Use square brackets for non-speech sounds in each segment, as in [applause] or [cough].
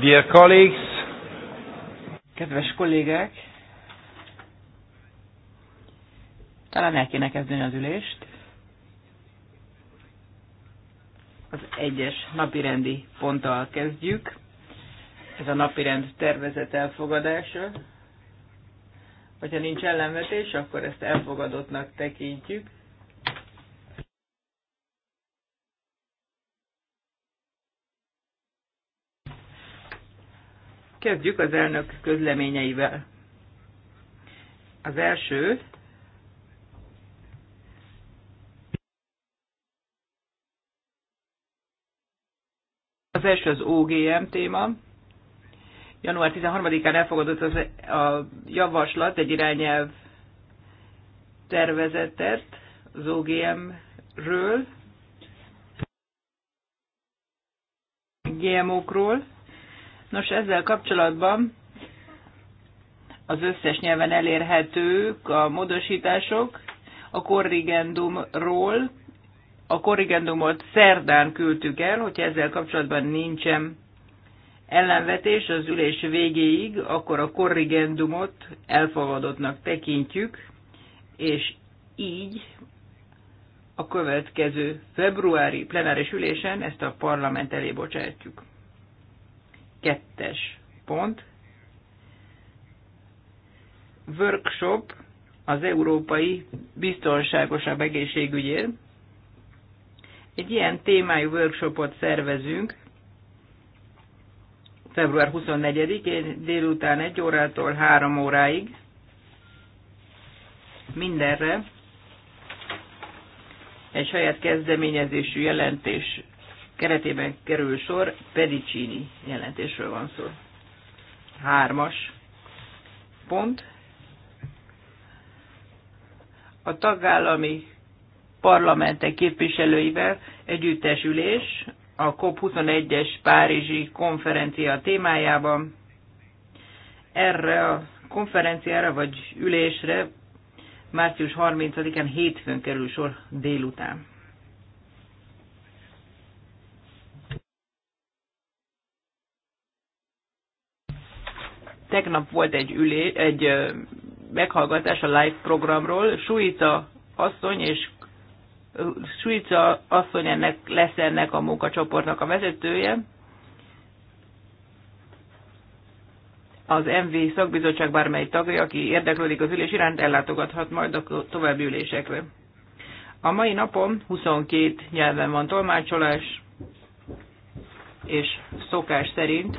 Dear colleagues, kedves kollégák, talán el kéne kezdeni az ülést. Az egyes napirendi ponttal kezdjük. Ez a napirend tervezet elfogadása. Hogyha nincs ellenvetés, akkor ezt elfogadottnak tekintjük. Kezdjük az elnök közleményeivel. Az első Az első az OGM téma. Január 13-án elfogadott az a javaslat egy irányelv tervezetet az OGM-ről, GMO-król. Nos, ezzel kapcsolatban az összes nyelven elérhetők a módosítások a korrigendumról. A korrigendumot szerdán küldtük el, hogyha ezzel kapcsolatban nincsen ellenvetés az ülés végéig, akkor a korrigendumot elfogadottnak tekintjük, és így a következő februári plenáris ülésen ezt a parlament elé bocsátjuk kettes pont. Workshop az európai biztonságosabb egészségügyért. Egy ilyen témájú workshopot szervezünk február 24-én délután 1 órától 3 óráig. Mindenre egy saját kezdeményezésű jelentés keretében kerül sor, Pedicini jelentésről van szó. Hármas pont. A tagállami parlamentek képviselőivel együttesülés a COP21-es Párizsi konferencia témájában. Erre a konferenciára vagy ülésre március 30-án hétfőn kerül sor délután. tegnap volt egy, ülé, egy meghallgatás a live programról. Suica asszony és Suica asszony ennek, lesz ennek a munkacsoportnak a vezetője. Az MV szakbizottság bármely tagja, aki érdeklődik az ülés iránt, ellátogathat majd a további ülésekre. A mai napon 22 nyelven van tolmácsolás, és szokás szerint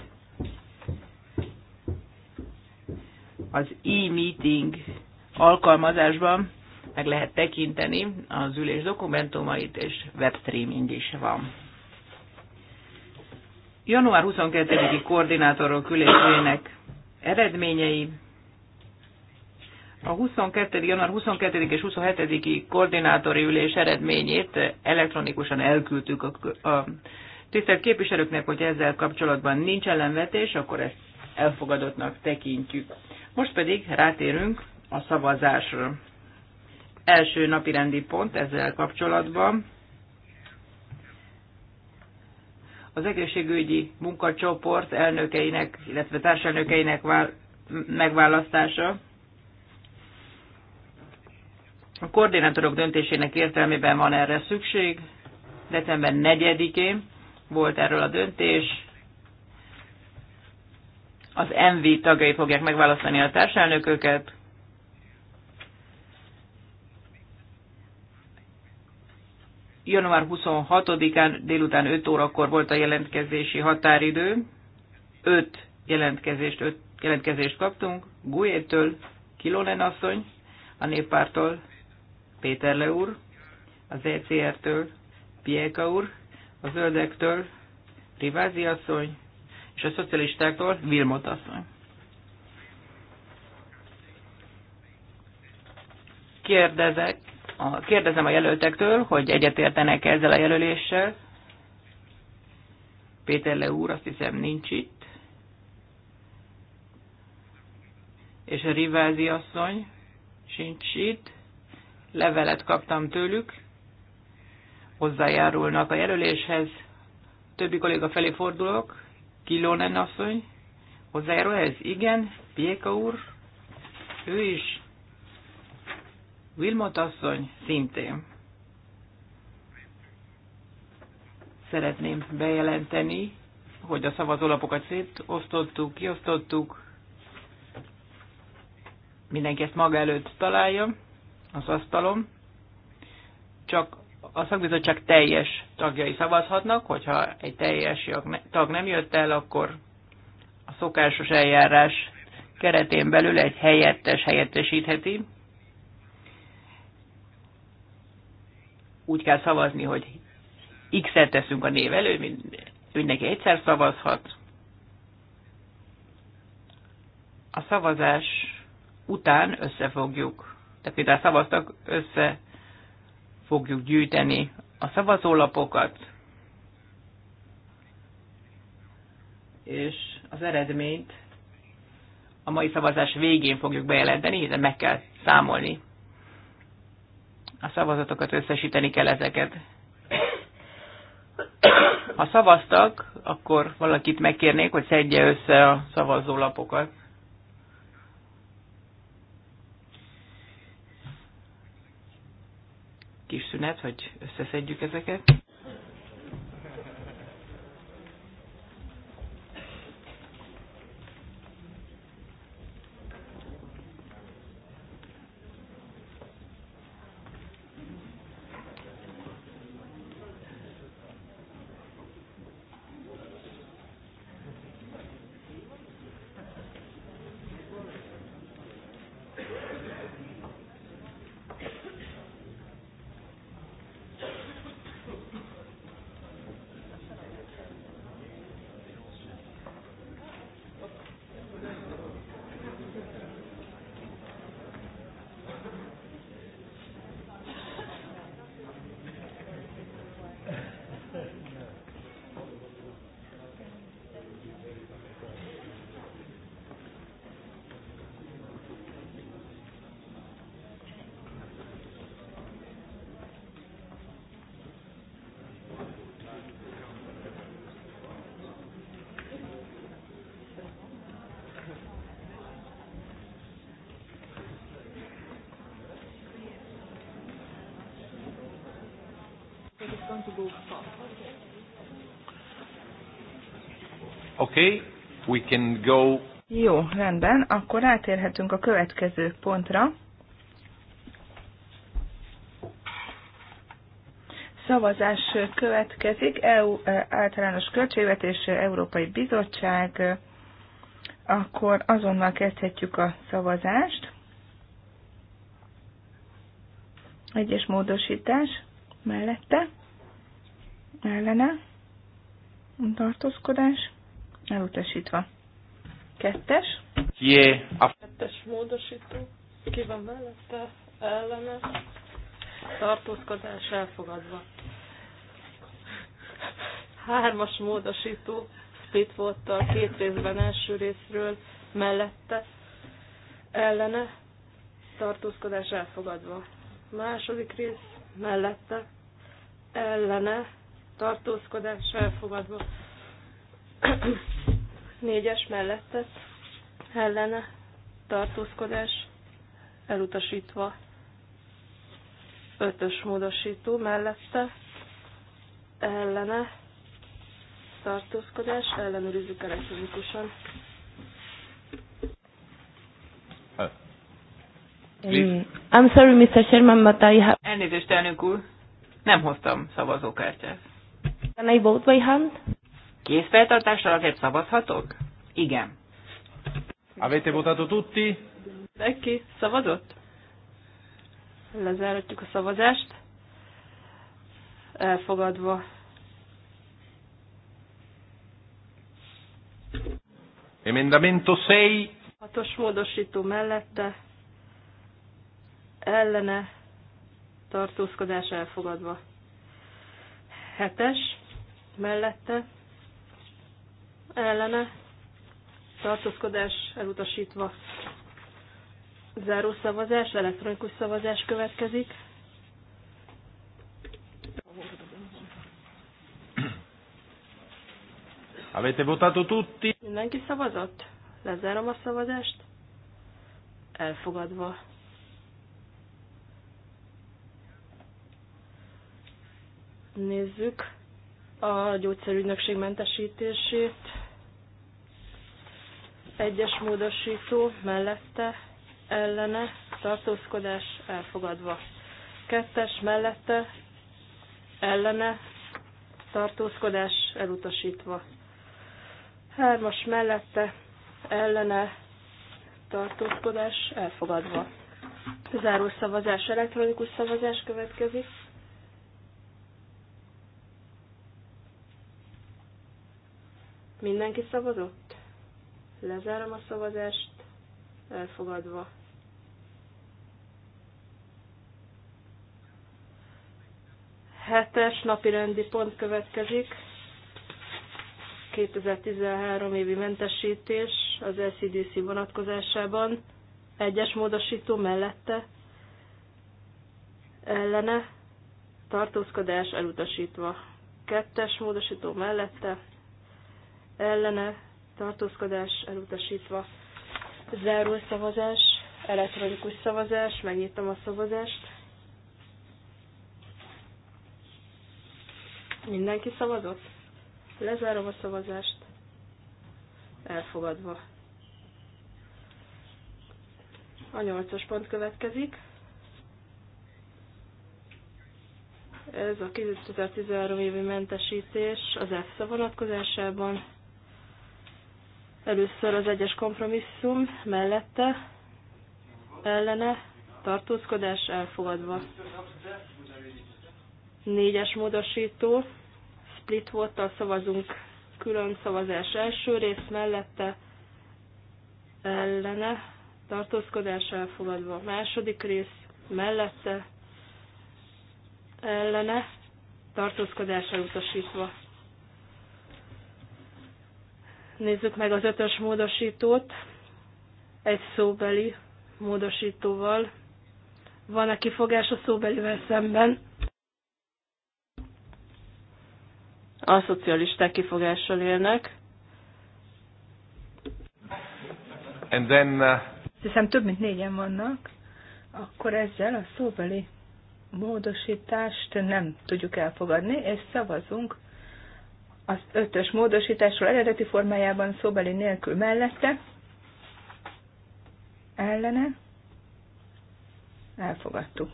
az e-meeting alkalmazásban meg lehet tekinteni az ülés dokumentumait, és webstreaming is van. Január 22-i koordinátorok ülésének eredményei a 22. január 22. és 27. koordinátori ülés eredményét elektronikusan elküldtük a, a tisztelt képviselőknek, hogy ezzel kapcsolatban nincs ellenvetés, akkor ezt elfogadottnak tekintjük. Most pedig rátérünk a szavazásra. Első napi rendi pont ezzel kapcsolatban az egészségügyi munkacsoport elnökeinek, illetve társelnökeinek megválasztása. A koordinátorok döntésének értelmében van erre szükség. December 4-én volt erről a döntés, az MV tagjai fogják megválasztani a társelnököket. Január 26-án délután 5 órakor volt a jelentkezési határidő. 5 jelentkezést, 5 jelentkezést kaptunk. Gujétől Kilonen asszony, a néppártól Péter Le úr, az ECR-től Pieka úr, a zöldektől Rivázi asszony, és a szocialistáktól Vilmot asszony. Kérdezek, a, kérdezem a jelöltektől, hogy egyetértenek ezzel a jelöléssel. Péter Le úr azt hiszem nincs itt. És a Rivázi asszony sincs itt. Levelet kaptam tőlük. Hozzájárulnak a jelöléshez. Többi kolléga felé fordulok. Kilonen asszony, hozzájárul ez? Igen, Pieka úr, ő is, Vilmot asszony szintén. Szeretném bejelenteni, hogy a szavazólapokat szétosztottuk, kiosztottuk, mindenki ezt maga előtt találja az asztalon, csak a szakbizottság teljes tagjai szavazhatnak, hogyha egy teljes tag nem jött el, akkor a szokásos eljárás keretén belül egy helyettes helyettesítheti. Úgy kell szavazni, hogy X-et teszünk a név elő, mindenki egyszer szavazhat. A szavazás után összefogjuk. Tehát például szavaztak, össze fogjuk gyűjteni a szavazólapokat, és az eredményt a mai szavazás végén fogjuk bejelenteni, hiszen meg kell számolni. A szavazatokat összesíteni kell ezeket. Ha szavaztak, akkor valakit megkérnék, hogy szedje össze a szavazólapokat. kis szünet, hogy összeszedjük ezeket. it's going to go fast. Okay, we can go. Jó, rendben, akkor átérhetünk a következő pontra. Szavazás következik, EU e, általános költségvetés, Európai Bizottság, akkor azonnal kezdhetjük a szavazást. Egyes módosítás mellette ellene, tartózkodás, elutasítva. Kettes. Jé, a kettes módosító, ki van mellette, ellene, tartózkodás elfogadva. Hármas módosító, split volt a két részben első részről, mellette, ellene, tartózkodás elfogadva. Második rész, mellette, ellene, tartózkodás elfogadva. [clears throat] Négyes mellette ellene tartózkodás elutasítva. Ötös módosító mellette ellene tartózkodás ellenőrizzük elektronikusan. Please. I'm sorry, Mr. Sherman, but I have... Elnézést, elnök úr. Nem hoztam szavazókártyát. Can I vote by hand? Kézfeltartásra azért szavazhatok? Igen. Avete votato tutti? Mindenki szavazott? Lezárhatjuk a szavazást. Elfogadva. Emendamento 6. Hatos módosító mellette. Ellene. Tartózkodás elfogadva. Hetes mellette ellene tartózkodás elutasítva. Záró szavazás, elektronikus szavazás következik. Avete votato tutti? Mindenki szavazott? Lezárom a szavazást. Elfogadva. Nézzük a gyógyszerügynökség mentesítését. Egyes módosító mellette ellene tartózkodás elfogadva. Kettes mellette ellene tartózkodás elutasítva. Hármas mellette ellene tartózkodás elfogadva. Záró szavazás, elektronikus szavazás következik. Mindenki szavazott? Lezárom a szavazást. Elfogadva. Hetes napi rendi pont következik. 2013 évi mentesítés az LCDC vonatkozásában. Egyes módosító mellette ellene tartózkodás elutasítva. Kettes módosító mellette ellene tartózkodás elutasítva. Záró szavazás, elektronikus szavazás, megnyitom a szavazást. Mindenki szavazott? Lezárom a szavazást. Elfogadva. A nyolcas pont következik. Ez a 2013 évi mentesítés az EFSA vonatkozásában. Először az egyes kompromisszum mellette ellene tartózkodás elfogadva. Négyes módosító, split vote szavazunk külön szavazás első rész mellette ellene tartózkodás elfogadva. Második rész mellette ellene tartózkodás elutasítva. Nézzük meg az ötös módosítót egy szóbeli módosítóval. Van-e kifogás a szóbelivel szemben? A szocialisták kifogással élnek. And then, uh... Hiszem több mint négyen vannak, akkor ezzel a szóbeli módosítást nem tudjuk elfogadni, és szavazunk az ötös módosításról eredeti formájában szóbeli nélkül mellette, ellene, elfogadtuk.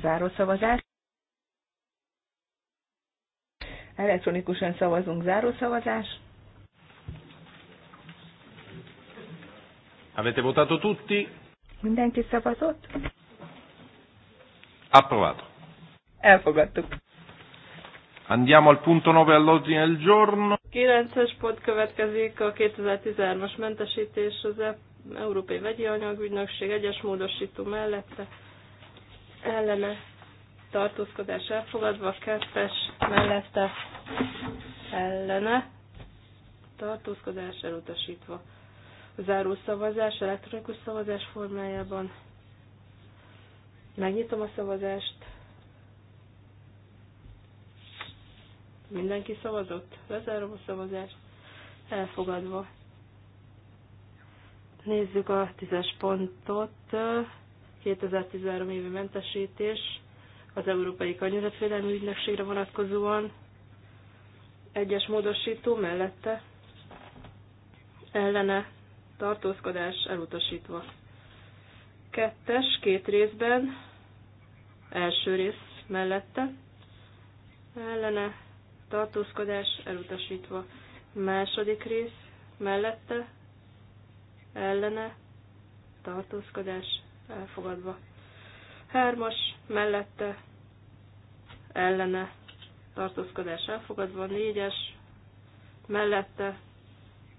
Zárószavazás. Elektronikusan szavazunk zárószavazás. Avete votato tutti? Mindenki szavazott? Approvato. Elfogadtuk. Andiamo al punto 9 all'ordine del giorno. 9-es pont következik a 2013-as mentesítés az e- Európai Vegyi Anyagügynökség egyes módosító mellette ellene tartózkodás elfogadva, kettes mellette ellene tartózkodás elutasítva. Záró szavazás elektronikus szavazás formájában. Megnyitom a szavazást. Mindenki szavazott? Lezárom a szavazást. Elfogadva. Nézzük a tízes pontot. 2013 évi mentesítés az Európai Környezetvédelmi Ügynökségre vonatkozóan. Egyes módosító mellette ellene tartózkodás elutasítva. Kettes, két részben, első rész mellette, ellene tartózkodás elutasítva. Második rész mellette, ellene, tartózkodás elfogadva. Hármas mellette, ellene, tartózkodás elfogadva. Négyes mellette,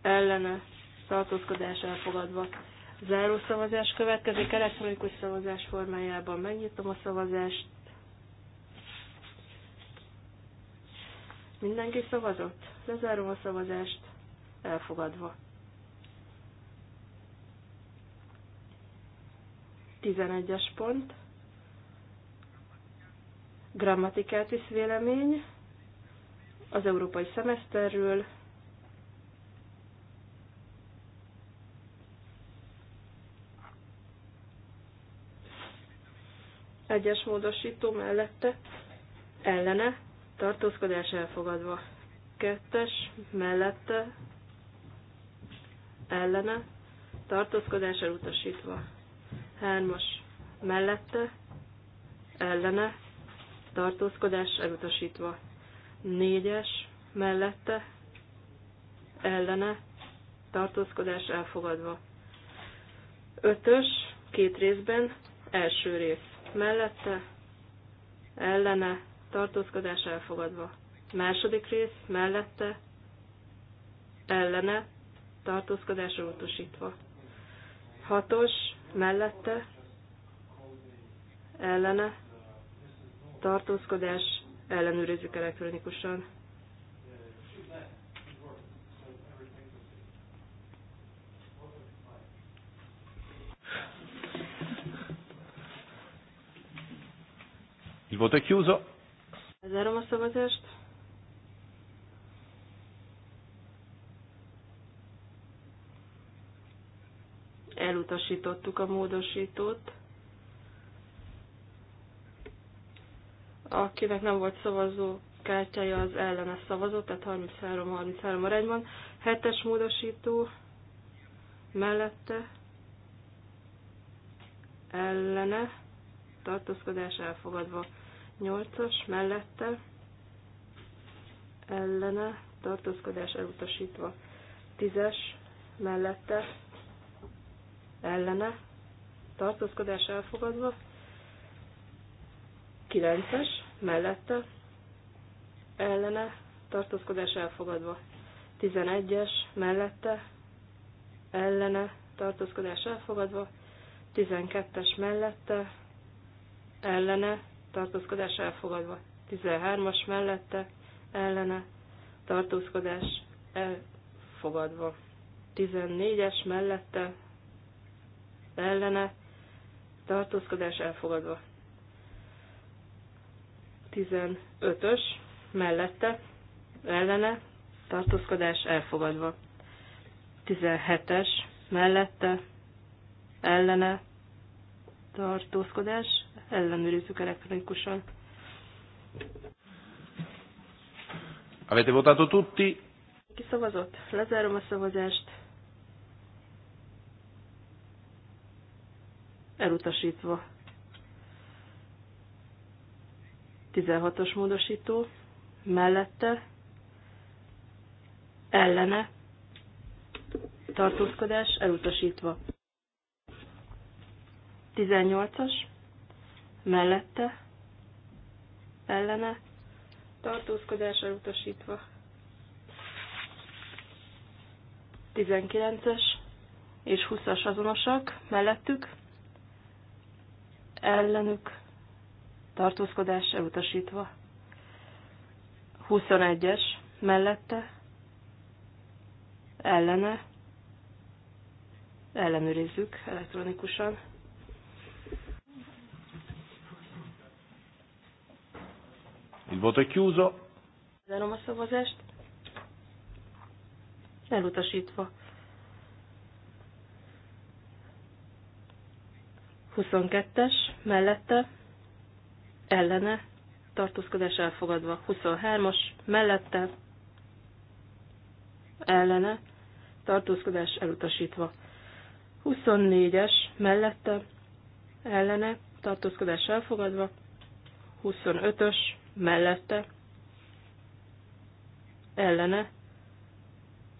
ellene, tartózkodás elfogadva. Záró szavazás következik elektronikus szavazás formájában. Megnyitom a szavazást. Mindenki szavazott? Lezárom a szavazást. Elfogadva. 11-es pont. is vélemény az európai szemeszterről. Egyes módosító mellette ellene tartózkodás elfogadva. Kettes mellette ellene tartózkodás elutasítva. Hármas mellette ellene tartózkodás elutasítva. Négyes mellette ellene tartózkodás elfogadva. Ötös két részben első rész mellette ellene tartózkodás elfogadva. Második rész mellette ellene tartózkodás utasítva. Hatos mellette ellene tartózkodás ellenőrizzük elektronikusan. Il voto è chiuso. Lezárom a szavazást. Elutasítottuk a módosítót. Akinek nem volt szavazó kártyája, az ellene szavazott, tehát 33-33 arányban. Hetes módosító mellette ellene tartózkodás elfogadva. 8-as mellette ellene tartózkodás elutasítva. 10-es mellette ellene tartózkodás elfogadva. 9-es mellette ellene tartózkodás elfogadva. 11-es mellette ellene tartózkodás elfogadva. 12-es mellette ellene tartózkodás elfogadva. 13-as mellette ellene tartózkodás elfogadva. 14-es mellette ellene tartózkodás elfogadva. 15-ös mellette ellene tartózkodás elfogadva. 17-es mellette ellene tartózkodás, ellenőrizzük elektronikusan. Avete votato tutti? Ki szavazott? Lezárom a szavazást. Elutasítva. 16-os módosító. Mellette. Ellene. Tartózkodás elutasítva. 18-as, mellette, ellene, tartózkodás elutasítva. 19-es és 20-as azonosak, mellettük, ellenük, tartózkodás elutasítva. 21-es, mellette, ellene, ellenőrizzük elektronikusan. Il voto è chiuso. Zárom a szavazást. Elutasítva. 22-es, mellette, ellene, tartózkodás elfogadva. 23-as, mellette, ellene, tartózkodás elutasítva. 24-es, mellette, ellene, tartózkodás elfogadva. 25-ös, mellette, ellene,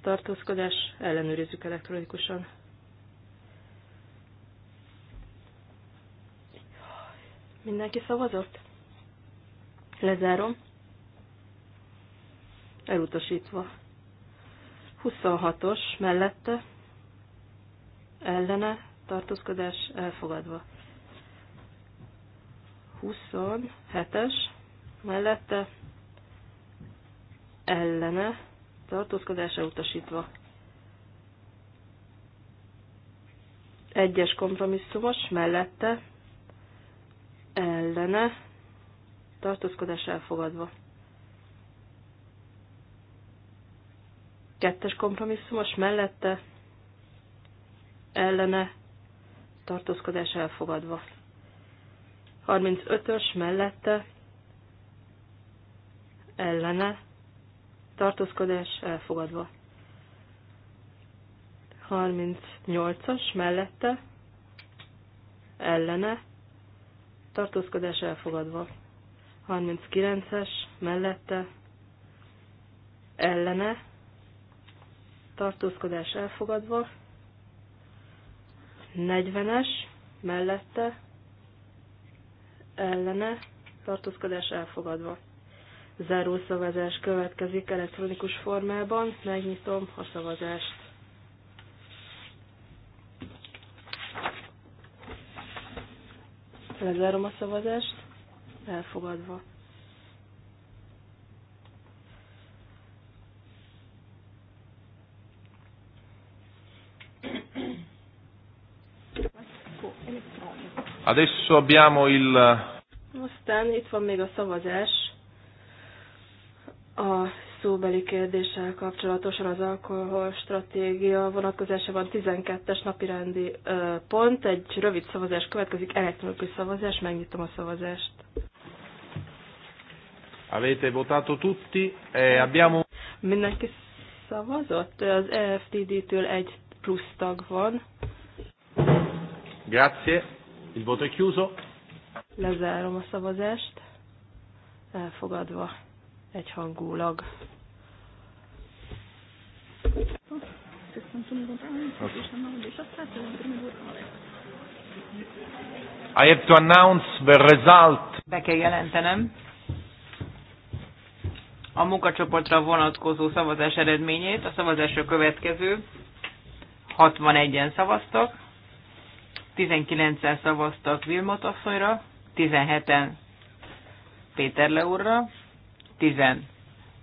tartózkodás, ellenőrizzük elektronikusan. Mindenki szavazott? Lezárom. Elutasítva. 26-os mellette, ellene, tartózkodás elfogadva. 27-es mellette ellene tartózkodása utasítva. Egyes kompromisszumos mellette ellene tartózkodás elfogadva. Kettes kompromisszumos mellette ellene tartózkodás elfogadva. 35-ös mellette ellene tartózkodás elfogadva. 38-as mellette ellene tartózkodás elfogadva. 39-es mellette ellene tartózkodás elfogadva. 40-es mellette ellene tartózkodás elfogadva. Záró szavazás következik elektronikus formában. Megnyitom a szavazást. Lezárom a szavazást. Elfogadva. Adesso abbiamo il... Aztán itt van még a szavazás a szóbeli kérdéssel kapcsolatosan az alkohol stratégia vonatkozásában 12-es napirendi pont. Egy rövid szavazás következik, elektronikus szavazás, megnyitom a szavazást. Avete votato tutti e abbiamo... Mindenki szavazott? Az EFTD-től egy plusz tag van. Grazie. Il voto è chiuso. Lezárom a szavazást. Elfogadva egyhangulag. I have to announce the result. Be kell jelentenem a munkacsoportra vonatkozó szavazás eredményét. A szavazásra következő 61-en szavaztak, 19-en szavaztak Vilmot asszonyra, 17-en Péter Leurra, tizen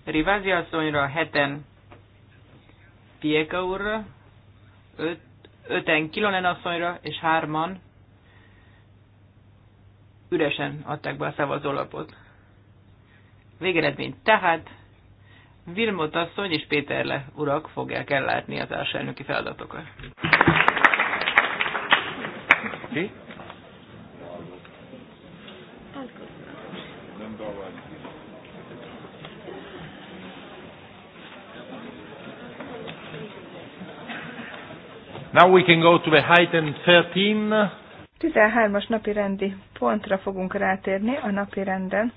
Rivázi asszonyra, heten Pieka úrra, öt, öten Kilonen asszonyra, és hárman üresen adták be a szavazólapot. Végeredmény tehát Vilmot asszony és Péterle urak fogják ellátni az árselnöki feladatokat. Okay. Now we can go to the item 13. 13-as napi rendi pontra fogunk rátérni a napi renden.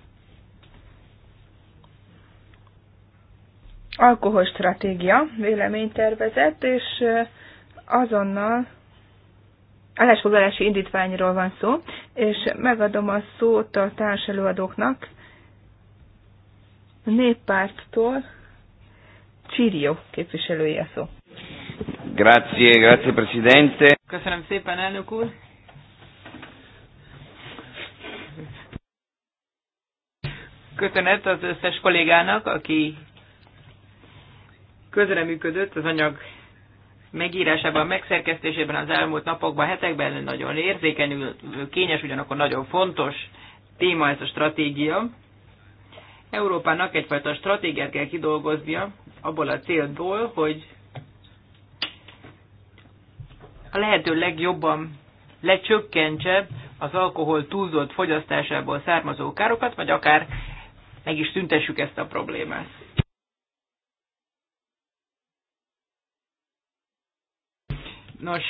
Alkoholstratégia, véleménytervezet, és azonnal állásfoglalási indítványról van szó, és megadom a szót a társelőadóknak, néppárttól Csírió képviselője szó. Grazie, grazie Presidente. Köszönöm szépen, elnök úr. Köszönet az összes kollégának, aki közreműködött az anyag megírásában, megszerkesztésében az elmúlt napokban, hetekben nagyon érzékeny, kényes, ugyanakkor nagyon fontos téma ez a stratégia. Európának egyfajta stratégiát kell kidolgoznia abból a célból, hogy a lehető legjobban lecsökkentse az alkohol túlzott fogyasztásából származó károkat, vagy akár meg is tüntessük ezt a problémát. Nos,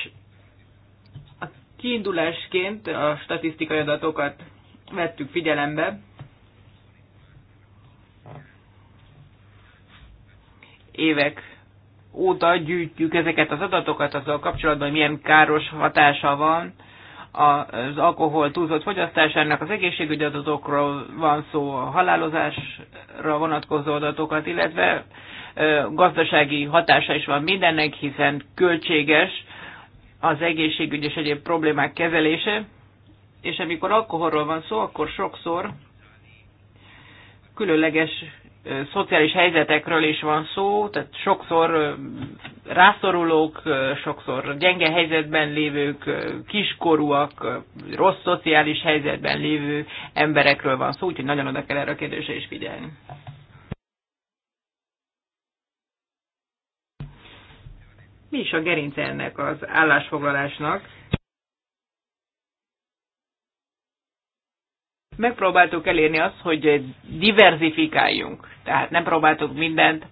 a kiindulásként a statisztikai adatokat vettük figyelembe, évek óta gyűjtjük ezeket az adatokat azzal kapcsolatban, hogy milyen káros hatása van az alkohol túlzott fogyasztásának, az egészségügyi adatokról van szó, a halálozásra vonatkozó adatokat, illetve gazdasági hatása is van mindennek, hiszen költséges az egészségügy és egyéb problémák kezelése, és amikor alkoholról van szó, akkor sokszor különleges szociális helyzetekről is van szó, tehát sokszor rászorulók, sokszor gyenge helyzetben lévők, kiskorúak, rossz szociális helyzetben lévő emberekről van szó, úgyhogy nagyon oda kell erre a kérdésre is figyelni. Mi is a gerince ennek az állásfoglalásnak? megpróbáltuk elérni azt, hogy diverzifikáljunk. Tehát nem próbáltuk mindent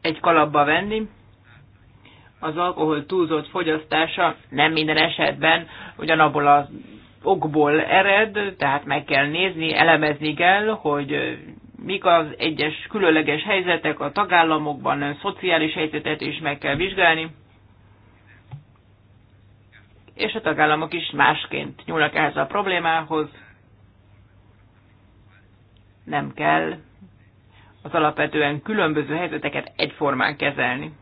egy kalapba venni. Az alkohol túlzott fogyasztása nem minden esetben ugyanabból az okból ered, tehát meg kell nézni, elemezni kell, hogy mik az egyes különleges helyzetek a tagállamokban, a szociális helyzetet is meg kell vizsgálni, és a tagállamok is másként nyúlnak ehhez a problémához nem kell az alapvetően különböző helyzeteket egyformán kezelni.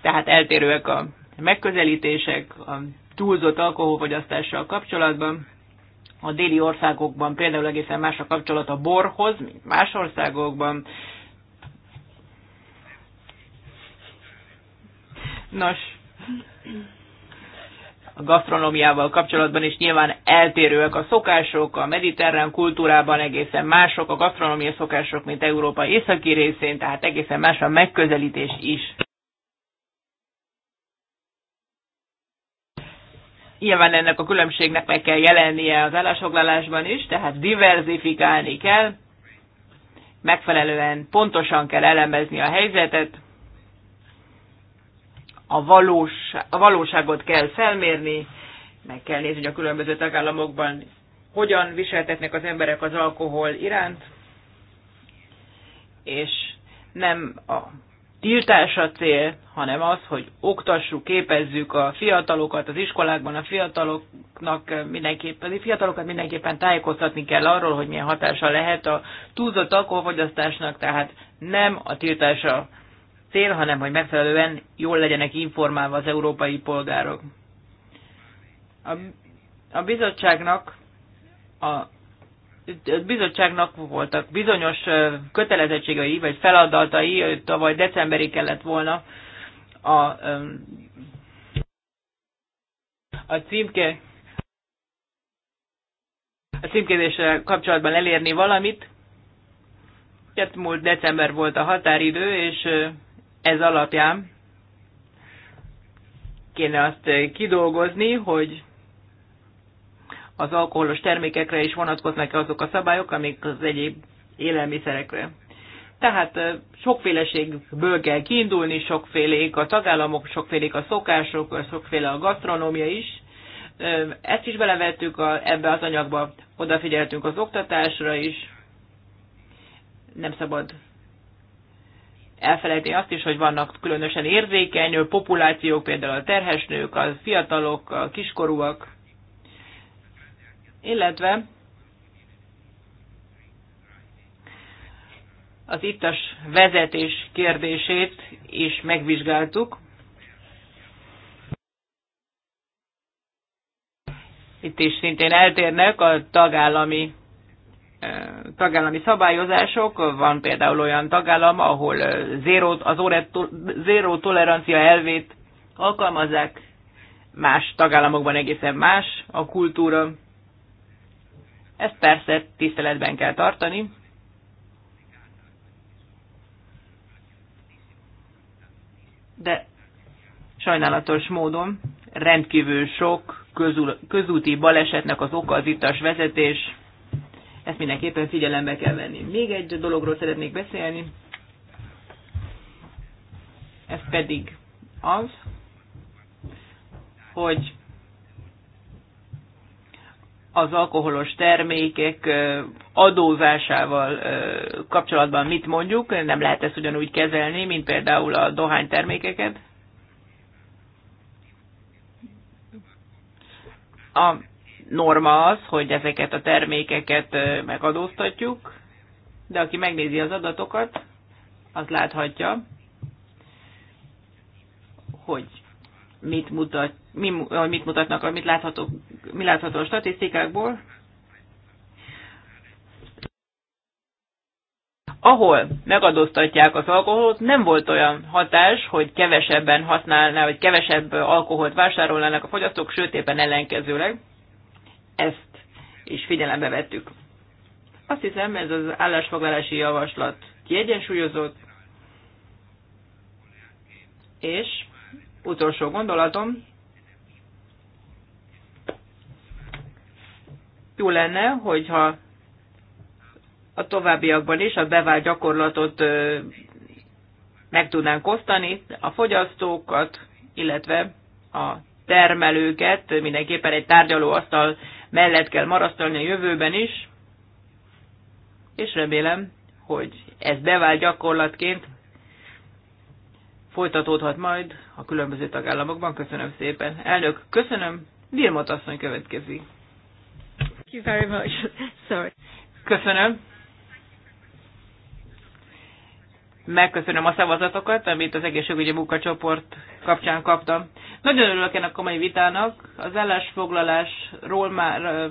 Tehát eltérőek a megközelítések a túlzott alkoholfogyasztással kapcsolatban. A déli országokban például egészen más a kapcsolat a borhoz, mint más országokban. Nos, a gasztronómiával kapcsolatban is nyilván eltérőek a szokások, a mediterrán kultúrában egészen mások a gasztronómia szokások, mint Európa északi részén, tehát egészen más a megközelítés is. Nyilván ennek a különbségnek meg kell jelennie az állásfoglalásban is, tehát diverzifikálni kell, megfelelően pontosan kell elemezni a helyzetet, a, valós, a valóságot kell felmérni, meg kell nézni, hogy a különböző tagállamokban hogyan viseltetnek az emberek az alkohol iránt, és nem a tiltás a cél, hanem az, hogy oktassuk, képezzük a fiatalokat, az iskolákban a fiataloknak mindenképpen, a fiatalokat mindenképpen tájékoztatni kell arról, hogy milyen hatása lehet a túlzott alkoholfogyasztásnak, tehát nem a tiltása cél, hanem hogy megfelelően jól legyenek informálva az európai polgárok. A, a bizottságnak a bizottságnak voltak bizonyos kötelezettségei vagy feladatai, tavaly decemberig kellett volna a, a címke a címkézéssel kapcsolatban elérni valamit. Ugye, múlt december volt a határidő, és ez alapján kéne azt kidolgozni, hogy az alkoholos termékekre is vonatkoznak -e azok a szabályok, amik az egyéb élelmiszerekre. Tehát sokféleségből kell kiindulni, sokfélék a tagállamok, sokfélék a szokások, sokféle a gasztronómia is. Ezt is belevettük a, ebbe az anyagba, odafigyeltünk az oktatásra is. Nem szabad elfelejteni azt is, hogy vannak különösen érzékeny populációk, például a terhesnők, a fiatalok, a kiskorúak, illetve az ittas vezetés kérdését is megvizsgáltuk. Itt is szintén eltérnek a tagállami tagállami szabályozások, van például olyan tagállam, ahol zéró, az zéró tolerancia elvét alkalmazzák, más tagállamokban egészen más a kultúra. Ezt persze tiszteletben kell tartani. De sajnálatos módon rendkívül sok közúti balesetnek az oka az ittas vezetés, ezt mindenképpen figyelembe kell venni. Még egy dologról szeretnék beszélni, ez pedig az, hogy az alkoholos termékek adózásával kapcsolatban mit mondjuk, nem lehet ezt ugyanúgy kezelni, mint például a dohány termékeket A norma az, hogy ezeket a termékeket megadóztatjuk, de aki megnézi az adatokat, az láthatja, hogy mit, mutat, mi, mit mutatnak, mit látható, mi látható a statisztikákból. Ahol megadóztatják az alkoholt, nem volt olyan hatás, hogy kevesebben használná, vagy kevesebb alkoholt vásárolnának a fogyasztók, sőt éppen ellenkezőleg ezt is figyelembe vettük. Azt hiszem, ez az állásfoglalási javaslat kiegyensúlyozott, és utolsó gondolatom, jó lenne, hogyha a továbbiakban is a bevált gyakorlatot meg tudnánk osztani, a fogyasztókat, illetve a termelőket mindenképpen egy tárgyalóasztal mellett kell marasztalni a jövőben is, és remélem, hogy ez bevált gyakorlatként, folytatódhat majd a különböző tagállamokban. Köszönöm szépen. Elnök, köszönöm. Vilmot asszony következik. Thank you very much. [laughs] Sorry. Köszönöm. megköszönöm a szavazatokat, amit az egészségügyi munkacsoport kapcsán kaptam. Nagyon örülök ennek a mai vitának. Az állásfoglalásról már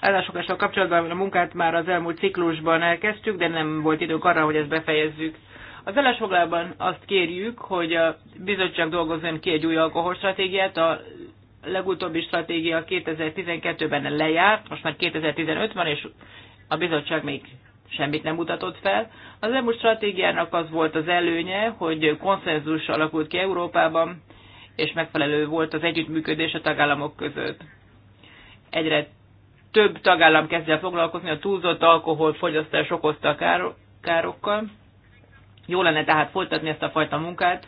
állásfoglalással kapcsolatban a munkát már az elmúlt ciklusban elkezdtük, de nem volt időnk arra, hogy ezt befejezzük. Az állásfoglalásban azt kérjük, hogy a bizottság dolgozzon ki egy új alkoholstratégiát, a legutóbbi stratégia 2012-ben lejárt, most már 2015 van, és a bizottság még semmit nem mutatott fel. Az EMU stratégiának az volt az előnye, hogy konszenzus alakult ki Európában, és megfelelő volt az együttműködés a tagállamok között. Egyre több tagállam kezdje el foglalkozni a túlzott alkoholfogyasztás okozta káro károkkal. Jó lenne tehát folytatni ezt a fajta munkát.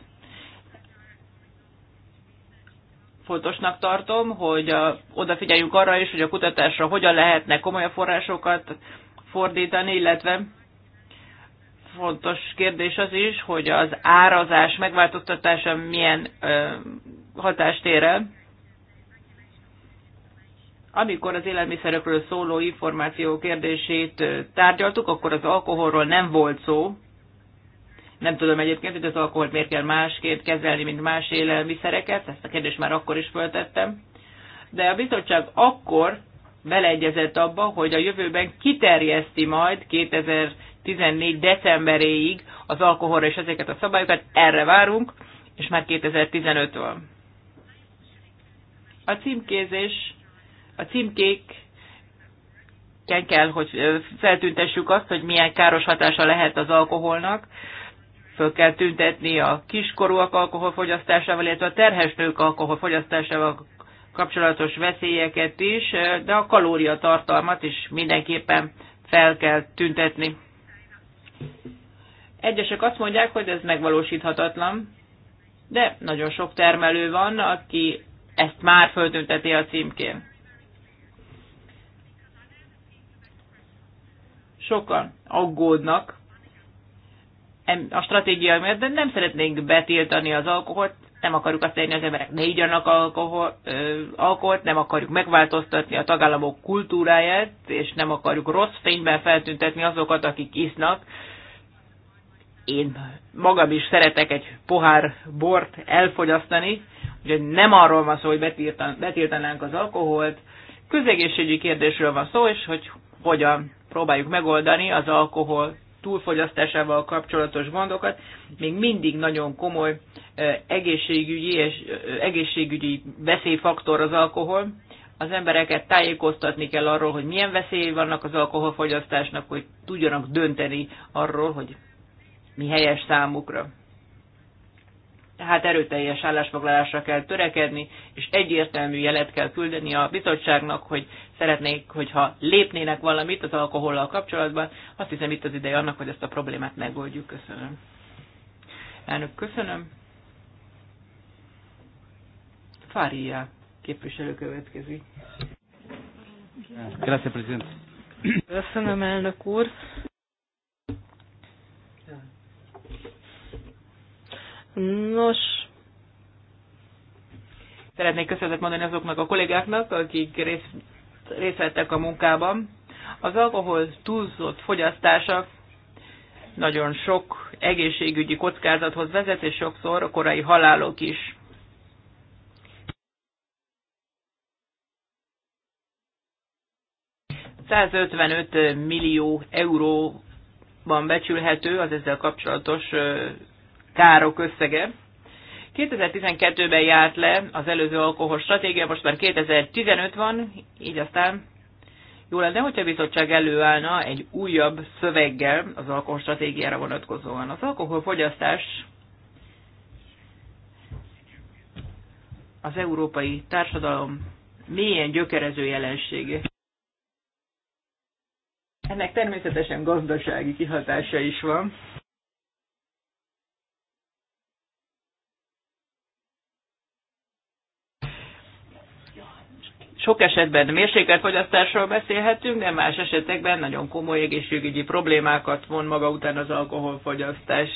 Fontosnak tartom, hogy a, odafigyeljünk arra is, hogy a kutatásra hogyan lehetne komoly forrásokat fordítani, illetve fontos kérdés az is, hogy az árazás megváltoztatása milyen ö, hatást ér el. Amikor az élelmiszerekről szóló információ kérdését tárgyaltuk, akkor az alkoholról nem volt szó. Nem tudom egyébként, hogy az alkoholt miért kell másként kezelni, mint más élelmiszereket. Ezt a kérdést már akkor is föltettem. De a bizottság akkor beleegyezett abba, hogy a jövőben kiterjeszti majd 2014. decemberéig az alkoholra és ezeket a szabályokat. Erre várunk, és már 2015 van. A címkézés, a címkék kell, hogy feltüntessük azt, hogy milyen káros hatása lehet az alkoholnak. Föl kell tüntetni a kiskorúak alkoholfogyasztásával, illetve a terhes nők alkoholfogyasztásával kapcsolatos veszélyeket is, de a kalóriatartalmat is mindenképpen fel kell tüntetni. Egyesek azt mondják, hogy ez megvalósíthatatlan, de nagyon sok termelő van, aki ezt már föltünteti a címkén. Sokan aggódnak a stratégia miatt, de nem szeretnénk betiltani az alkoholt, nem akarjuk azt érni, az emberek ne igyanak alkohol, ö, alkoholt, nem akarjuk megváltoztatni a tagállamok kultúráját, és nem akarjuk rossz fényben feltüntetni azokat, akik isznak. Én magam is szeretek egy pohár bort elfogyasztani, úgyhogy nem arról van szó, hogy betiltan, betiltanánk az alkoholt. Közegészségügyi kérdésről van szó, és hogy hogyan próbáljuk megoldani az alkohol túlfogyasztásával kapcsolatos gondokat, még mindig nagyon komoly egészségügyi és egészségügyi veszélyfaktor az alkohol. Az embereket tájékoztatni kell arról, hogy milyen veszélyei vannak az alkoholfogyasztásnak, hogy tudjanak dönteni arról, hogy mi helyes számukra tehát erőteljes állásfoglalásra kell törekedni, és egyértelmű jelet kell küldeni a bizottságnak, hogy szeretnék, hogyha lépnének valamit az alkohollal kapcsolatban. Azt hiszem itt az ideje annak, hogy ezt a problémát megoldjuk. Köszönöm. Elnök, köszönöm. Fária képviselő következik. Köszönöm, elnök úr. Nos, szeretnék köszönetet mondani azoknak a kollégáknak, akik részt, részt vettek a munkában. Az alkohol túlzott fogyasztása nagyon sok egészségügyi kockázathoz vezet, és sokszor a korai halálok is. ...155 millió euróban becsülhető az ezzel kapcsolatos károk összege. 2012-ben járt le az előző alkohol stratégia, most már 2015 van, így aztán jó lenne, hogyha a bizottság előállna egy újabb szöveggel az alkohol stratégiára vonatkozóan. Az alkoholfogyasztás az európai társadalom mélyen gyökerező jelensége. Ennek természetesen gazdasági kihatása is van. sok esetben mérsékelt fogyasztásról beszélhetünk, de más esetekben nagyon komoly egészségügyi problémákat von maga után az alkoholfogyasztás.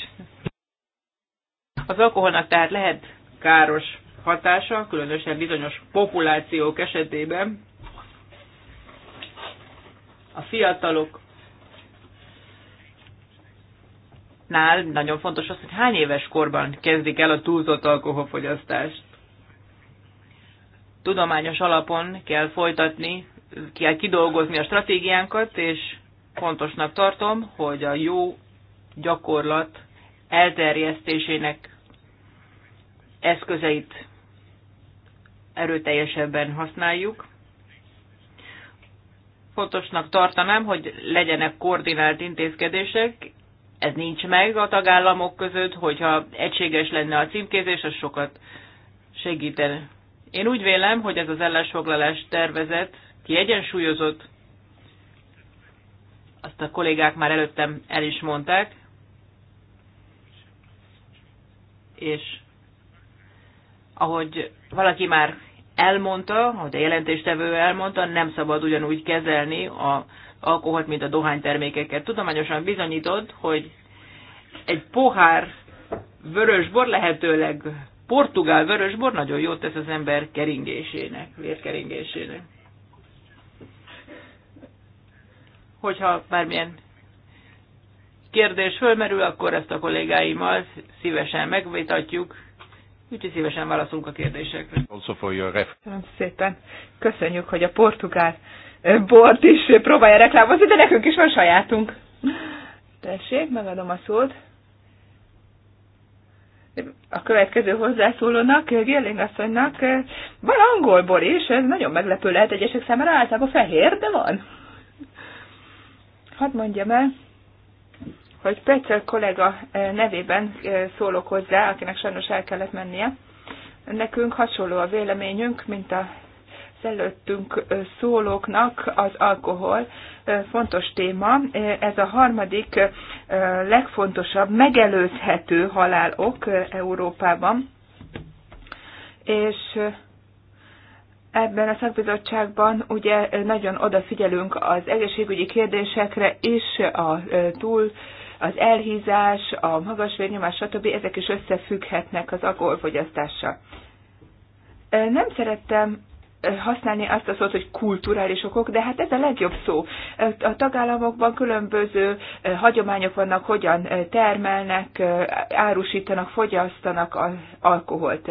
Az alkoholnak tehát lehet káros hatása, különösen bizonyos populációk esetében. A fiatalok nál nagyon fontos az, hogy hány éves korban kezdik el a túlzott alkoholfogyasztást tudományos alapon kell folytatni, kell kidolgozni a stratégiánkat, és fontosnak tartom, hogy a jó gyakorlat elterjesztésének eszközeit erőteljesebben használjuk. Fontosnak tartanám, hogy legyenek koordinált intézkedések, ez nincs meg a tagállamok között, hogyha egységes lenne a címkézés, az sokat segítene. Én úgy vélem, hogy ez az ellensfoglalás tervezet kiegyensúlyozott, azt a kollégák már előttem el is mondták, és ahogy valaki már elmondta, ahogy a jelentéstevő elmondta, nem szabad ugyanúgy kezelni a alkoholt, mint a dohánytermékeket. Tudományosan bizonyított, hogy egy pohár vörös bor lehetőleg portugál vörösbor nagyon jót tesz az ember keringésének, vérkeringésének. Hogyha bármilyen kérdés fölmerül, akkor ezt a kollégáimmal szívesen megvitatjuk, úgyhogy szívesen válaszolunk a kérdésekre. Köszönöm szépen. Köszönjük, hogy a portugál eh, bort is próbálja reklámozni, de nekünk is van sajátunk. Tessék, megadom a szót a következő hozzászólónak, Gilling asszonynak, van angolból is, ez nagyon meglepő lehet egyesek számára, általában fehér, de van. Hadd mondjam el, hogy Petzel kollega eh, nevében eh, szólok hozzá, akinek sajnos el kellett mennie. Nekünk hasonló a véleményünk, mint a előttünk szólóknak az alkohol fontos téma. Ez a harmadik legfontosabb megelőzhető halálok Európában. És Ebben a szakbizottságban ugye nagyon odafigyelünk az egészségügyi kérdésekre is, a túl, az elhízás, a magas vérnyomás, stb. ezek is összefügghetnek az alkoholfogyasztással. Nem szerettem használni azt a szót, hogy kulturális okok, de hát ez a legjobb szó. A tagállamokban különböző eh, hagyományok vannak, hogyan eh, termelnek, eh, árusítanak, fogyasztanak alkoholt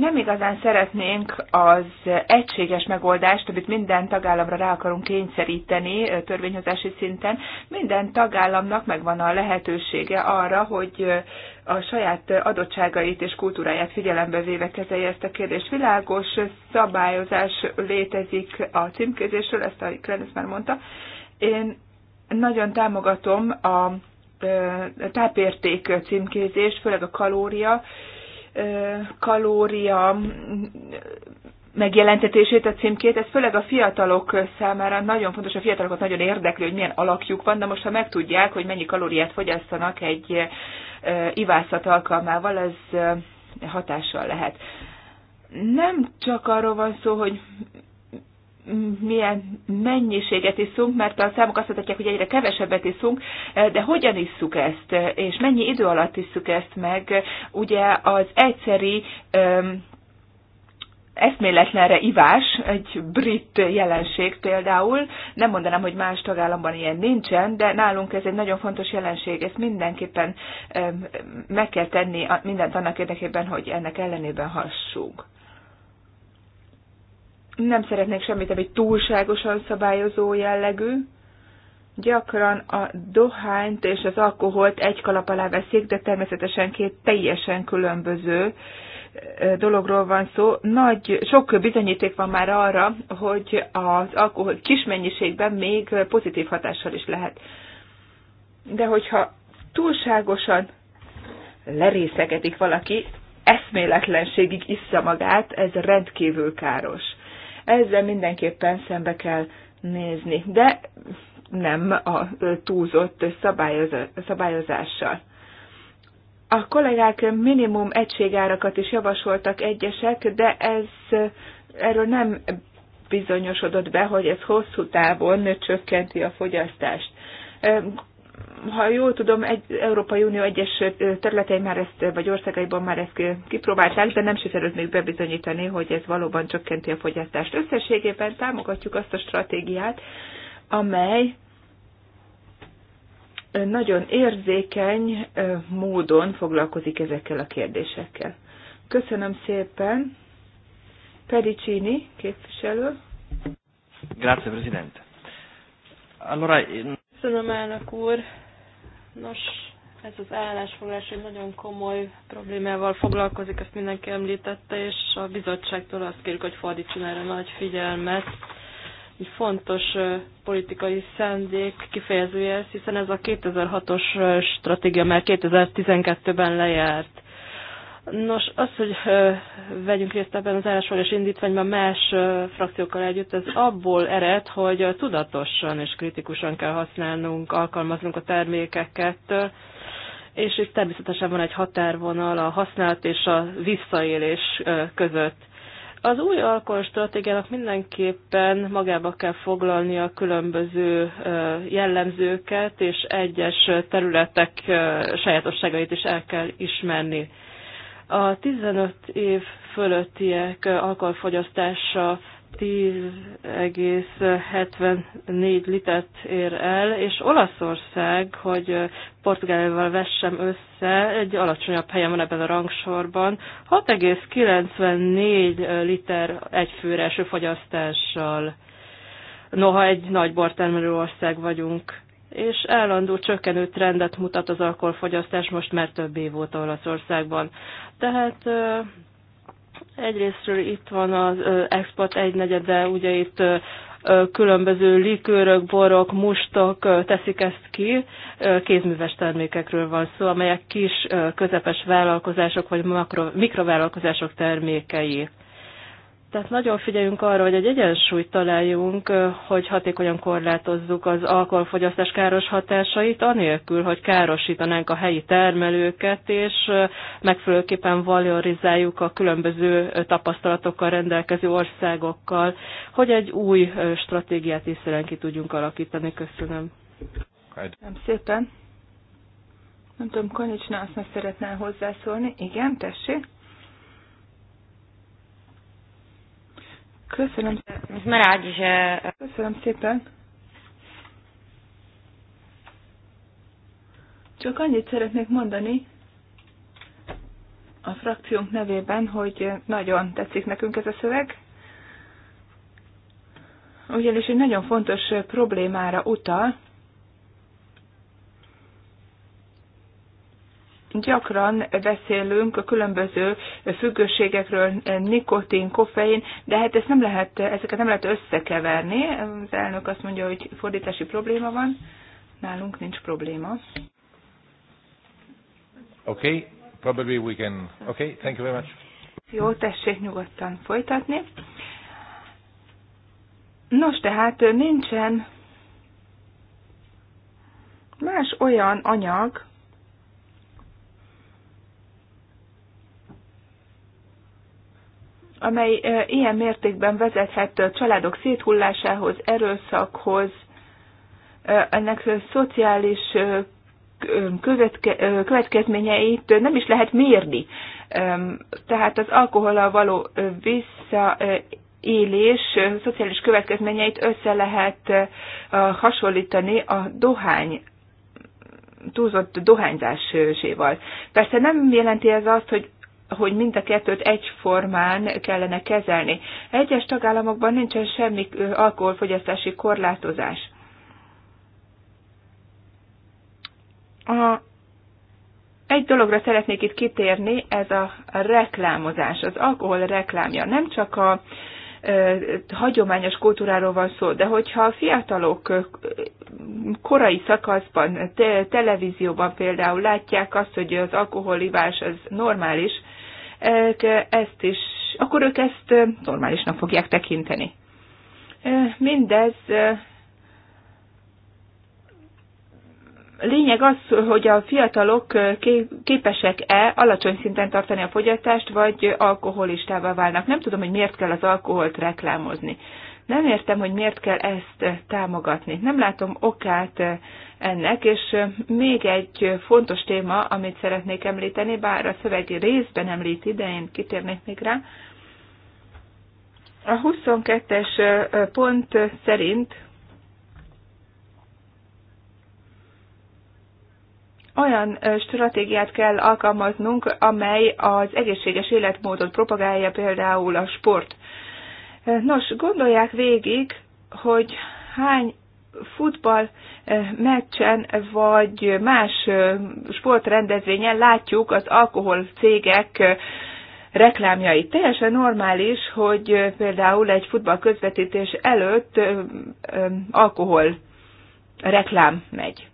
nem igazán szeretnénk az egységes megoldást, amit minden tagállamra rá akarunk kényszeríteni törvényhozási szinten. Minden tagállamnak megvan a lehetősége arra, hogy a saját adottságait és kultúráját figyelembe véve kezelje ezt a kérdést. Világos szabályozás létezik a címkézésről, ezt a Krenesz már mondta. Én nagyon támogatom a tápérték címkézést, főleg a kalória, kalória megjelentetését, a címkét, ez főleg a fiatalok számára nagyon fontos, a fiatalokat nagyon érdekli, hogy milyen alakjuk van, de most ha megtudják, hogy mennyi kalóriát fogyasztanak egy ivászat alkalmával, az hatással lehet. Nem csak arról van szó, hogy milyen mennyiséget iszunk, mert a számok azt mutatják, hogy egyre kevesebbet iszunk, de hogyan isszuk ezt, és mennyi idő alatt isszuk ezt meg, ugye az egyszeri eszméletlenre ivás, egy brit jelenség például. Nem mondanám, hogy más tagállamban ilyen nincsen, de nálunk ez egy nagyon fontos jelenség, ezt mindenképpen meg kell tenni mindent annak érdekében, hogy ennek ellenében hassunk nem szeretnék semmit, ami túlságosan szabályozó jellegű. Gyakran a dohányt és az alkoholt egy kalap alá veszik, de természetesen két teljesen különböző dologról van szó. Nagy, sok bizonyíték van már arra, hogy az alkohol kis mennyiségben még pozitív hatással is lehet. De hogyha túlságosan lerészegedik valaki, eszméletlenségig issza magát, ez rendkívül káros. Ezzel mindenképpen szembe kell nézni, de nem a túlzott szabályozással. A kollégák minimum egységárakat is javasoltak egyesek, de ez erről nem bizonyosodott be, hogy ez hosszú távon csökkenti a fogyasztást ha jól tudom, egy Európai Unió egyes területein már ezt, vagy országaiban már ezt kipróbálták, de nem sikerült még bebizonyítani, hogy ez valóban csökkenti a fogyasztást. Összességében támogatjuk azt a stratégiát, amely nagyon érzékeny módon foglalkozik ezekkel a kérdésekkel. Köszönöm szépen. Pericini, képviselő. Grazie, Presidente. Allora, Köszönöm, elnök úr. Nos, ez az állásfoglalás egy nagyon komoly problémával foglalkozik, ezt mindenki említette, és a bizottságtól azt kérjük, hogy fordítson erre nagy figyelmet. Egy fontos politikai szándék kifejezője hiszen ez a 2006-os stratégia már 2012-ben lejárt. Nos, az, hogy vegyünk részt ebben az állásfoglalás indítványban más frakciókkal együtt, ez abból ered, hogy tudatosan és kritikusan kell használnunk, alkalmaznunk a termékeket, és itt természetesen van egy határvonal a használat és a visszaélés között. Az új alkoholstratégiának mindenképpen magába kell foglalni a különböző jellemzőket, és egyes területek sajátosságait is el kell ismerni. A 15 év fölöttiek alkoholfogyasztása 10,74 litert ér el, és Olaszország, hogy Portugáliával vessem össze, egy alacsonyabb helyen van ebben a rangsorban, 6,94 liter főre eső fogyasztással. Noha egy nagy bortermelő ország vagyunk és állandó csökkenő trendet mutat az alkoholfogyasztás most már több év óta Olaszországban. Tehát egyrésztről itt van az export egynegyede, ugye itt különböző likőrök, borok, mustok teszik ezt ki. Kézműves termékekről van szó, amelyek kis, közepes vállalkozások vagy makro, mikrovállalkozások termékei. Tehát nagyon figyeljünk arra, hogy egy egyensúlyt találjunk, hogy hatékonyan korlátozzuk az alkoholfogyasztás káros hatásait, anélkül, hogy károsítanánk a helyi termelőket, és megfelelőképpen valorizáljuk a különböző tapasztalatokkal rendelkező országokkal, hogy egy új stratégiát is ki tudjunk alakítani. Köszönöm. Nem szépen. Nem tudom, Konicsna azt meg szeretnél hozzászólni. Igen, tessék. Köszönöm. Köszönöm szépen. Csak annyit szeretnék mondani a frakciónk nevében, hogy nagyon tetszik nekünk ez a szöveg, ugyanis egy nagyon fontos problémára utal, Gyakran beszélünk a különböző függőségekről, nikotin, koffein, de hát ezt nem lehet, ezeket nem lehet összekeverni. Az elnök azt mondja, hogy fordítási probléma van. Nálunk nincs probléma. Okay, probably we can. Okay, thank you very much. Jó, tessék nyugodtan folytatni. Nos, tehát nincsen más olyan anyag, amely ilyen mértékben vezethet a családok széthullásához, erőszakhoz, ennek szociális következményeit nem is lehet mérni. Tehát az alkohollal való visszaélés szociális következményeit össze lehet hasonlítani a dohány túlzott dohányzáséval. Persze nem jelenti ez azt, hogy hogy mind a kettőt egyformán kellene kezelni. Egyes tagállamokban nincsen semmi alkoholfogyasztási korlátozás. A egy dologra szeretnék itt kitérni, ez a reklámozás, az alkohol reklámja. Nem csak a e, hagyományos kultúráról van szó, de hogyha a fiatalok korai szakaszban, te, televízióban például látják azt, hogy az alkoholivás az normális, ők ezt is, akkor ők ezt normálisnak fogják tekinteni. Mindez lényeg az, hogy a fiatalok képesek-e alacsony szinten tartani a fogyatást, vagy alkoholistává válnak. Nem tudom, hogy miért kell az alkoholt reklámozni. Nem értem, hogy miért kell ezt támogatni. Nem látom okát ennek, és még egy fontos téma, amit szeretnék említeni, bár a szövegi részben említi, de én kitérnék még rá. A 22-es pont szerint olyan stratégiát kell alkalmaznunk, amely az egészséges életmódot propagálja, például a sport Nos, gondolják végig, hogy hány futball eh, meccsen vagy más eh, sportrendezvényen látjuk az alkohol cégek eh, reklámjai. Teljesen normális, hogy például egy futball közvetítés előtt alkohol reklám megy.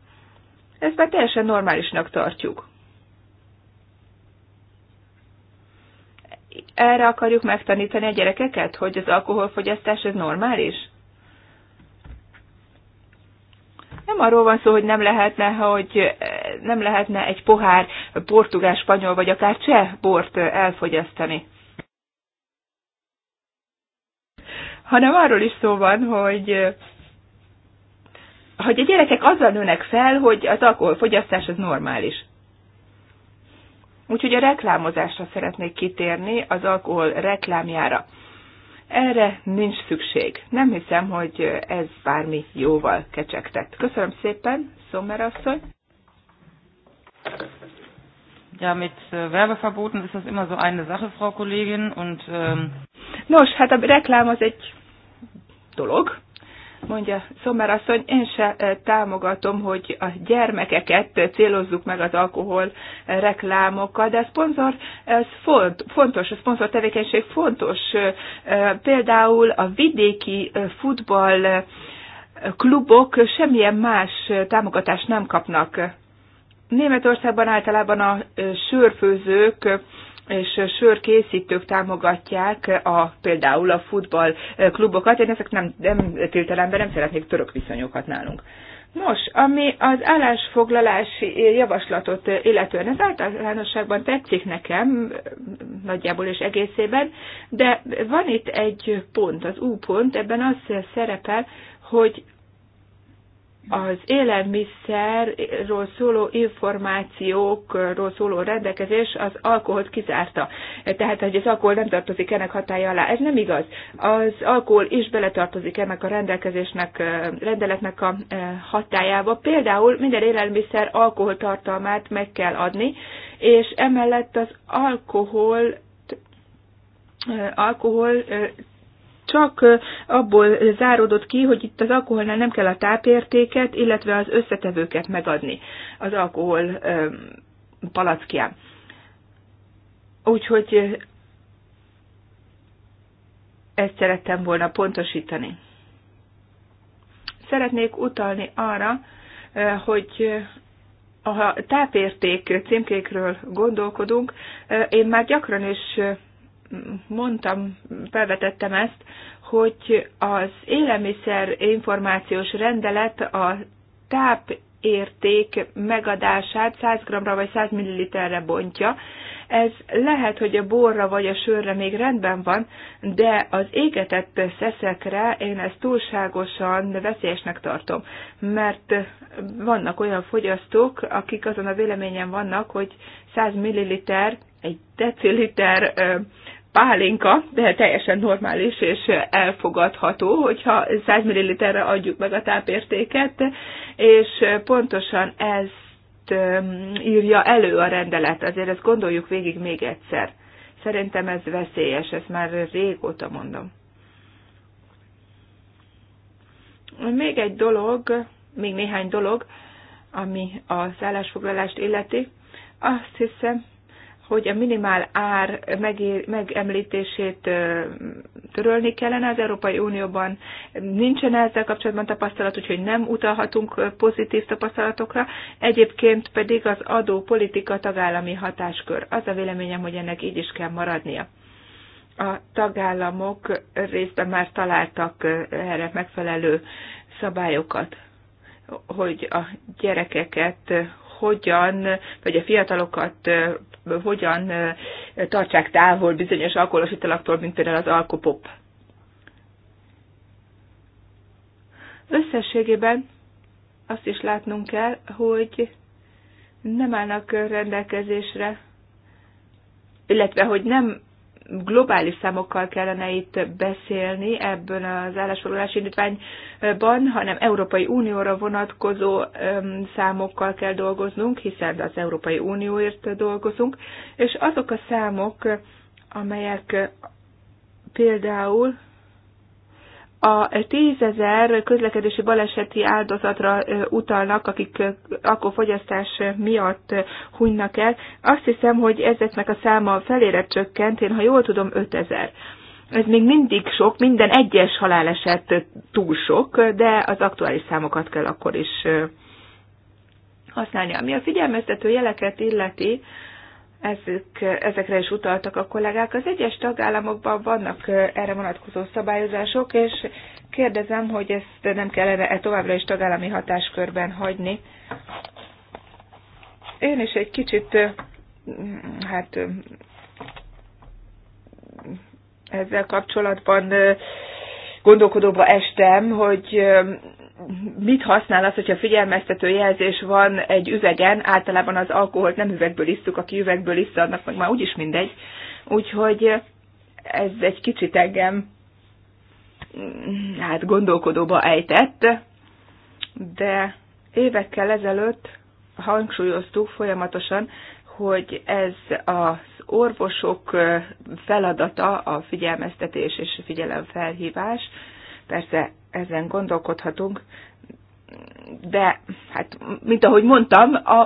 Ezt már teljesen normálisnak tartjuk. erre akarjuk megtanítani a gyerekeket, hogy az alkoholfogyasztás ez normális? Nem arról van szó, hogy nem lehetne, hogy nem lehetne egy pohár portugál, spanyol vagy akár cseh bort elfogyasztani. Hanem arról is szó van, hogy hogy a gyerekek azzal nőnek fel, hogy az alkoholfogyasztás az normális. Úgyhogy a reklámozásra szeretnék kitérni, az alkohol reklámjára. Erre nincs szükség. Nem hiszem, hogy ez bármi jóval kecsegtet. Köszönöm szépen, Szomer asszony. Ja, mit äh, Werbeverboten ist das immer so eine Sache, Frau Kollegin, und... Ähm Nos, hát a reklám az egy dolog, mondja Szomer asszony, én se eh, támogatom, hogy a gyermekeket célozzuk meg az alkohol eh, reklámokkal, de a szponzor ez font, fontos, a szponzor tevékenység fontos. Eh, például a vidéki futball klubok semmilyen más támogatást nem kapnak. Németországban általában a sörfőzők és sörkészítők támogatják a, például a futballklubokat. Eh, Én ezek nem, nem tiltanám nem szeretnék török viszonyokat nálunk. Nos, ami az állásfoglalási eh, javaslatot eh, illetően, ez általánosságban tetszik nekem, nagyjából és egészében, de van itt egy pont, az U pont, ebben az szerepel, hogy az élelmiszerről szóló információkról szóló rendelkezés az alkoholt kizárta. Tehát, hogy az alkohol nem tartozik ennek hatája alá. Ez nem igaz. Az alkohol is beletartozik ennek a rendelkezésnek, rendeletnek a hatájába. Például minden élelmiszer alkoholtartalmát meg kell adni, és emellett az alkohol alkohol csak abból záródott ki, hogy itt az alkoholnál nem kell a tápértéket, illetve az összetevőket megadni az alkohol palackján. Úgyhogy ezt szerettem volna pontosítani. Szeretnék utalni arra, hogy ha tápérték címkékről gondolkodunk, én már gyakran is mondtam, felvetettem ezt, hogy az élelmiszer információs rendelet a tápérték megadását 100 g-ra vagy 100 ml-re bontja. Ez lehet, hogy a borra vagy a sörre még rendben van, de az égetett szeszekre én ezt túlságosan veszélyesnek tartom, mert vannak olyan fogyasztók, akik azon a véleményen vannak, hogy 100 ml egy deciliter pálinka, de teljesen normális és elfogadható, hogyha 100 ml-re adjuk meg a tápértéket, és pontosan ezt írja elő a rendelet, azért ezt gondoljuk végig még egyszer. Szerintem ez veszélyes, ezt már régóta mondom. Még egy dolog, még néhány dolog, ami a szállásfoglalást illeti. Azt hiszem, hogy a minimál ár megér, megemlítését törölni kellene. Az Európai Unióban nincsen ezzel kapcsolatban tapasztalat, úgyhogy nem utalhatunk pozitív tapasztalatokra. Egyébként pedig az adópolitika tagállami hatáskör. Az a véleményem, hogy ennek így is kell maradnia a tagállamok részben már találtak erre megfelelő szabályokat, hogy a gyerekeket hogyan, vagy a fiatalokat hogyan tartsák távol bizonyos alkoholos italaktól, mint például az alkopop. Összességében azt is látnunk kell, hogy nem állnak rendelkezésre, illetve hogy nem globális számokkal kellene itt beszélni ebben az állásfoglalási indítványban, hanem Európai Unióra vonatkozó számokkal kell dolgoznunk, hiszen az Európai Unióért dolgozunk, és azok a számok, amelyek például a tízezer közlekedési baleseti áldozatra utalnak, akik akkor fogyasztás miatt hunynak el. Azt hiszem, hogy ezeknek a száma felére csökkent, én ha jól tudom, ötezer. Ez még mindig sok, minden egyes haláleset túl sok, de az aktuális számokat kell akkor is használni. Ami a figyelmeztető jeleket illeti, ezek, ezekre is utaltak a kollégák. Az egyes tagállamokban vannak erre vonatkozó szabályozások, és kérdezem, hogy ezt nem kellene -e továbbra is tagállami hatáskörben hagyni. Én is egy kicsit, hát ezzel kapcsolatban gondolkodóba estem, hogy mit használ az, hogyha figyelmeztető jelzés van egy üvegen, általában az alkoholt nem üvegből isztuk, aki üvegből iszta, annak meg már úgyis mindegy. Úgyhogy ez egy kicsit engem mm, hát gondolkodóba ejtett, de évekkel ezelőtt hangsúlyoztuk folyamatosan, hogy ez az orvosok feladata a figyelmeztetés és figyelemfelhívás, Persze ezen gondolkodhatunk, de hát, mint ahogy mondtam, a,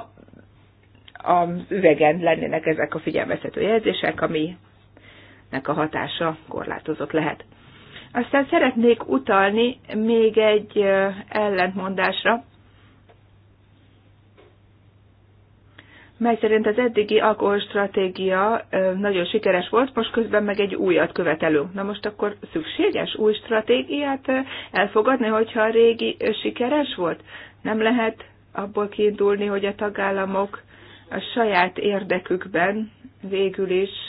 a üvegen lennének ezek a figyelmeztető jelzések, aminek a hatása korlátozott lehet. Aztán szeretnék utalni még egy ellentmondásra, mely szerint az eddigi alkoholstratégia nagyon sikeres volt, most közben meg egy újat követelünk. Na most akkor szükséges új stratégiát elfogadni, hogyha a régi sikeres volt? Nem lehet abból kiindulni, hogy a tagállamok a saját érdekükben végül is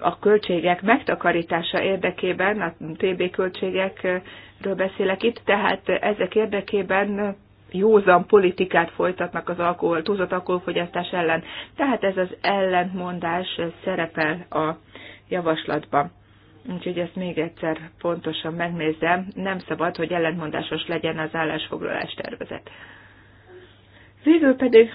a költségek megtakarítása érdekében, a TB költségekről beszélek itt, tehát ezek érdekében józan politikát folytatnak az alkohol, túlzott alkoholfogyasztás ellen. Tehát ez az ellentmondás szerepel a javaslatban. Úgyhogy ezt még egyszer pontosan megnézem. Nem szabad, hogy ellentmondásos legyen az állásfoglalás tervezet. Végül pedig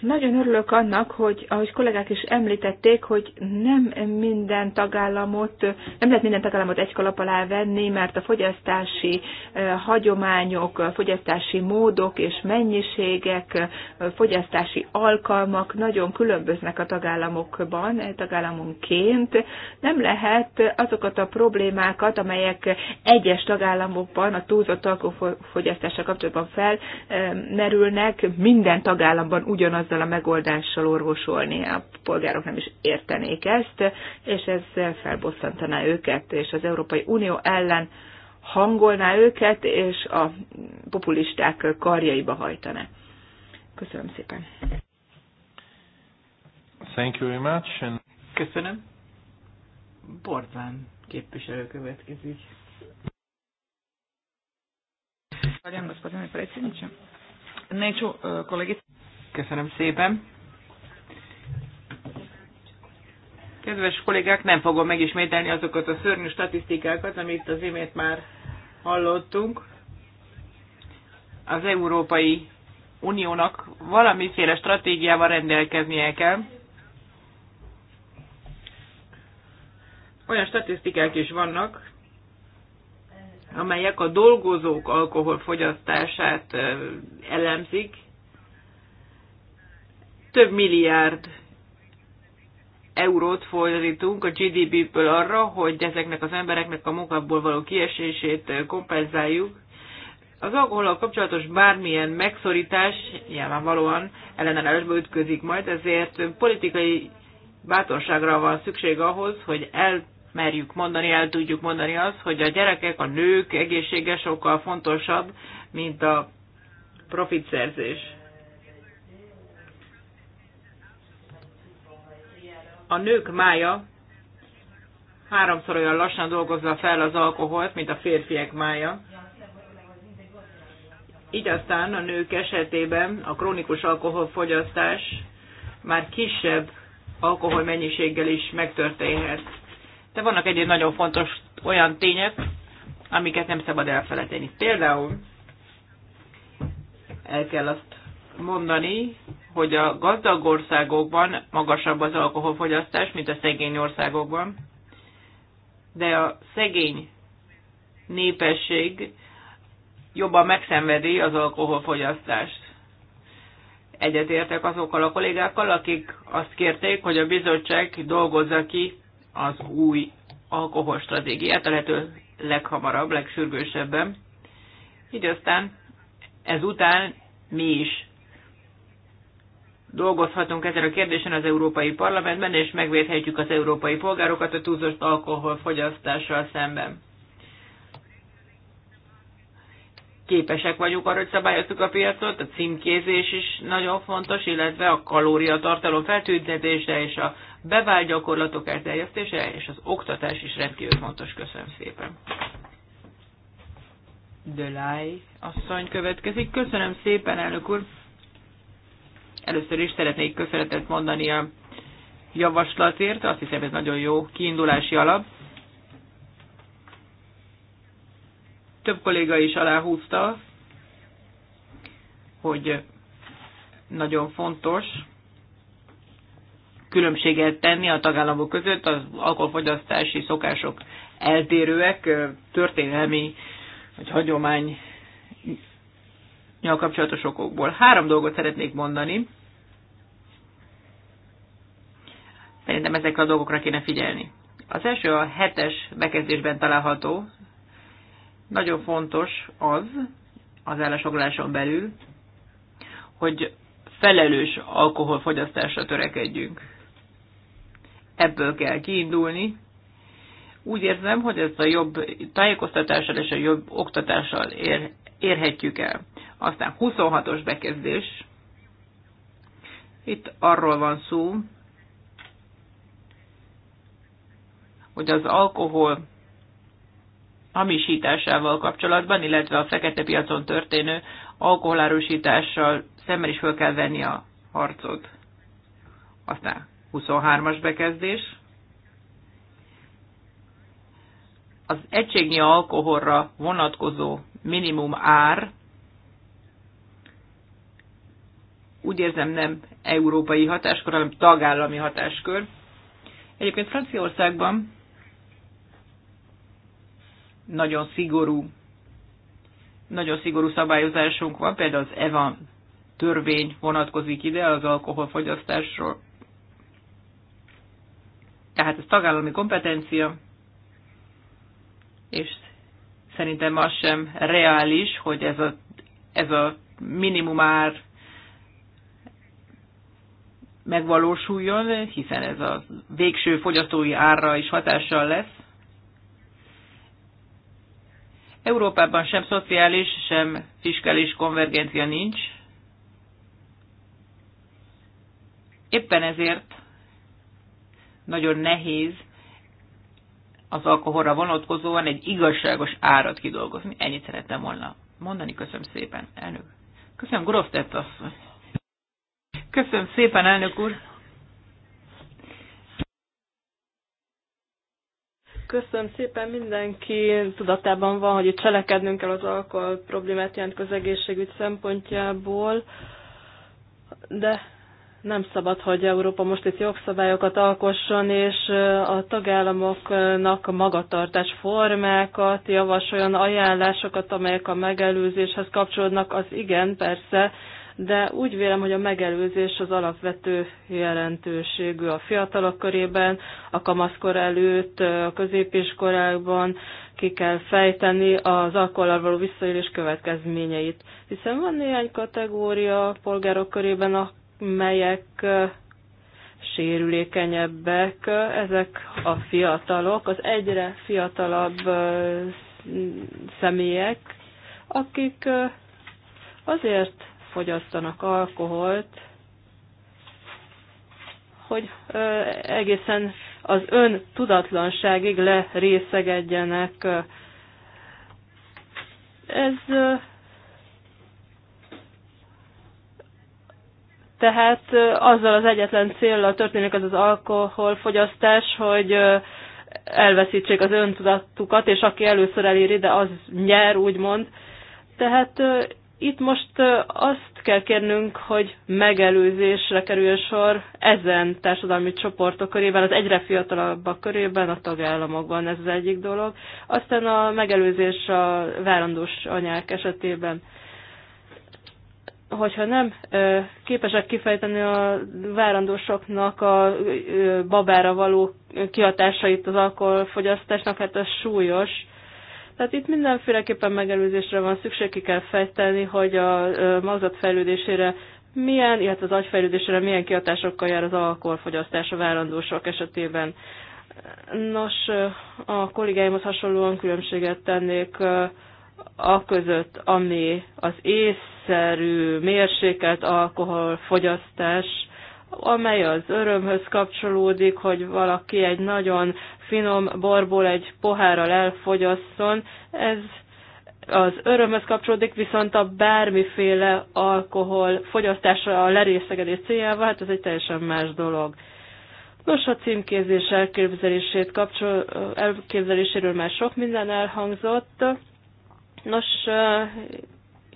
nagyon örülök annak, hogy ahogy kollégák is említették, hogy nem minden tagállamot, nem lehet minden tagállamot egy kalap alá venni, mert a fogyasztási eh, hagyományok, fogyasztási módok és mennyiségek, eh, fogyasztási alkalmak nagyon különböznek a tagállamokban, eh, tagállamonként. Nem lehet azokat a problémákat, amelyek egyes tagállamokban a túlzott alkoholfogyasztással kapcsolatban felmerülnek, minden tagállamban ugyanaz azzal a megoldással orvosolni, a polgárok nem is értenék ezt, és ez felbosszantaná őket, és az Európai Unió ellen hangolná őket, és a populisták karjaiba hajtaná. Köszönöm szépen. Thank you very much. And... Köszönöm. Borzán képviselő következik. Zahvaljujem gospodine predsjedniče. Neću eh, kolegice Köszönöm szépen. Kedves kollégák, nem fogom megismételni azokat a szörnyű statisztikákat, amit az imént már hallottunk. Az Európai Uniónak valamiféle stratégiával rendelkeznie kell. Olyan statisztikák is vannak, amelyek a dolgozók alkoholfogyasztását elemzik, több milliárd eurót fordítunk a GDP-ből arra, hogy ezeknek az embereknek a munkából való kiesését kompenzáljuk. Az alkoholal kapcsolatos bármilyen megszorítás nyilvánvalóan ellenállásba ütközik majd, ezért politikai bátorságra van szükség ahhoz, hogy elmerjük mondani, el tudjuk mondani azt, hogy a gyerekek, a nők egészsége sokkal fontosabb, mint a profitszerzés. a nők mája háromszor olyan lassan dolgozza fel az alkoholt, mint a férfiak mája. Így aztán a nők esetében a krónikus alkoholfogyasztás már kisebb alkoholmennyiséggel is megtörténhet. De vannak egyéb nagyon fontos olyan tények, amiket nem szabad elfelejteni. Például el kell azt mondani, hogy a gazdag országokban magasabb az alkoholfogyasztás, mint a szegény országokban, de a szegény népesség jobban megszenvedi az alkoholfogyasztást. Egyetértek azokkal a kollégákkal, akik azt kérték, hogy a bizottság dolgozza ki az új alkoholstratégiát, a lehető leghamarabb, legsürgősebben. Így aztán ezután mi is dolgozhatunk ezen a kérdésen az Európai Parlamentben, és megvédhetjük az európai polgárokat a túlzott alkoholfogyasztással szemben. Képesek vagyunk arra, hogy szabályozzuk a piacot, a címkézés is nagyon fontos, illetve a kalóriatartalom feltüntetése és a bevált gyakorlatok elterjesztése és az oktatás is rendkívül fontos. Köszönöm szépen. Delay asszony következik. Köszönöm szépen, elnök úr. Először is szeretnék köszönetet mondani a javaslatért, azt hiszem ez nagyon jó kiindulási alap. Több kolléga is aláhúzta, hogy nagyon fontos különbséget tenni a tagállamok között, az alkoholfogyasztási szokások eltérőek, történelmi vagy hagyomány kapcsolatos okokból. Három dolgot szeretnék mondani. Szerintem ezekre a dolgokra kéne figyelni. Az első a hetes bekezdésben található. Nagyon fontos az, az állásfoglaláson belül, hogy felelős alkoholfogyasztásra törekedjünk. Ebből kell kiindulni. Úgy érzem, hogy ezt a jobb tájékoztatással és a jobb oktatással ér, érhetjük el. Aztán 26-os bekezdés. Itt arról van szó, hogy az alkohol hamisításával kapcsolatban, illetve a fekete piacon történő alkoholárusítással szemben is fel kell venni a harcot. Aztán 23-as bekezdés. Az egységnyi alkoholra vonatkozó minimum ár úgy érzem nem európai hatáskör, hanem tagállami hatáskör. Egyébként Franciaországban nagyon szigorú, nagyon szigorú szabályozásunk van, például az EVA törvény vonatkozik ide az alkoholfogyasztásról. Tehát ez tagállami kompetencia, és szerintem az sem reális, hogy ez a, ez a minimum ár megvalósuljon, hiszen ez a végső fogyasztói árra is hatással lesz. Európában sem szociális, sem fiskális konvergencia nincs. Éppen ezért nagyon nehéz az alkoholra vonatkozóan egy igazságos árat kidolgozni. Ennyit szerettem volna mondani. Köszönöm szépen, elnök. Köszönöm, tett asszony. Köszönöm szépen, elnök úr. Köszönöm szépen, mindenki tudatában van, hogy itt cselekednünk kell az alkohol problémát jelent az egészségügy szempontjából, de nem szabad, hogy Európa most itt jogszabályokat alkosson, és a tagállamoknak magatartás formákat javasoljon, ajánlásokat, amelyek a megelőzéshez kapcsolódnak, az igen, persze, de úgy vélem, hogy a megelőzés az alapvető jelentőségű a fiatalok körében, a kamaszkor előtt, a középiskolában ki kell fejteni az alkohollal való visszaélés következményeit. Hiszen van néhány kategória a polgárok körében, amelyek sérülékenyebbek, ezek a fiatalok, az egyre fiatalabb személyek, akik azért fogyasztanak alkoholt, hogy ö, egészen az ön tudatlanságig lerészegedjenek. Ez ö, tehát ö, azzal az egyetlen célra történik ez az alkoholfogyasztás, hogy ö, elveszítsék az öntudatukat, és aki először elér ide, az nyer, úgymond. Tehát itt most azt kell kérnünk, hogy megelőzésre kerül sor ezen társadalmi csoportok körében, az egyre fiatalabbak körében, a tagállamokban ez az egyik dolog. Aztán a megelőzés a várandós anyák esetében hogyha nem képesek kifejteni a várandósoknak a babára való kihatásait az alkoholfogyasztásnak, hát az súlyos. Tehát itt mindenféleképpen megelőzésre van szükség, ki kell fejteni, hogy a magzat fejlődésére milyen, illetve az agyfejlődésre milyen kihatásokkal jár az alkoholfogyasztás a várandósok esetében. Nos, a kollégáimhoz hasonlóan különbséget tennék a között, ami az észszerű, mérsékelt alkoholfogyasztás, amely az örömhöz kapcsolódik, hogy valaki egy nagyon finom borból egy pohárral elfogyasszon. Ez az örömhöz kapcsolódik, viszont a bármiféle alkohol fogyasztása a lerészegedés céljával, hát ez egy teljesen más dolog. Nos, a címkézés elképzelését kapcsol, elképzeléséről már sok minden elhangzott. Nos,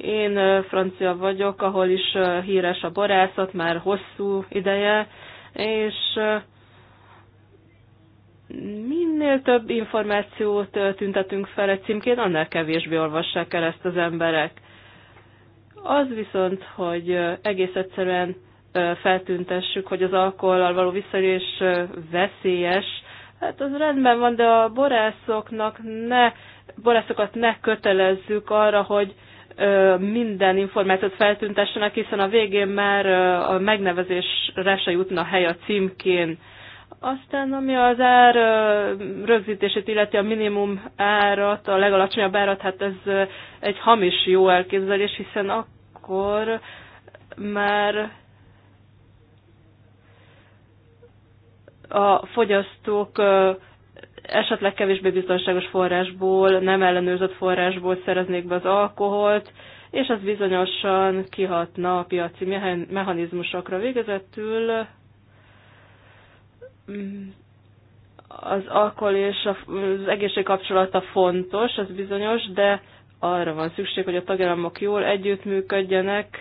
én francia vagyok, ahol is híres a borászat már hosszú ideje, és minél több információt tüntetünk fel egy címként, annál kevésbé olvassák el ezt az emberek. Az viszont, hogy egész egyszerűen feltüntessük, hogy az alkohollal való visszaélés veszélyes, hát az rendben van, de a borászoknak ne, borászokat ne kötelezzük arra, hogy minden információt feltüntessenek, hiszen a végén már a megnevezésre se jutna hely a címkén. Aztán ami az ár rögzítését illeti a minimum árat, a legalacsonyabb árat, hát ez egy hamis jó elképzelés, hiszen akkor már a fogyasztók esetleg kevésbé biztonságos forrásból, nem ellenőrzött forrásból szereznék be az alkoholt, és ez bizonyosan kihatna a piaci mechanizmusokra. Végezetül mm, az alkohol és az egészség kapcsolata fontos, ez bizonyos, de arra van szükség, hogy a tagállamok jól együttműködjenek,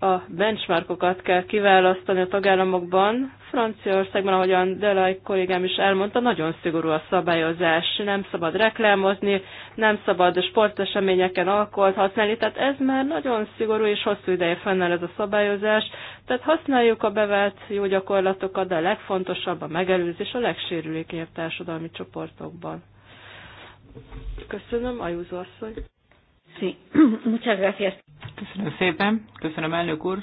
a benchmarkokat kell kiválasztani a tagállamokban. Franciaországban, ahogyan Delay kollégám is elmondta, nagyon szigorú a szabályozás. Nem szabad reklámozni, nem szabad sporteseményeken alkoholt használni, tehát ez már nagyon szigorú és hosszú ideje fennáll ez a szabályozás. Tehát használjuk a bevált jó gyakorlatokat, de a legfontosabb a megelőzés a legsérülékenyebb társadalmi csoportokban. Köszönöm, Ajúzó asszony. Sí, [clears throat] muchas gracias. Köszönöm szépen, köszönöm elnök úr,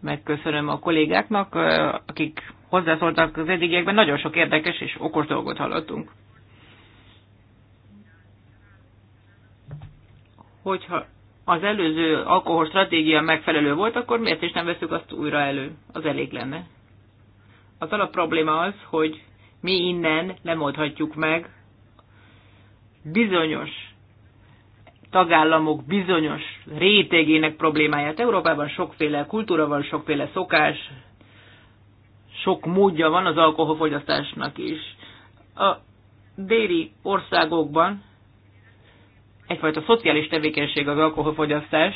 megköszönöm a kollégáknak, akik hozzászóltak az eddigiekben, nagyon sok érdekes és okos dolgot hallottunk. Hogyha az előző alkohol stratégia megfelelő volt, akkor miért is nem veszük azt újra elő? Az elég lenne. Az alap probléma az, hogy mi innen nem oldhatjuk meg bizonyos tagállamok bizonyos rétegének problémáját. Európában sokféle kultúra van, sokféle szokás, sok módja van az alkoholfogyasztásnak is. A déli országokban egyfajta szociális tevékenység az alkoholfogyasztás,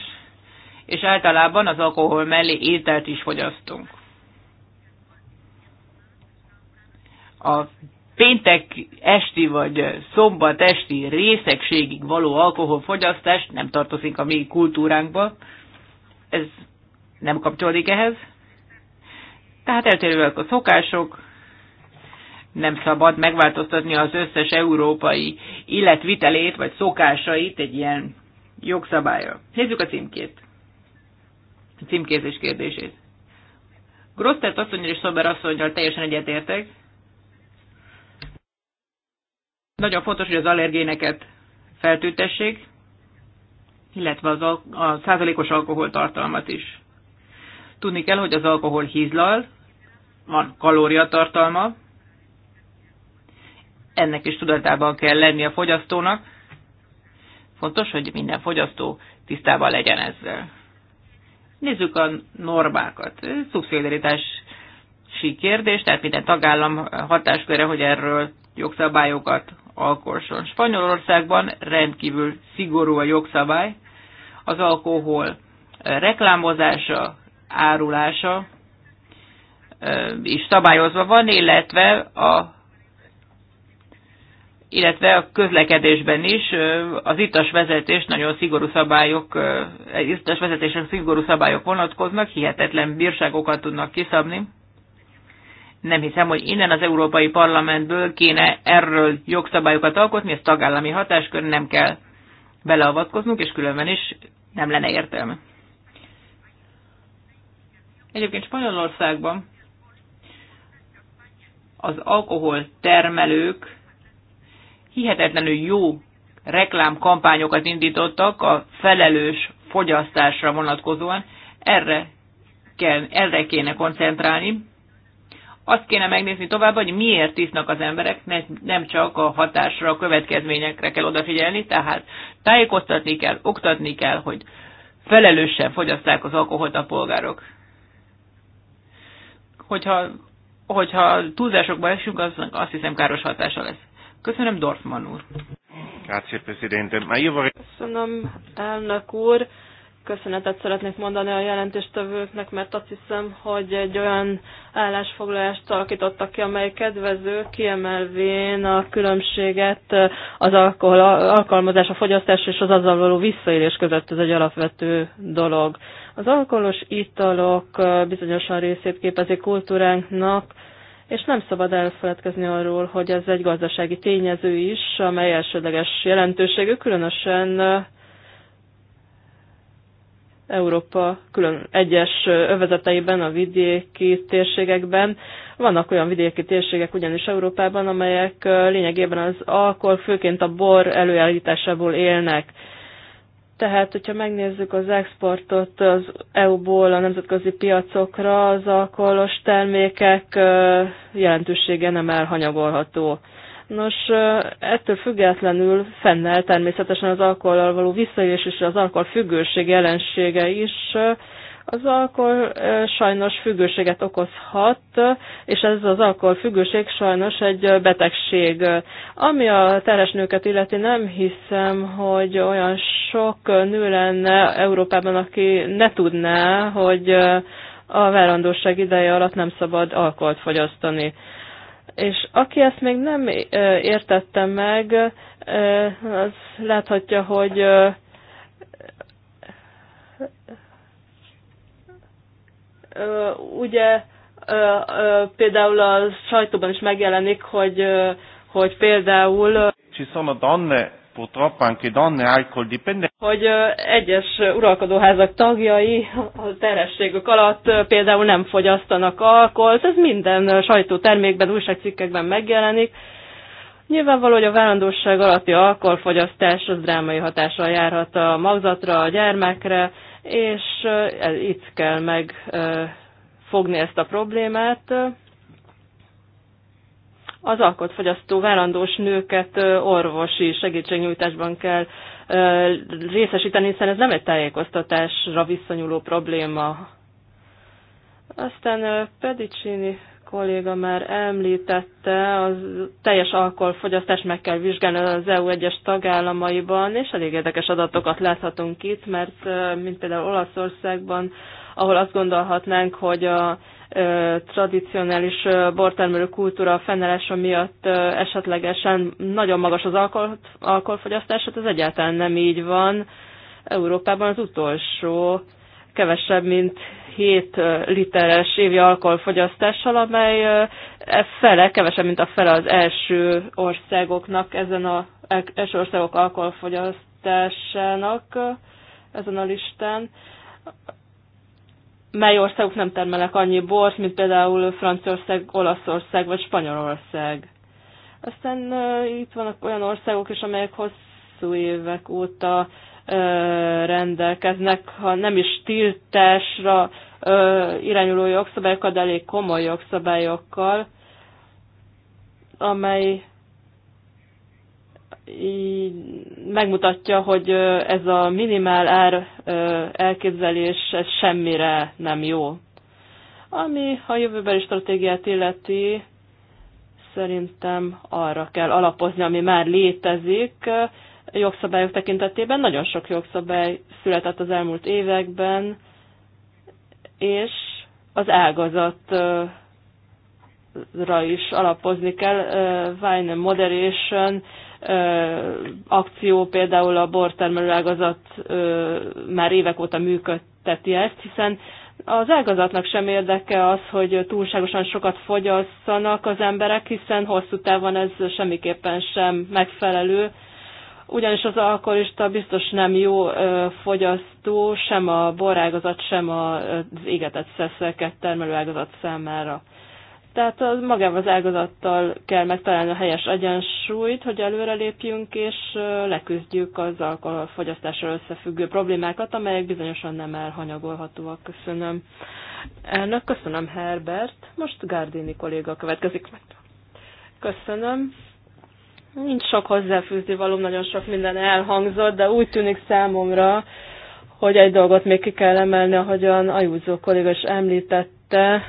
és általában az alkohol mellé ételt is fogyasztunk. A péntek esti vagy szombat esti részegségig való alkoholfogyasztás nem tartozik a mi kultúránkba. Ez nem kapcsolódik ehhez. Tehát eltérőek a szokások, nem szabad megváltoztatni az összes európai illetvitelét vagy szokásait egy ilyen jogszabályra. Nézzük a címkét. A címkézés kérdését. Grosztert asszonyra és Szober asszonyra teljesen egyetértek. Nagyon fontos, hogy az allergéneket feltüntessék, illetve az al- a százalékos alkoholtartalmat is. Tudni kell, hogy az alkohol hízlal, van kalóriatartalma, ennek is tudatában kell lenni a fogyasztónak. Fontos, hogy minden fogyasztó tisztában legyen ezzel. Nézzük a normákat. Szubszidiaritási kérdés, tehát minden tagállam hatáskörre, hogy erről jogszabályokat alkoholson. Spanyolországban rendkívül szigorú a jogszabály, az alkohol eh, reklámozása, árulása eh, is szabályozva van, illetve a illetve a közlekedésben is eh, az ittas vezetés nagyon szigorú szabályok, az ittas vezetésre szigorú szabályok vonatkoznak, hihetetlen bírságokat tudnak kiszabni. Nem hiszem, hogy innen az Európai Parlamentből kéne erről jogszabályokat alkotni, ez tagállami hatáskör, nem kell beleavatkoznunk, és különben is nem lenne értelme. Egyébként Spanyolországban az alkohol termelők hihetetlenül jó reklámkampányokat indítottak a felelős fogyasztásra vonatkozóan. Erre, kell, erre kéne koncentrálni. Azt kéne megnézni tovább, hogy miért isznak az emberek, mert nem csak a hatásra, a következményekre kell odafigyelni, tehát tájékoztatni kell, oktatni kell, hogy felelősen fogyasszák az alkoholt a polgárok. Hogyha, hogyha túlzásokba esünk, az, azt hiszem káros hatása lesz. Köszönöm, Dorfman úr. Köszönöm, elnök úr köszönetet szeretnék mondani a jelentéstevőknek, mert azt hiszem, hogy egy olyan állásfoglalást alakítottak ki, amely kedvező, kiemelvén a különbséget az alkohol alkalmazás, a fogyasztás és az azzal való visszaélés között. Ez egy alapvető dolog. Az alkoholos italok bizonyosan részét képezik kultúránknak, és nem szabad elfeledkezni arról, hogy ez egy gazdasági tényező is, amely elsődleges jelentőségű, különösen Európa külön egyes övezeteiben, a vidéki térségekben. Vannak olyan vidéki térségek ugyanis Európában, amelyek lényegében az alkohol, főként a bor előállításából élnek. Tehát, hogyha megnézzük az exportot az EU-ból a nemzetközi piacokra, az alkoholos termékek jelentősége nem elhanyagolható. Nos, ettől függetlenül fennel természetesen az alkoholal való visszaélés és az alkohol függőség jelensége is. Az alkohol sajnos függőséget okozhat, és ez az alkohol függőség sajnos egy betegség. Ami a teres nőket illeti, nem hiszem, hogy olyan sok nő lenne Európában, aki ne tudná, hogy a várandóság ideje alatt nem szabad alkoholt fogyasztani. És aki ezt még nem értette meg, az láthatja, hogy ugye például a sajtóban is megjelenik, hogy, hogy például Ci sono donne hogy egyes uralkodóházak tagjai a terességük alatt például nem fogyasztanak alkoholt, ez minden sajtótermékben, újságcikkekben megjelenik. Nyilvánvaló, hogy a várandóság alatti alkoholfogyasztás az drámai hatással járhat a magzatra, a gyermekre, és itt kell megfogni ezt a problémát az alkotfogyasztó várandós nőket orvosi segítségnyújtásban kell részesíteni, hiszen ez nem egy tájékoztatásra visszanyúló probléma. Aztán Pedicini kolléga már említette, az teljes alkoholfogyasztást meg kell vizsgálni az EU egyes tagállamaiban, és elég érdekes adatokat láthatunk itt, mert mint például Olaszországban, ahol azt gondolhatnánk, hogy a tradicionális bortermelő kultúra fennállása miatt esetlegesen nagyon magas az alkohol, alkoholfogyasztás, hát ez egyáltalán nem így van. Európában az utolsó kevesebb, mint 7 literes évi alkoholfogyasztással, amely e fele, kevesebb, mint a fele az első országoknak, ezen a e, első országok alkoholfogyasztásának ezen a listán mely országok nem termelnek annyi bort, mint például Franciaország, Olaszország vagy Spanyolország. Aztán uh, itt vannak olyan országok is, amelyek hosszú évek óta uh, rendelkeznek, ha nem is tiltásra uh, irányuló jogszabályokkal, de elég komoly jogszabályokkal, amely megmutatja, hogy ez a minimál ár elképzelés ez semmire nem jó. Ami a jövőbeli stratégiát illeti, szerintem arra kell alapozni, ami már létezik jogszabályok tekintetében. Nagyon sok jogszabály született az elmúlt években, és az ágazatra is alapozni kell. Vine Moderation akció például a bortermelő ágazat már évek óta működteti ezt, hiszen az ágazatnak sem érdeke az, hogy túlságosan sokat fogyasszanak az emberek, hiszen hosszú távon ez semmiképpen sem megfelelő, ugyanis az alkoholista biztos nem jó fogyasztó, sem a borágazat, sem az égetett szeszeket termelő ágazat számára. Tehát az magával az ágazattal kell megtalálni a helyes egyensúlyt, hogy előrelépjünk és leküzdjük az alkoholfogyasztással összefüggő problémákat, amelyek bizonyosan nem elhanyagolhatóak. Köszönöm. Elnök, köszönöm Herbert. Most Gárdini kolléga következik meg. Köszönöm. Nincs sok hozzáfűzni való, nagyon sok minden elhangzott, de úgy tűnik számomra, hogy egy dolgot még ki kell emelni, ahogyan Ajúzó kolléga is említette,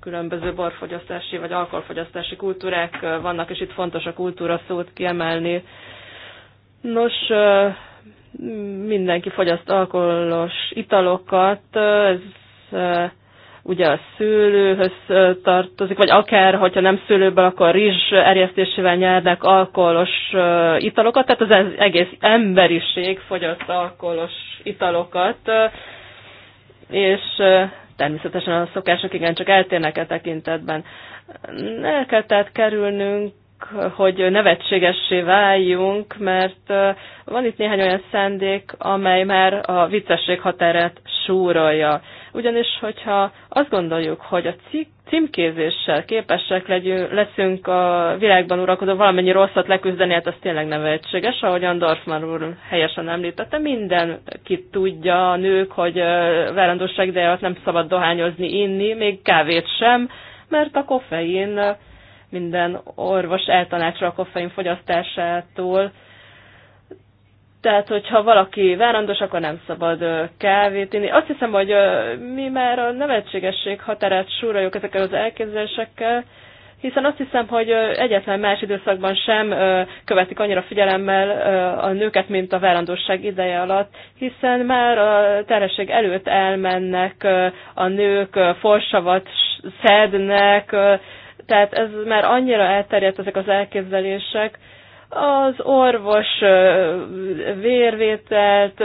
különböző borfogyasztási vagy alkoholfogyasztási kultúrák vannak, és itt fontos a kultúra szót kiemelni. Nos, mindenki fogyaszt alkoholos italokat, ez ugye a szőlőhöz tartozik, vagy akár, hogyha nem szőlőből, akkor rizs erjesztésével nyernek alkoholos italokat, tehát az egész emberiség fogyaszt alkoholos italokat, és Természetesen a szokások csak eltérnek a e tekintetben. El kell tehát kerülnünk hogy nevetségessé váljunk, mert van itt néhány olyan szendék, amely már a viccesség határát súrolja. Ugyanis, hogyha azt gondoljuk, hogy a címkézéssel képesek legyünk, leszünk a világban uralkodó valamennyi rosszat leküzdeni, hát az tényleg nevetséges, ahogy Andorfman úr helyesen említette, mindenki tudja a nők, hogy várandóság ideje nem szabad dohányozni, inni, még kávét sem, mert a koffein minden orvos eltanácsol a koffein fogyasztásától. Tehát, hogyha valaki várandos, akkor nem szabad kávét inni. Azt hiszem, hogy mi már a nevetségesség határát súroljuk ezekkel az elképzelésekkel, hiszen azt hiszem, hogy egyetlen más időszakban sem követik annyira figyelemmel a nőket, mint a várandóság ideje alatt, hiszen már a terhesség előtt elmennek a nők, forsavat szednek, tehát ez már annyira elterjedt ezek az elképzelések, az orvos vérvételt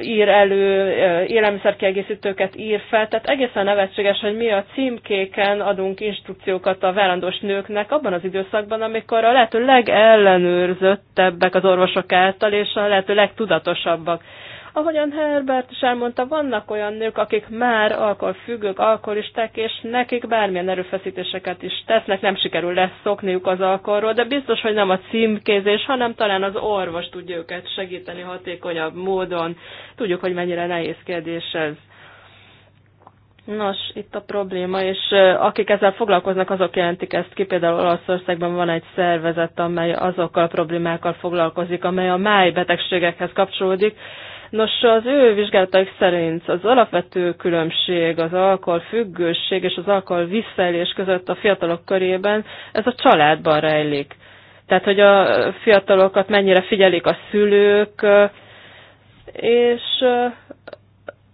ír elő, élelmiszerkiegészítőket ír fel, tehát egészen nevetséges, hogy mi a címkéken adunk instrukciókat a várandós nőknek abban az időszakban, amikor a lehető legellenőrzöttebbek az orvosok által, és a lehető legtudatosabbak. Ahogyan Herbert is elmondta, vannak olyan nők, akik már alkoholfüggők, alkoholisták, és nekik bármilyen erőfeszítéseket is tesznek, nem sikerül leszokniuk lesz az alkoholról, de biztos, hogy nem a címkézés, hanem talán az orvos tudja őket segíteni hatékonyabb módon. Tudjuk, hogy mennyire nehéz kérdés ez. Nos, itt a probléma, és akik ezzel foglalkoznak, azok jelentik ezt ki. Például Olaszországban van egy szervezet, amely azokkal a problémákkal foglalkozik, amely a májbetegségekhez kapcsolódik. Nos, az ő vizsgálataik szerint az alapvető különbség az függőség és az alkohol visszaélés között a fiatalok körében, ez a családban rejlik. Tehát, hogy a fiatalokat mennyire figyelik a szülők, és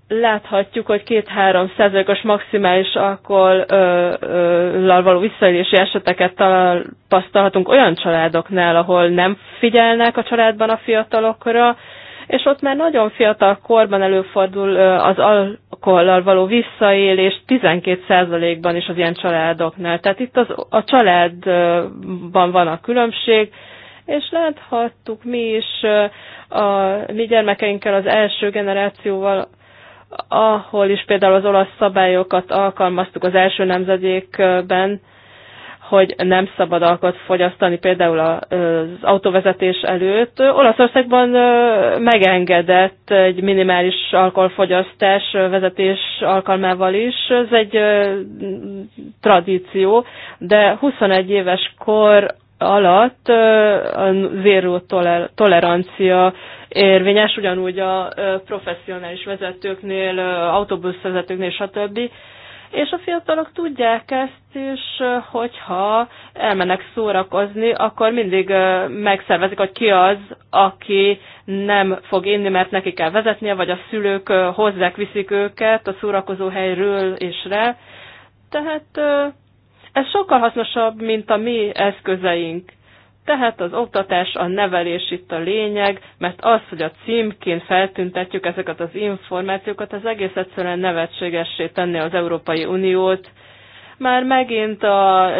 láthatjuk, hogy két-három százalékos maximális alkohollal való visszaélési eseteket tapasztalhatunk olyan családoknál, ahol nem figyelnek a családban a fiatalokra, és ott már nagyon fiatal korban előfordul az alkohollal való visszaélés 12%-ban is az ilyen családoknál. Tehát itt az, a családban van a különbség, és láthattuk mi is a mi gyermekeinkkel, az első generációval, ahol is például az olasz szabályokat alkalmaztuk az első nemzedékben, hogy nem szabad alkot fogyasztani például az autóvezetés előtt. Olaszországban megengedett egy minimális alkoholfogyasztás vezetés alkalmával is. Ez egy tradíció, de 21 éves kor alatt a zéró tolerancia érvényes, ugyanúgy a professzionális vezetőknél, autóbuszvezetőknél, stb és a fiatalok tudják ezt, és hogyha elmennek szórakozni, akkor mindig megszervezik, hogy ki az, aki nem fog inni, mert neki kell vezetnie, vagy a szülők hozzák, viszik őket a szórakozó helyről és rá. Tehát ez sokkal hasznosabb, mint a mi eszközeink. Tehát az oktatás, a nevelés itt a lényeg, mert az, hogy a címként feltüntetjük ezeket az információkat, az egész egyszerűen nevetségessé tenni az Európai Uniót, már megint a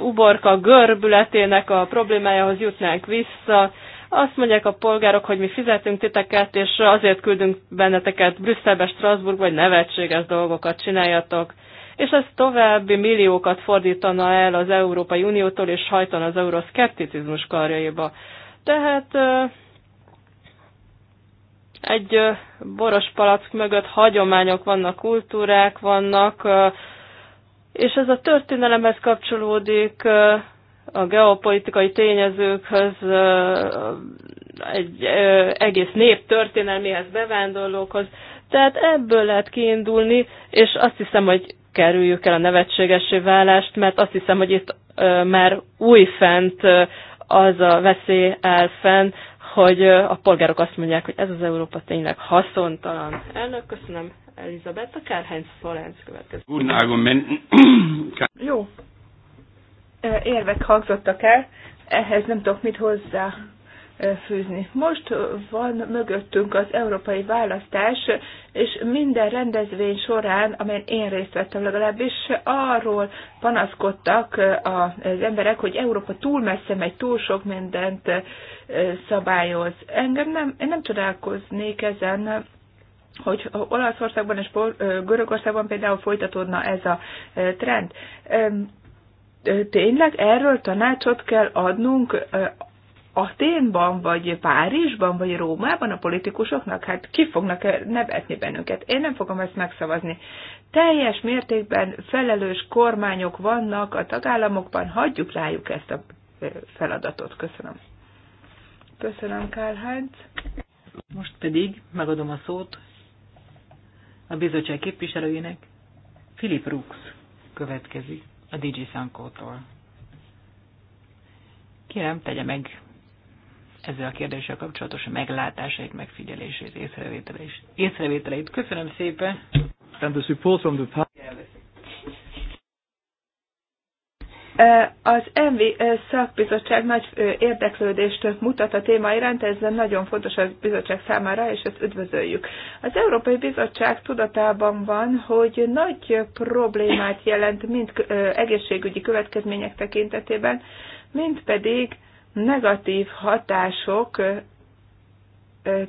uborka görbületének a problémájához jutnánk vissza. Azt mondják a polgárok, hogy mi fizetünk titeket, és azért küldünk benneteket Brüsszelbe, Strasbourgba, hogy nevetséges dolgokat csináljatok és ez további milliókat fordítana el az Európai Uniótól, és hajtana az euroszkepticizmus karjaiba. Tehát egy boros palack mögött hagyományok vannak, kultúrák vannak, és ez a történelemhez kapcsolódik, a geopolitikai tényezőkhöz, egy egész nép történelméhez, bevándorlókhoz. Tehát ebből lehet kiindulni, és azt hiszem, hogy kerüljük el a nevetségesé válást, mert azt hiszem, hogy itt már újfent az a veszély áll fenn, hogy a polgárok azt mondják, hogy ez az Európa tényleg haszontalan. Elnök, köszönöm. Elizabeth, a Kárhány Szolánc következik. Jó. Érvek hangzottak el, ehhez nem tudok mit hozzá fűzni. Most van mögöttünk az európai választás, és minden rendezvény során, amelyen én részt vettem legalábbis, arról panaszkodtak az emberek, hogy Európa túl messze megy, túl sok mindent szabályoz. Engem nem, én nem csodálkoznék ezen, hogy Olaszországban és Görögországban például folytatódna ez a trend tényleg erről tanácsot kell adnunk Aténban, vagy Párizsban, vagy Rómában a politikusoknak? Hát ki fognak -e nevetni bennünket? Én nem fogom ezt megszavazni. Teljes mértékben felelős kormányok vannak a tagállamokban, hagyjuk rájuk ezt a feladatot. Köszönöm. Köszönöm, Karl Heinz. Most pedig megadom a szót a bizottság képviselőjének, Philip Rux következik a DJ Sankótól. Kérem, tegye meg ezzel a kérdéssel kapcsolatos meglátásait, megfigyelését, észrevételeit. észrevételeit. Köszönöm szépen! And the support from the Az MV szakbizottság nagy érdeklődést mutat a téma iránt, ez nagyon fontos a bizottság számára, és ezt üdvözöljük. Az Európai Bizottság tudatában van, hogy nagy problémát jelent mind egészségügyi következmények tekintetében, mint pedig negatív hatások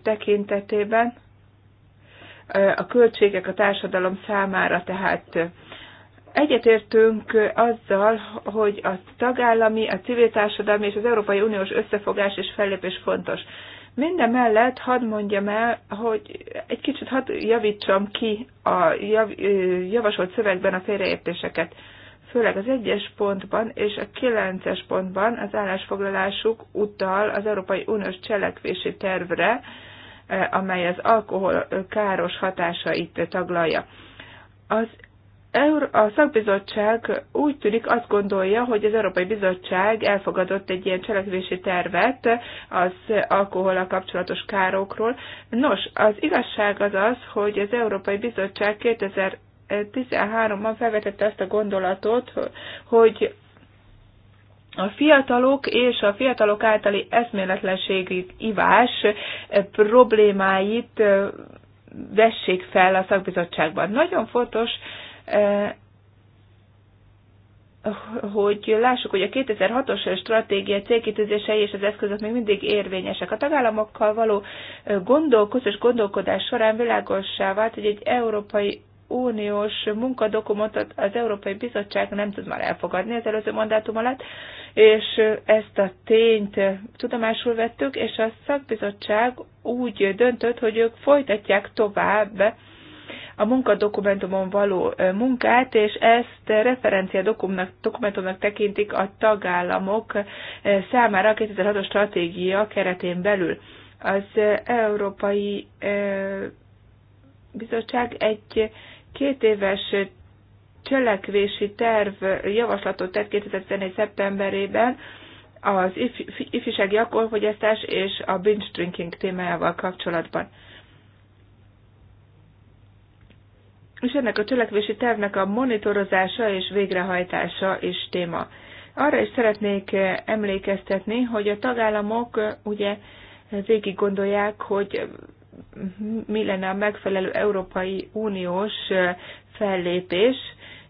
tekintetében a költségek a társadalom számára, tehát egyetértünk azzal, hogy a tagállami, a civil társadalmi és az Európai Uniós összefogás és fellépés fontos. Minden mellett hadd mondjam el, hogy egy kicsit hadd javítsam ki a javasolt szövegben a félreértéseket főleg az egyes pontban és a kilences pontban az állásfoglalásuk utal az Európai Uniós cselekvési tervre, eh, amely az alkohol káros hatásait taglalja. Az a szakbizottság úgy tűnik azt gondolja, hogy az Európai Bizottság elfogadott egy ilyen cselekvési tervet az alkohollal kapcsolatos károkról. Nos, az igazság az az, hogy az Európai Bizottság 2000 13 ban felvetette ezt a gondolatot, hogy a fiatalok és a fiatalok általi eszméletlenségi ivás problémáit vessék fel a szakbizottságban. Nagyon fontos, hogy lássuk, hogy a 2006-os stratégia célkitűzései és az eszközök még mindig érvényesek. A tagállamokkal való gondolkozás gondolkodás során világossá vált, hogy egy európai uniós munkadokumentot az Európai Bizottság nem tud már elfogadni az előző mandátum alatt, és ezt a tényt tudomásul vettük, és a szakbizottság úgy döntött, hogy ők folytatják tovább a munkadokumentumon való munkát, és ezt referencia dokumentumnak tekintik a tagállamok számára a 2006-os stratégia keretén belül. Az Európai eh, Bizottság egy Két éves cselekvési terv javaslatot tett 2014. szeptemberében az ifjúsági alkoholfogyasztás és a binge drinking témájával kapcsolatban. És ennek a cselekvési tervnek a monitorozása és végrehajtása is téma. Arra is szeretnék emlékeztetni, hogy a tagállamok ugye végig gondolják, hogy mi lenne a megfelelő Európai Uniós fellépés,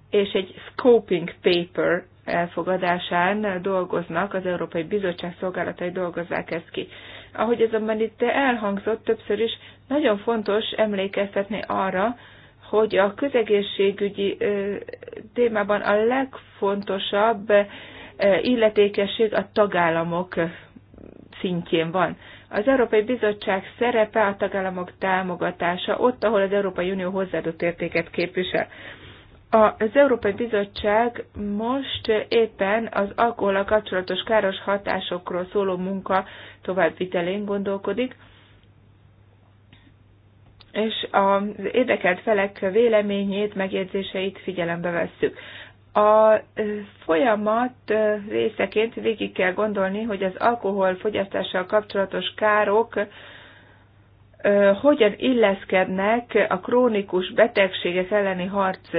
és egy scoping paper elfogadásán dolgoznak, az Európai Bizottság szolgálatai dolgozzák ezt ki. Ahogy azonban itt elhangzott többször is, nagyon fontos emlékeztetni arra, hogy a közegészségügyi témában a legfontosabb illetékesség a tagállamok szintjén van. Az Európai Bizottság szerepe a tagállamok támogatása, ott, ahol az Európai Unió hozzáadott értéket képvisel. Az Európai Bizottság most éppen az alkohola kapcsolatos káros hatásokról szóló munka továbbvitelén gondolkodik, és az érdekelt felek véleményét, megjegyzéseit figyelembe vesszük. A folyamat részeként végig kell gondolni, hogy az fogyasztással kapcsolatos károk hogyan illeszkednek a krónikus betegségek elleni harc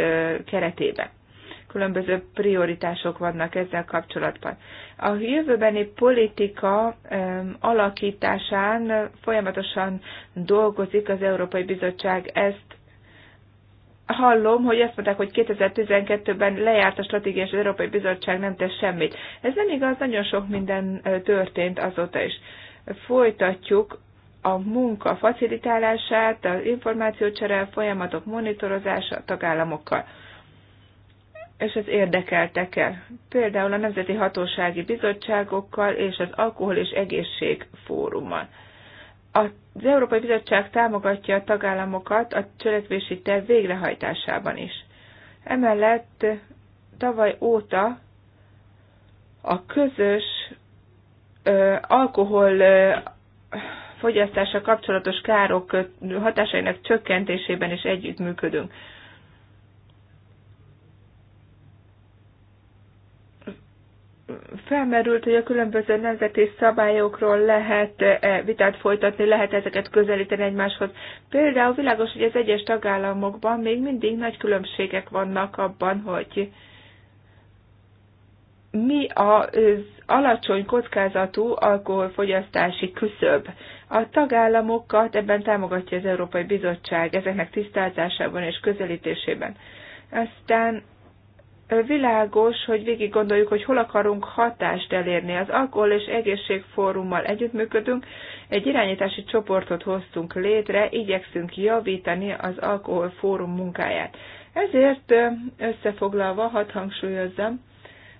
keretébe. Különböző prioritások vannak ezzel kapcsolatban. A jövőbeni politika alakításán folyamatosan dolgozik az Európai Bizottság, ezt hallom, hogy azt mondták, hogy 2012-ben lejárt a stratégia, és az Európai Bizottság nem tesz semmit. Ez nem igaz, nagyon sok minden történt azóta is. Folytatjuk a munka facilitálását, az információcsere, folyamatok monitorozása a tagállamokkal és érdekeltek el. például a Nemzeti Hatósági Bizottságokkal és az Alkohol és Egészség Fórummal. Az Európai Bizottság támogatja a tagállamokat a cselekvési terv végrehajtásában is. Emellett tavaly óta a közös ö, alkohol ö, fogyasztása kapcsolatos károk hatásainak csökkentésében is együttműködünk. felmerült, hogy a különböző nemzeti szabályokról lehet vitát folytatni, lehet ezeket közelíteni egymáshoz. Például világos, hogy az egyes tagállamokban még mindig nagy különbségek vannak abban, hogy mi az alacsony kockázatú alkoholfogyasztási küszöb. A tagállamokat ebben támogatja az Európai Bizottság ezeknek tisztázásában és közelítésében. Aztán világos, hogy végig gondoljuk, hogy hol akarunk hatást elérni. Az Alkohol és Egészségfórummal együttműködünk, egy irányítási csoportot hoztunk létre, igyekszünk javítani az alkohol fórum munkáját. Ezért összefoglalva hadd hangsúlyozzam,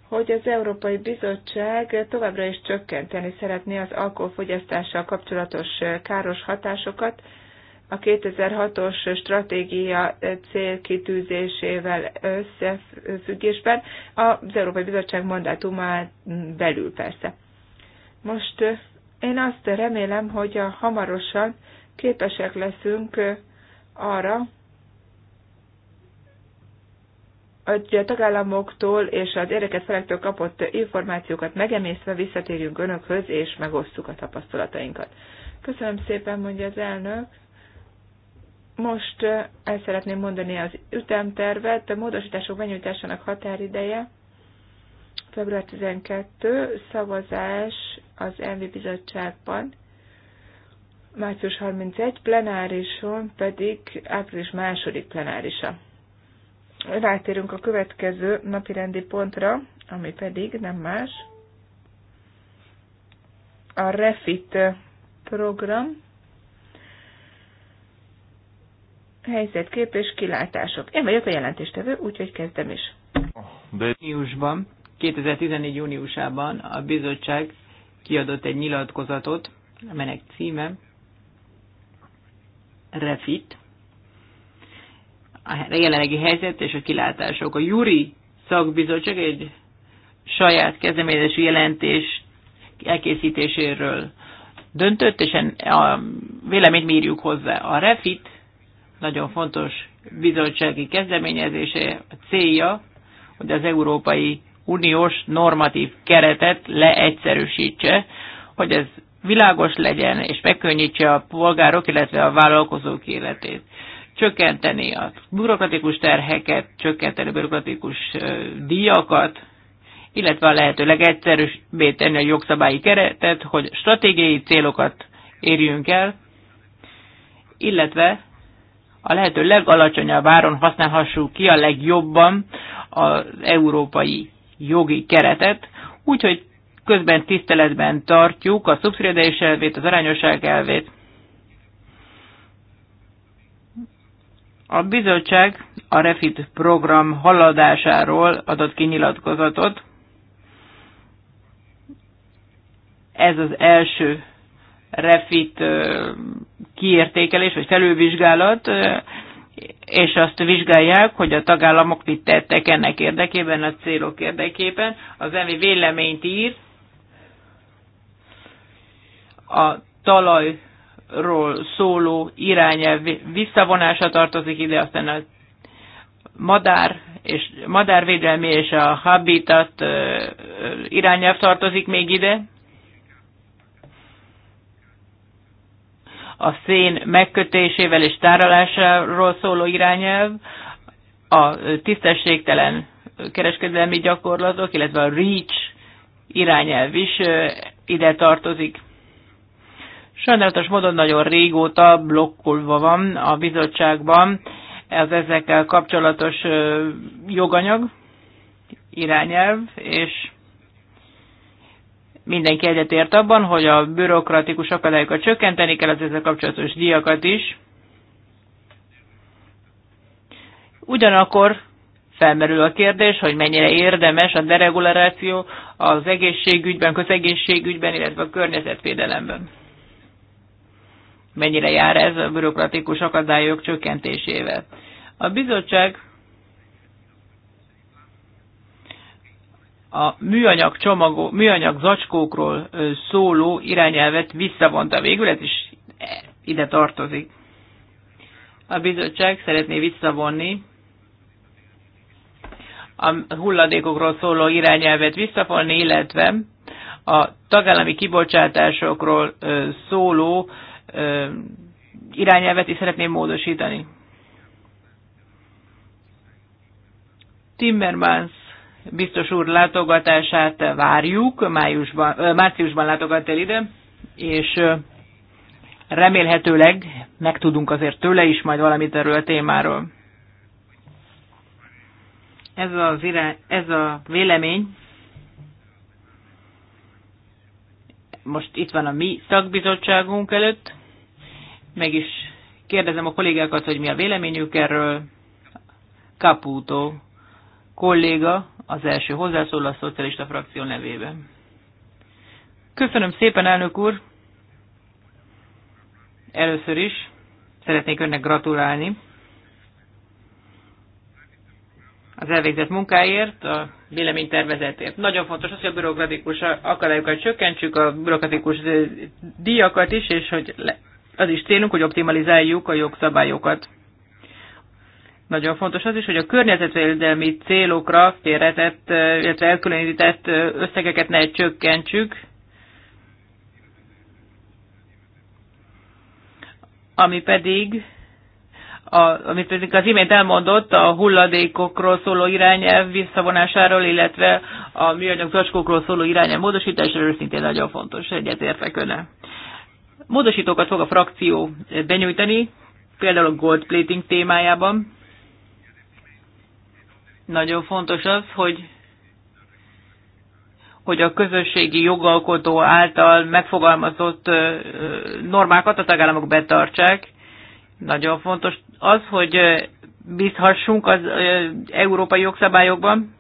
hogy az Európai Bizottság továbbra is csökkenteni szeretné az alkoholfogyasztással kapcsolatos káros hatásokat, a 2006-os stratégia célkitűzésével összefüggésben, az Európai Bizottság mandátumán belül persze. Most eh, én azt remélem, hogy a hamarosan képesek leszünk eh, arra, hogy a tagállamoktól és az érdekelt felektől kapott információkat megemészve visszatérjünk önökhöz, és megosztjuk a tapasztalatainkat. Köszönöm szépen, mondja az elnök. Most el szeretném mondani az ütemtervet, a módosítások benyújtásának határideje február 12, szavazás az ENVI bizottságban, március 31, plenárison pedig április második plenárisa. Rátérünk a következő napirendi pontra, ami pedig nem más, a REFIT program, helyzetkép és kilátások. Én vagyok a jelentéstevő, úgyhogy kezdem is. De... Júniusban, 2014. júniusában a bizottság kiadott egy nyilatkozatot, amelynek címe Refit, a jelenlegi helyzet és a kilátások. A Juri szakbizottság egy saját kezdeményezésű jelentés elkészítéséről döntött, és a véleményt mérjük hozzá. A Refit nagyon fontos bizottsági kezdeményezése a célja, hogy az Európai Uniós normatív keretet leegyszerűsítse, hogy ez világos legyen és megkönnyítse a polgárok, illetve a vállalkozók életét. Csökkenteni a bürokratikus terheket, csökkenteni a bürokratikus díjakat, illetve a lehető legegyszerűbbé tenni a jogszabályi keretet, hogy stratégiai célokat érjünk el, illetve a lehető legalacsonyabb áron használhassuk ki a legjobban az európai jogi keretet, úgyhogy közben tiszteletben tartjuk a szubszidiaritás elvét, az arányosság elvét. A bizottság a REFIT program haladásáról adott kinyilatkozatot. Ez az első REFIT kiértékelés vagy felülvizsgálat, és azt vizsgálják, hogy a tagállamok mit tettek ennek érdekében, a célok érdekében. Az EMI véleményt ír a talajról szóló irányelv visszavonása tartozik ide, aztán a madár és madárvédelmi és a habitat irányelv tartozik még ide, a szén megkötésével és tárolásáról szóló irányelv, a tisztességtelen kereskedelmi gyakorlatok, illetve a REACH irányelv is ide tartozik. Sajnálatos módon nagyon régóta blokkolva van a bizottságban az ezekkel kapcsolatos joganyag, irányelv, és Mindenki egyetért abban, hogy a bürokratikus akadályokat csökkenteni kell, az ezzel kapcsolatos díjakat is. Ugyanakkor felmerül a kérdés, hogy mennyire érdemes a dereguláció az egészségügyben, közegészségügyben, illetve a környezetvédelemben. Mennyire jár ez a bürokratikus akadályok csökkentésével. A bizottság a műanyag, csomagó, műanyag zacskókról szóló irányelvet visszavonta végül, ez is e, ide tartozik. A bizottság szeretné visszavonni a hulladékokról szóló irányelvet visszavonni, illetve a tagállami kibocsátásokról szóló irányelvet is szeretném módosítani. Timmermans biztos úr látogatását várjuk, májusban, márciusban látogat el ide, és remélhetőleg megtudunk azért tőle is majd valamit erről a témáról. Ez, az irány, ez a vélemény most itt van a mi szakbizottságunk előtt, meg is kérdezem a kollégákat, hogy mi a véleményük erről. Caputo kolléga az első hozzászól a szocialista frakció nevében. Köszönöm szépen, elnök úr! Először is szeretnék önnek gratulálni az elvégzett munkáért, a véleménytervezetért. Nagyon fontos az, hogy a bürokratikus akadályokat csökkentsük, a bürokratikus eh, díjakat is, és hogy az is célunk, hogy optimalizáljuk a jogszabályokat. Nagyon fontos az is, hogy a környezetvédelmi célokra félretett, illetve elkülönített összegeket ne csökkentsük, ami pedig a, amit pedig az imént elmondott, a hulladékokról szóló irányelv visszavonásáról, illetve a műanyag zacskókról szóló irányelv módosításáról szintén nagyon fontos, egyetértek öne. Módosítókat fog a frakció benyújtani, például a gold plating témájában. Nagyon fontos az, hogy hogy a közösségi jogalkotó által megfogalmazott normákat a tagállamok betartsák. Nagyon fontos az, hogy bízhassunk az európai jogszabályokban,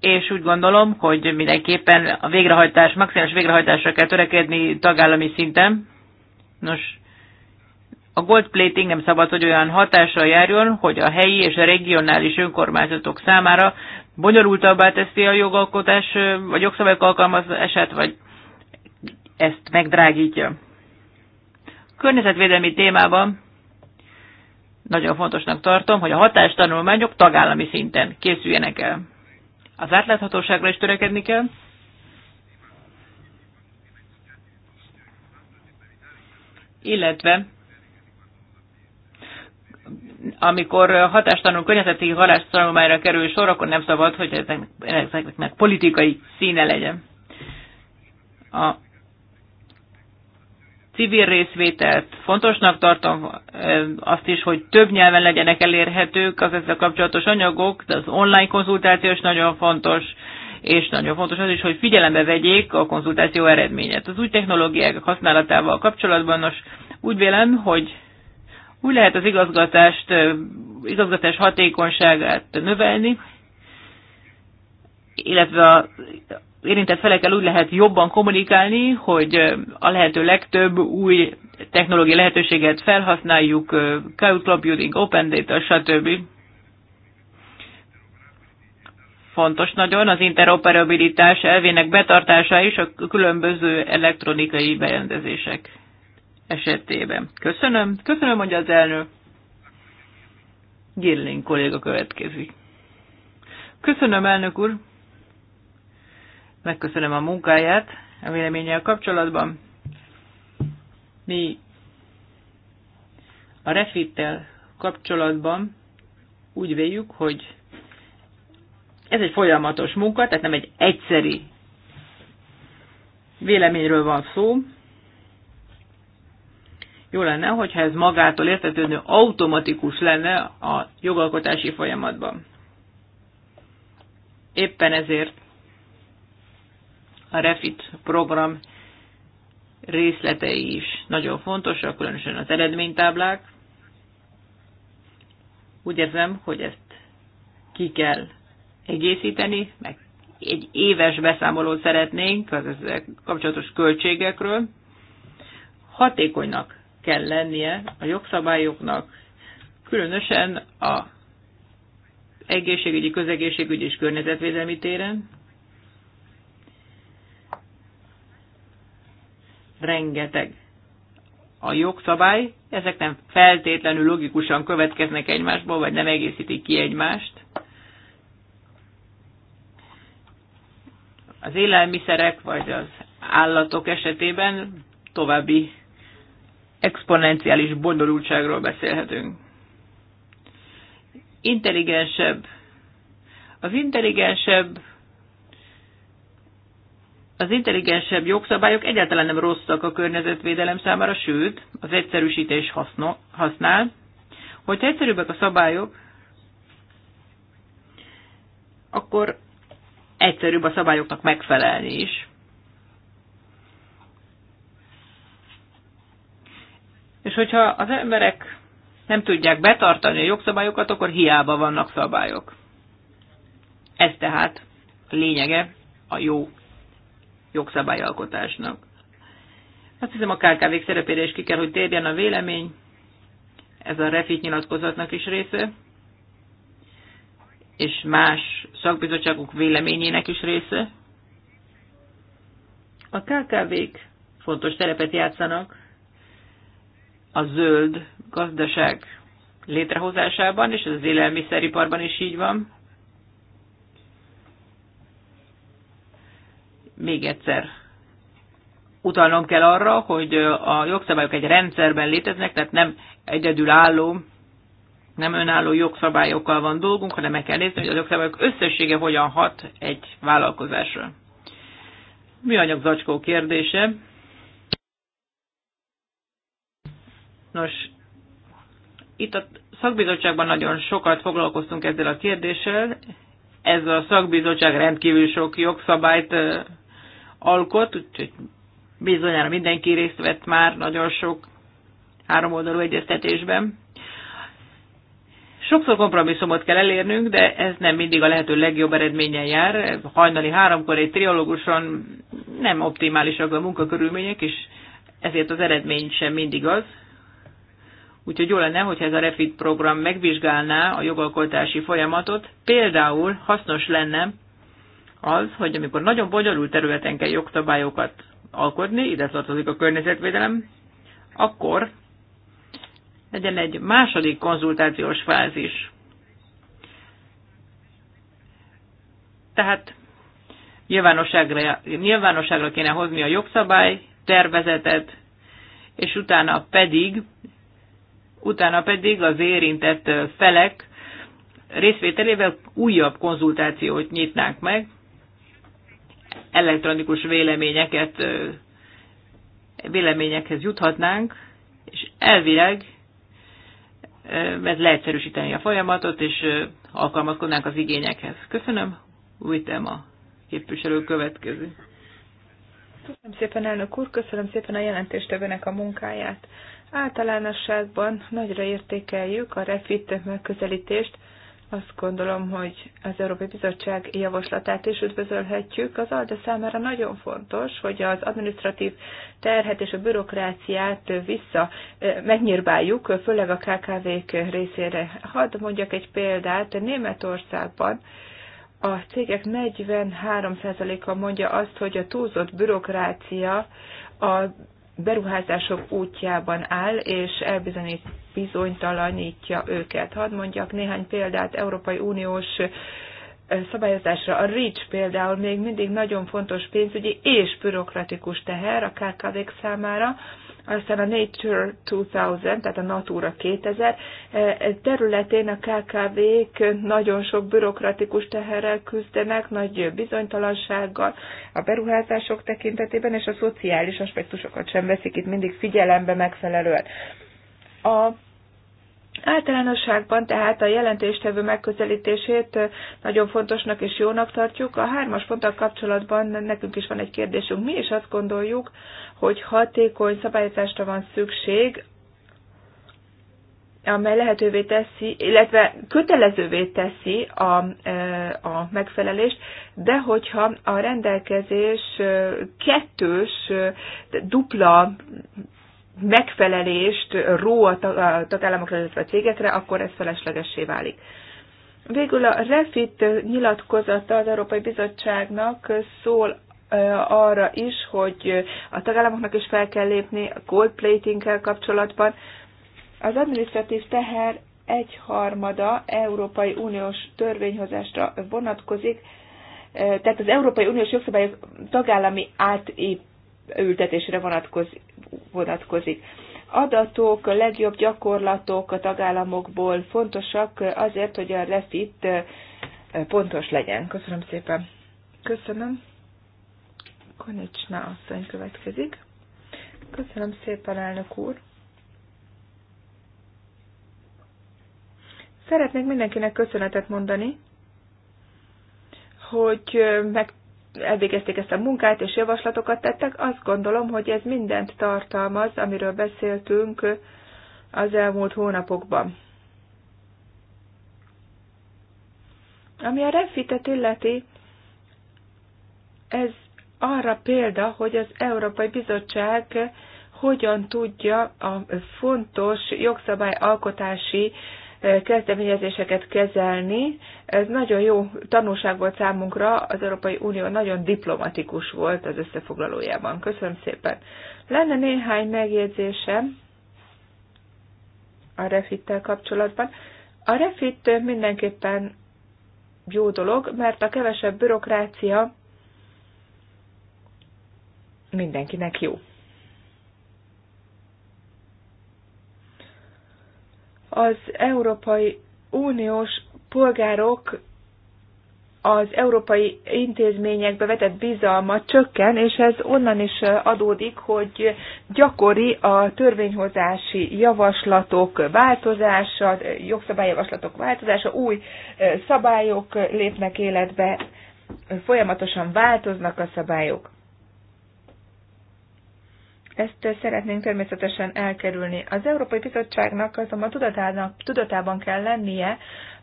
és úgy gondolom, hogy mindenképpen a végrehajtás, maximális végrehajtásra kell törekedni tagállami szinten. Nos, a gold plating nem szabad, hogy olyan hatással járjon, hogy a helyi és a regionális önkormányzatok számára bonyolultabbá teszi a jogalkotás, vagy jogszabályok alkalmazását, vagy ezt megdrágítja. Környezetvédelmi témában nagyon fontosnak tartom, hogy a hatástanulmányok tagállami szinten készüljenek el. Az átláthatóságra is törekedni kell. Illetve amikor hatástanul környezeti halásztanulmányra kerül sor, akkor nem szabad, hogy ezeknek, ezeknek politikai színe legyen. A civil részvételt fontosnak tartom, azt is, hogy több nyelven legyenek elérhetők az ezzel kapcsolatos anyagok, de az online konzultáció is nagyon fontos, és nagyon fontos az is, hogy figyelembe vegyék a konzultáció eredményet. Az új technológiák használatával kapcsolatban nos, úgy vélem, hogy úgy lehet az igazgatást, igazgatás hatékonyságát növelni, illetve az érintett felekkel úgy lehet jobban kommunikálni, hogy a lehető legtöbb új technológiai lehetőséget felhasználjuk, cloud computing, open data, stb. Fontos nagyon az interoperabilitás elvének betartása és a különböző elektronikai berendezések esetében. Köszönöm, köszönöm, hogy az elnök. Girling kolléga következik. Köszönöm, elnök úr. Megköszönöm a munkáját a véleménnyel kapcsolatban. Mi a refittel kapcsolatban úgy véljük, hogy ez egy folyamatos munka, tehát nem egy egyszeri véleményről van szó, jó lenne, hogyha ez magától értetődő automatikus lenne a jogalkotási folyamatban. Éppen ezért a REFIT program részletei is nagyon fontosak, különösen az eredménytáblák. Úgy érzem, hogy ezt ki kell egészíteni, meg egy éves beszámolót szeretnénk az ezzel kapcsolatos költségekről. Hatékonynak kell lennie a jogszabályoknak, különösen a egészségügyi, közegészségügyi és környezetvédelmi téren. Rengeteg a jogszabály, ezek nem feltétlenül logikusan következnek egymásból, vagy nem egészítik ki egymást. Az élelmiszerek vagy az állatok esetében további exponenciális bonyolultságról beszélhetünk. Intelligensebb. Az intelligensebb az intelligensebb jogszabályok egyáltalán nem rosszak a környezetvédelem számára, sőt, az egyszerűsítés haszno, használ. Hogyha egyszerűbbek a szabályok, akkor egyszerűbb a szabályoknak megfelelni is. És hogyha az emberek nem tudják betartani a jogszabályokat, akkor hiába vannak szabályok. Ez tehát a lényege a jó jogszabályalkotásnak. Azt hiszem a kkv szerepére is ki kell, hogy térjen a vélemény. Ez a refit nyilatkozatnak is része, és más szakbizottságok véleményének is része. A KKV-k fontos szerepet játszanak a zöld gazdaság létrehozásában, és ez az élelmiszeriparban is így van. Még egyszer utalnom kell arra, hogy a jogszabályok egy rendszerben léteznek, tehát nem egyedülálló, nem önálló jogszabályokkal van dolgunk, hanem meg kell nézni, hogy a jogszabályok összessége hogyan hat egy vállalkozásra. Műanyag zacskó kérdése. Nos, itt a szakbizottságban nagyon sokat foglalkoztunk ezzel a kérdéssel. Ez a szakbizottság rendkívül sok jogszabályt alkot, úgyhogy bizonyára mindenki részt vett már nagyon sok háromoldalú egyeztetésben. Sokszor kompromisszumot kell elérnünk, de ez nem mindig a lehető legjobb eredménnyel jár. Hajnali háromkor egy triológuson nem optimálisak a munkakörülmények, és ezért az eredmény sem mindig az. Úgyhogy jó lenne, hogyha ez a REFIT program megvizsgálná a jogalkotási folyamatot, például hasznos lenne az, hogy amikor nagyon bonyolult területen kell jogszabályokat alkotni, ide tartozik a környezetvédelem, akkor legyen egy második konzultációs fázis. Tehát nyilvánosságra, nyilvánosságra kéne hozni a jogszabály tervezetet, és utána pedig utána pedig az érintett felek részvételével újabb konzultációt nyitnánk meg, elektronikus véleményeket, véleményekhez juthatnánk, és elvileg ez leegyszerűsíteni a folyamatot, és alkalmazkodnánk az igényekhez. Köszönöm, új a képviselő következő. Köszönöm szépen, elnök úr, köszönöm szépen a jelentéstevőnek a munkáját. Általánosságban nagyra értékeljük a refit megközelítést, azt gondolom, hogy az Európai Bizottság javaslatát is üdvözölhetjük. Az ALDE számára nagyon fontos, hogy az administratív terhet és a bürokráciát vissza megnyírbáljuk, főleg a KKV-k részére. Hadd mondjak egy példát, Németországban a cégek 43%-a mondja azt, hogy a túlzott bürokrácia a beruházások útjában áll, és elbizonyít bizonytalanítja őket. Hadd mondjak néhány példát Európai Uniós szabályozásra. A REACH például még mindig nagyon fontos pénzügyi és bürokratikus teher a KKV-k számára, aztán a Nature 2000, tehát a Natura 2000 eh, eh, területén a KKV-k nagyon sok bürokratikus teherrel küzdenek, nagy bizonytalansággal a beruházások tekintetében, és a szociális aspektusokat sem veszik itt mindig figyelembe megfelelően. A Általánosságban tehát a jelentéstevő megközelítését eh, nagyon fontosnak és jónak tartjuk. A hármas ponttal kapcsolatban nekünk is van egy kérdésünk. Mi is azt gondoljuk, hogy hatékony szabályozásra van szükség, amely lehetővé teszi, illetve kötelezővé teszi a, e, a megfelelést, de hogyha a rendelkezés e, kettős, e, dupla megfelelést ró a tagállamokra, illetve a cégekre, akkor ez feleslegessé válik. Végül a REFIT nyilatkozata az Európai Bizottságnak szól arra is, hogy a tagállamoknak is fel kell lépni a gold platingkel kapcsolatban. Az administratív teher egyharmada Európai Uniós törvényhozásra vonatkozik, tehát az Európai Uniós jogszabályok tagállami átültetésre vonatkozik adatok, a legjobb gyakorlatok a tagállamokból fontosak azért, hogy a refit pontos legyen. Köszönöm szépen. Köszönöm. Konicsna asszony következik. Köszönöm szépen, elnök úr! Szeretnék mindenkinek köszönetet mondani, hogy meg elvégezték ezt a munkát és javaslatokat tettek. Azt gondolom, hogy ez mindent tartalmaz, amiről beszéltünk az elmúlt hónapokban. Ami a refitet illeti, ez arra példa, hogy az Európai Bizottság hogyan tudja a fontos jogszabályalkotási eh, kezdeményezéseket kezelni. Ez nagyon jó tanulság volt számunkra, az Európai Unió nagyon diplomatikus volt az összefoglalójában. Köszönöm szépen. Lenne néhány megjegyzésem a refittel kapcsolatban. A refit mindenképpen jó dolog, mert a kevesebb bürokrácia mindenkinek jó. Az Európai Uniós polgárok az európai intézményekbe vetett bizalma csökken, és ez onnan is adódik, hogy gyakori a törvényhozási javaslatok változása, jogszabályjavaslatok változása, új szabályok lépnek életbe, folyamatosan változnak a szabályok. Ezt szeretnénk természetesen elkerülni. Az Európai Bizottságnak azonban tudatában kell lennie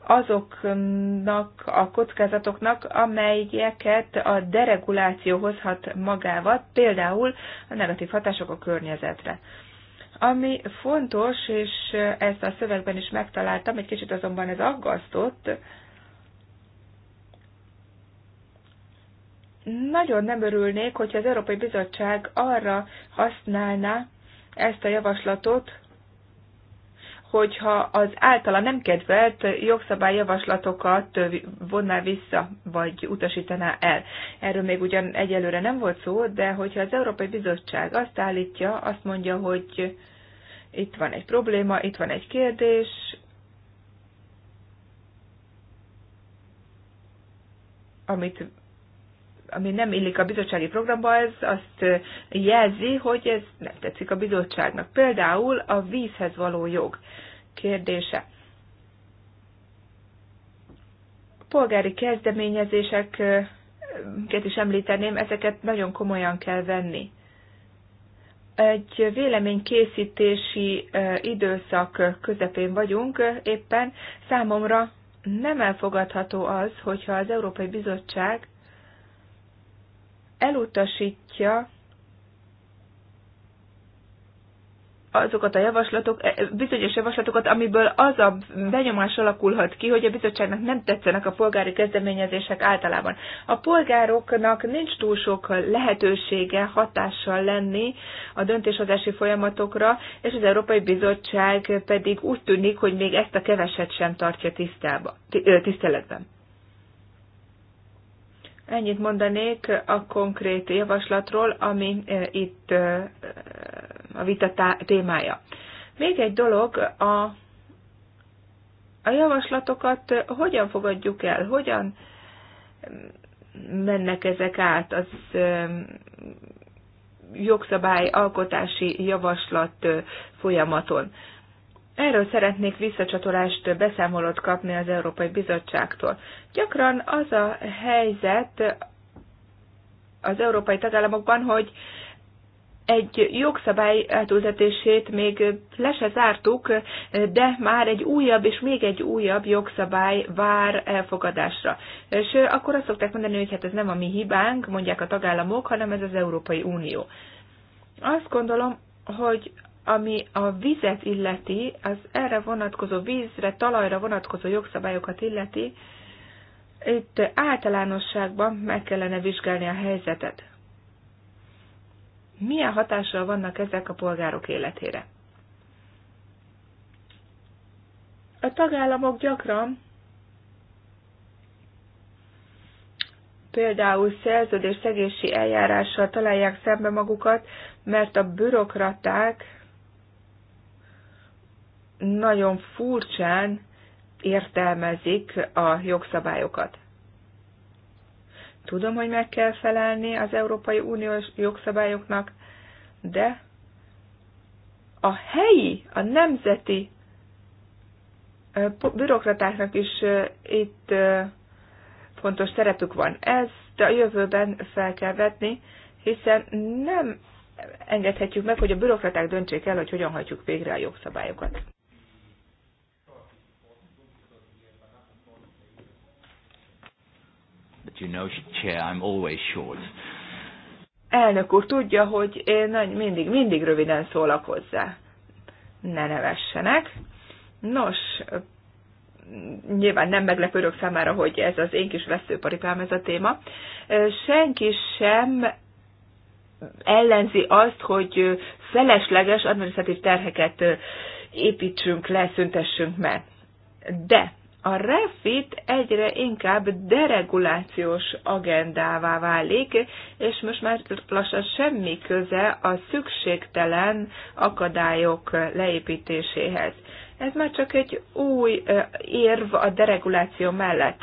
azoknak a kockázatoknak, amelyeket a dereguláció hozhat magával, például a negatív hatások a környezetre. Ami fontos, és ezt a szövegben is megtaláltam, egy kicsit azonban ez aggasztott, nagyon nem örülnék, hogyha az Európai Bizottság arra használná ezt a javaslatot, hogyha az általa nem kedvelt jogszabályjavaslatokat vonná vissza, vagy utasítaná el. Erről még ugyan egyelőre nem volt szó, de hogyha az Európai Bizottság azt állítja, azt mondja, hogy itt van egy probléma, itt van egy kérdés, amit ami nem illik a bizottsági programba, ez azt jelzi, hogy ez nem tetszik a bizottságnak. Például a vízhez való jog kérdése. Polgári kezdeményezéseket is említeném, ezeket nagyon komolyan kell venni. Egy véleménykészítési időszak közepén vagyunk éppen, számomra nem elfogadható az, hogyha az Európai Bizottság elutasítja azokat a javaslatok, e, bizonyos javaslatokat, amiből az a benyomás alakulhat ki, hogy a bizottságnak nem tetszenek a polgári kezdeményezések általában. A polgároknak nincs túl sok lehetősége hatással lenni a döntéshozási folyamatokra, és az Európai Bizottság pedig úgy tűnik, hogy még ezt a keveset sem tartja tisztába, tiszteletben. Ennyit mondanék a konkrét javaslatról, ami e, itt e, a vita témája. Még egy dolog, a, a javaslatokat hogyan fogadjuk el, hogyan mennek ezek át az e, jogszabály alkotási javaslat folyamaton. Erről szeretnék visszacsatolást, beszámolót kapni az Európai Bizottságtól. Gyakran az a helyzet az európai tagállamokban, hogy egy jogszabály átültetését még le se zártuk, de már egy újabb és még egy újabb jogszabály vár elfogadásra. És akkor azt szokták mondani, hogy hát ez nem a mi hibánk, mondják a tagállamok, hanem ez az Európai Unió. Azt gondolom, hogy ami a vizet illeti, az erre vonatkozó vízre, talajra vonatkozó jogszabályokat illeti, itt általánosságban meg kellene vizsgálni a helyzetet. Milyen hatással vannak ezek a polgárok életére? A tagállamok gyakran például szegési eljárással találják szembe magukat, mert a bürokraták nagyon furcsán értelmezik a jogszabályokat. Tudom, hogy meg kell felelni az Európai Uniós jogszabályoknak, de a helyi, a nemzeti bürokratáknak is itt fontos szerepük van. Ezt a jövőben fel kell vetni, hiszen nem engedhetjük meg, hogy a bürokraták döntsék el, hogy hogyan hagyjuk végre a jogszabályokat. But you know, Chair, I'm always short. Elnök úr tudja, hogy én mindig, mindig röviden szólak hozzá. Ne nevessenek. Nos, nyilván nem meglepődök számára, hogy ez az én kis veszőparipám ez a téma. Senki sem ellenzi azt, hogy felesleges administratív terheket építsünk le, szüntessünk meg. De a refit egyre inkább deregulációs agendává válik, és most már lassan semmi köze a szükségtelen akadályok leépítéséhez. Ez már csak egy új érv a dereguláció mellett.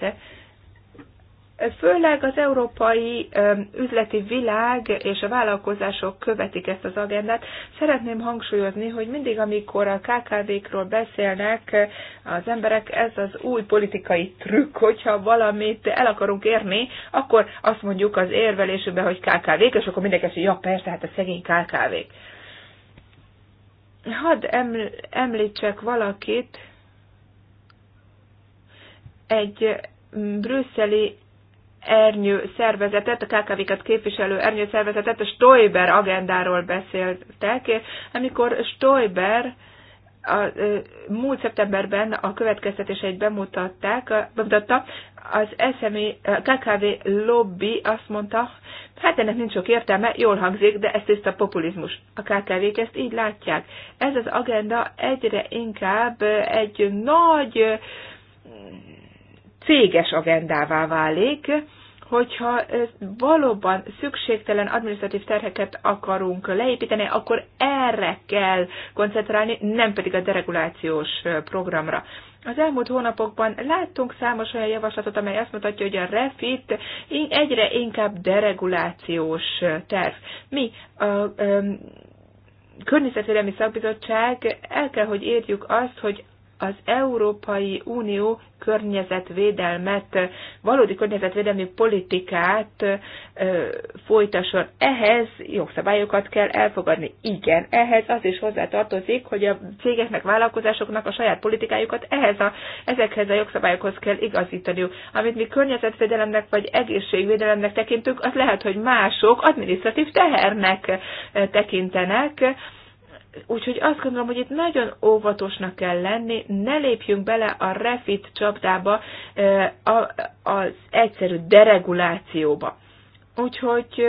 Főleg az európai üzleti világ és a vállalkozások követik ezt az agendát. Szeretném hangsúlyozni, hogy mindig, amikor a KKV-król beszélnek az emberek, ez az új politikai trükk, hogyha valamit el akarunk érni, akkor azt mondjuk az érvelésükbe, hogy KKV-k, és akkor mindenki azt mondja, ja persze, hát a szegény KKV-k. Hadd említsek valakit, egy brüsszeli ernyő szervezetet, a KKV-kat képviselő ernyő szervezetet a Stoiber agendáról beszéltek, amikor Stoiber a, múlt szeptemberben a következtetéseit bemutatták, bemutatta, az SME, KKV lobby azt mondta, hát ennek nincs sok értelme, jól hangzik, de ez tiszta populizmus. A KKV-k ezt így látják. Ez az agenda egyre inkább egy nagy céges agendává válik, hogyha valóban szükségtelen administratív terheket akarunk leépíteni, akkor erre kell koncentrálni, nem pedig a deregulációs programra. Az elmúlt hónapokban láttunk számos olyan javaslatot, amely azt mutatja, hogy a refit egyre inkább deregulációs terv. Mi a, a, a Környezetvédelmi Szakbizottság el kell, hogy érjük azt, hogy az Európai Unió környezetvédelmet, valódi környezetvédelmi politikát folytasson. Ehhez jogszabályokat kell elfogadni. Igen, ehhez az is hozzátartozik, hogy a cégeknek, vállalkozásoknak a saját politikájukat ehhez a, ezekhez a jogszabályokhoz kell igazítaniuk. Amit mi környezetvédelemnek vagy egészségvédelemnek tekintünk, az lehet, hogy mások administratív tehernek tekintenek, Úgyhogy azt gondolom, hogy itt nagyon óvatosnak kell lenni, ne lépjünk bele a refit csapdába, az egyszerű deregulációba. Úgyhogy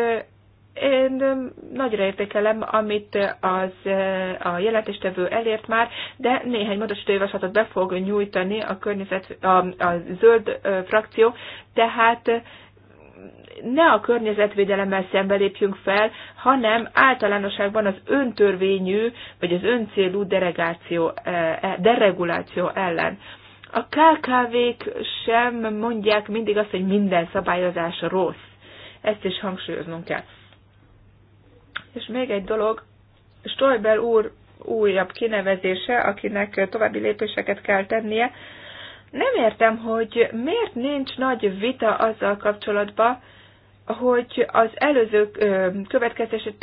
én nagyra értékelem, amit az, a jelentéstevő elért már, de néhány módosító javaslatot be fog nyújtani a, környezet, a, a zöld frakció, tehát ne a környezetvédelemmel szembe lépjünk fel, hanem általánosságban az öntörvényű vagy az öncélú deregáció, eh, eh, dereguláció ellen. A KKV-k sem mondják mindig azt, hogy minden szabályozás rossz. Ezt is hangsúlyoznunk kell. És még egy dolog, Stoiber úr újabb kinevezése, akinek további lépéseket kell tennie. Nem értem, hogy miért nincs nagy vita azzal kapcsolatban, hogy az előző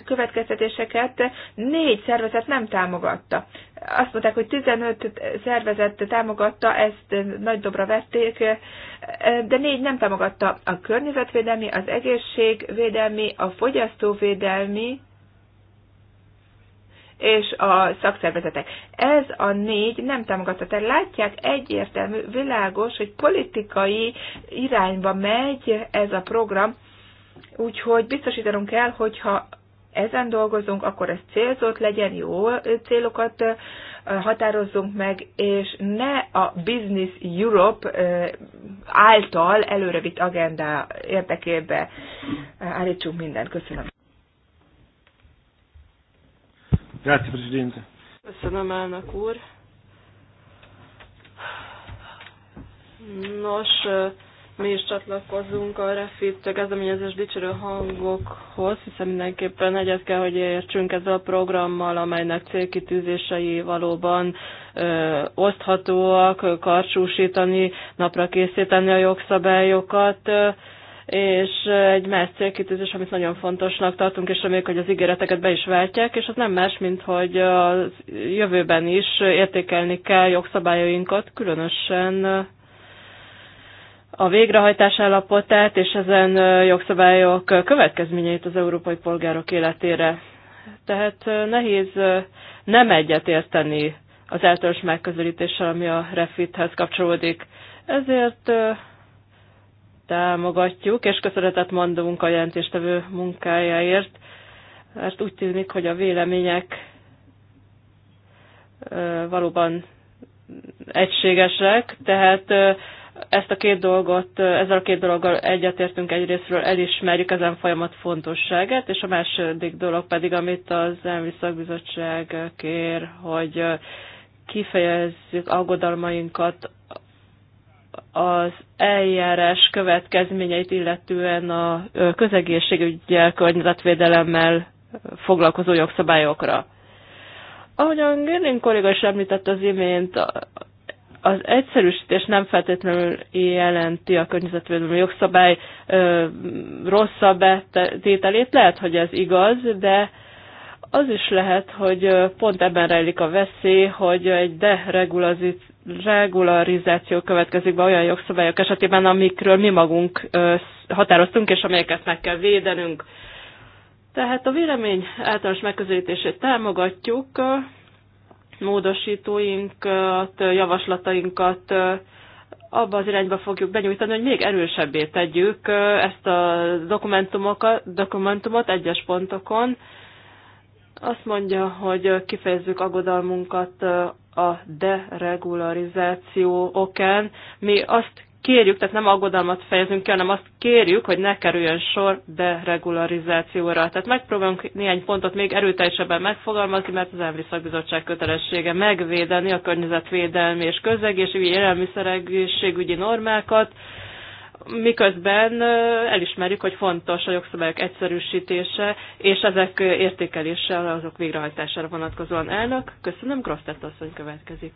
következtetéseket négy szervezet nem támogatta. Azt mondták, hogy 15 szervezet támogatta, ezt nagy dobra vették, de négy nem támogatta a környezetvédelmi, az egészségvédelmi, a fogyasztóvédelmi, és a szakszervezetek. Ez a négy nem támogatta. Tehát látják, egyértelmű, világos, hogy politikai irányba megy ez a program, Úgyhogy biztosítanunk kell, hogyha ezen dolgozunk, akkor ez célzott legyen, jó célokat határozzunk meg, és ne a Business Europe által előrevitt agenda érdekébe állítsunk mindent. Köszönöm. Köszönöm, elnök úr. Nos, mi is csatlakozunk a Refit kezdeményezés dicsérő hangokhoz, hiszen mindenképpen egyet kell, hogy értsünk ezzel a programmal, amelynek célkitűzései valóban ö, oszthatóak, karcsúsítani, napra készíteni a jogszabályokat. Ö, és egy más célkitűzés, amit nagyon fontosnak tartunk, és reméljük, hogy az ígéreteket be is váltják, és az nem más, mint hogy a jövőben is értékelni kell jogszabályainkat, különösen a végrehajtás állapotát és ezen jogszabályok következményeit az európai polgárok életére. Tehát nehéz nem egyet érteni az általános megközelítéssel, ami a refithez kapcsolódik. Ezért támogatjuk, és köszönetet mondunk a jelentéstevő munkájáért, mert úgy tűnik, hogy a vélemények valóban egységesek, tehát ezt a két dolgot, ezzel a két dologgal egyetértünk egyrésztről, elismerjük ezen folyamat fontosságát, és a második dolog pedig, amit az elmi szakbizottság kér, hogy kifejezzük aggodalmainkat az eljárás következményeit illetően a közegészségügyel, környezetvédelemmel foglalkozó jogszabályokra. Ahogyan Gérling kolléga is említett az imént, az egyszerűsítés nem feltétlenül jelenti a környezetvédelmi jogszabály ö, rosszabb tételét, lehet, hogy ez igaz, de az is lehet, hogy pont ebben rejlik a veszély, hogy egy deregularizáció következik be olyan jogszabályok esetében, amikről mi magunk határoztunk, és amelyeket meg kell védenünk. Tehát a vélemény általános megközelítését támogatjuk, módosítóinkat, javaslatainkat abba az irányba fogjuk benyújtani, hogy még erősebbé tegyük ezt a dokumentumokat, dokumentumot egyes pontokon. Azt mondja, hogy kifejezzük aggodalmunkat a deregularizáció okán. Mi azt kérjük, tehát nem aggodalmat fejezünk ki, hanem azt kérjük, hogy ne kerüljön sor deregularizációra. Tehát megpróbálunk néhány pontot még erőteljesebben megfogalmazni, mert az Elvi Szakbizottság kötelessége megvédeni a környezetvédelmi és közegészségügyi élelmiszeregészségügyi normákat, miközben elismerjük, hogy fontos a jogszabályok egyszerűsítése, és ezek értékelése, azok végrehajtására vonatkozóan elnök. Köszönöm, Grosztett asszony következik.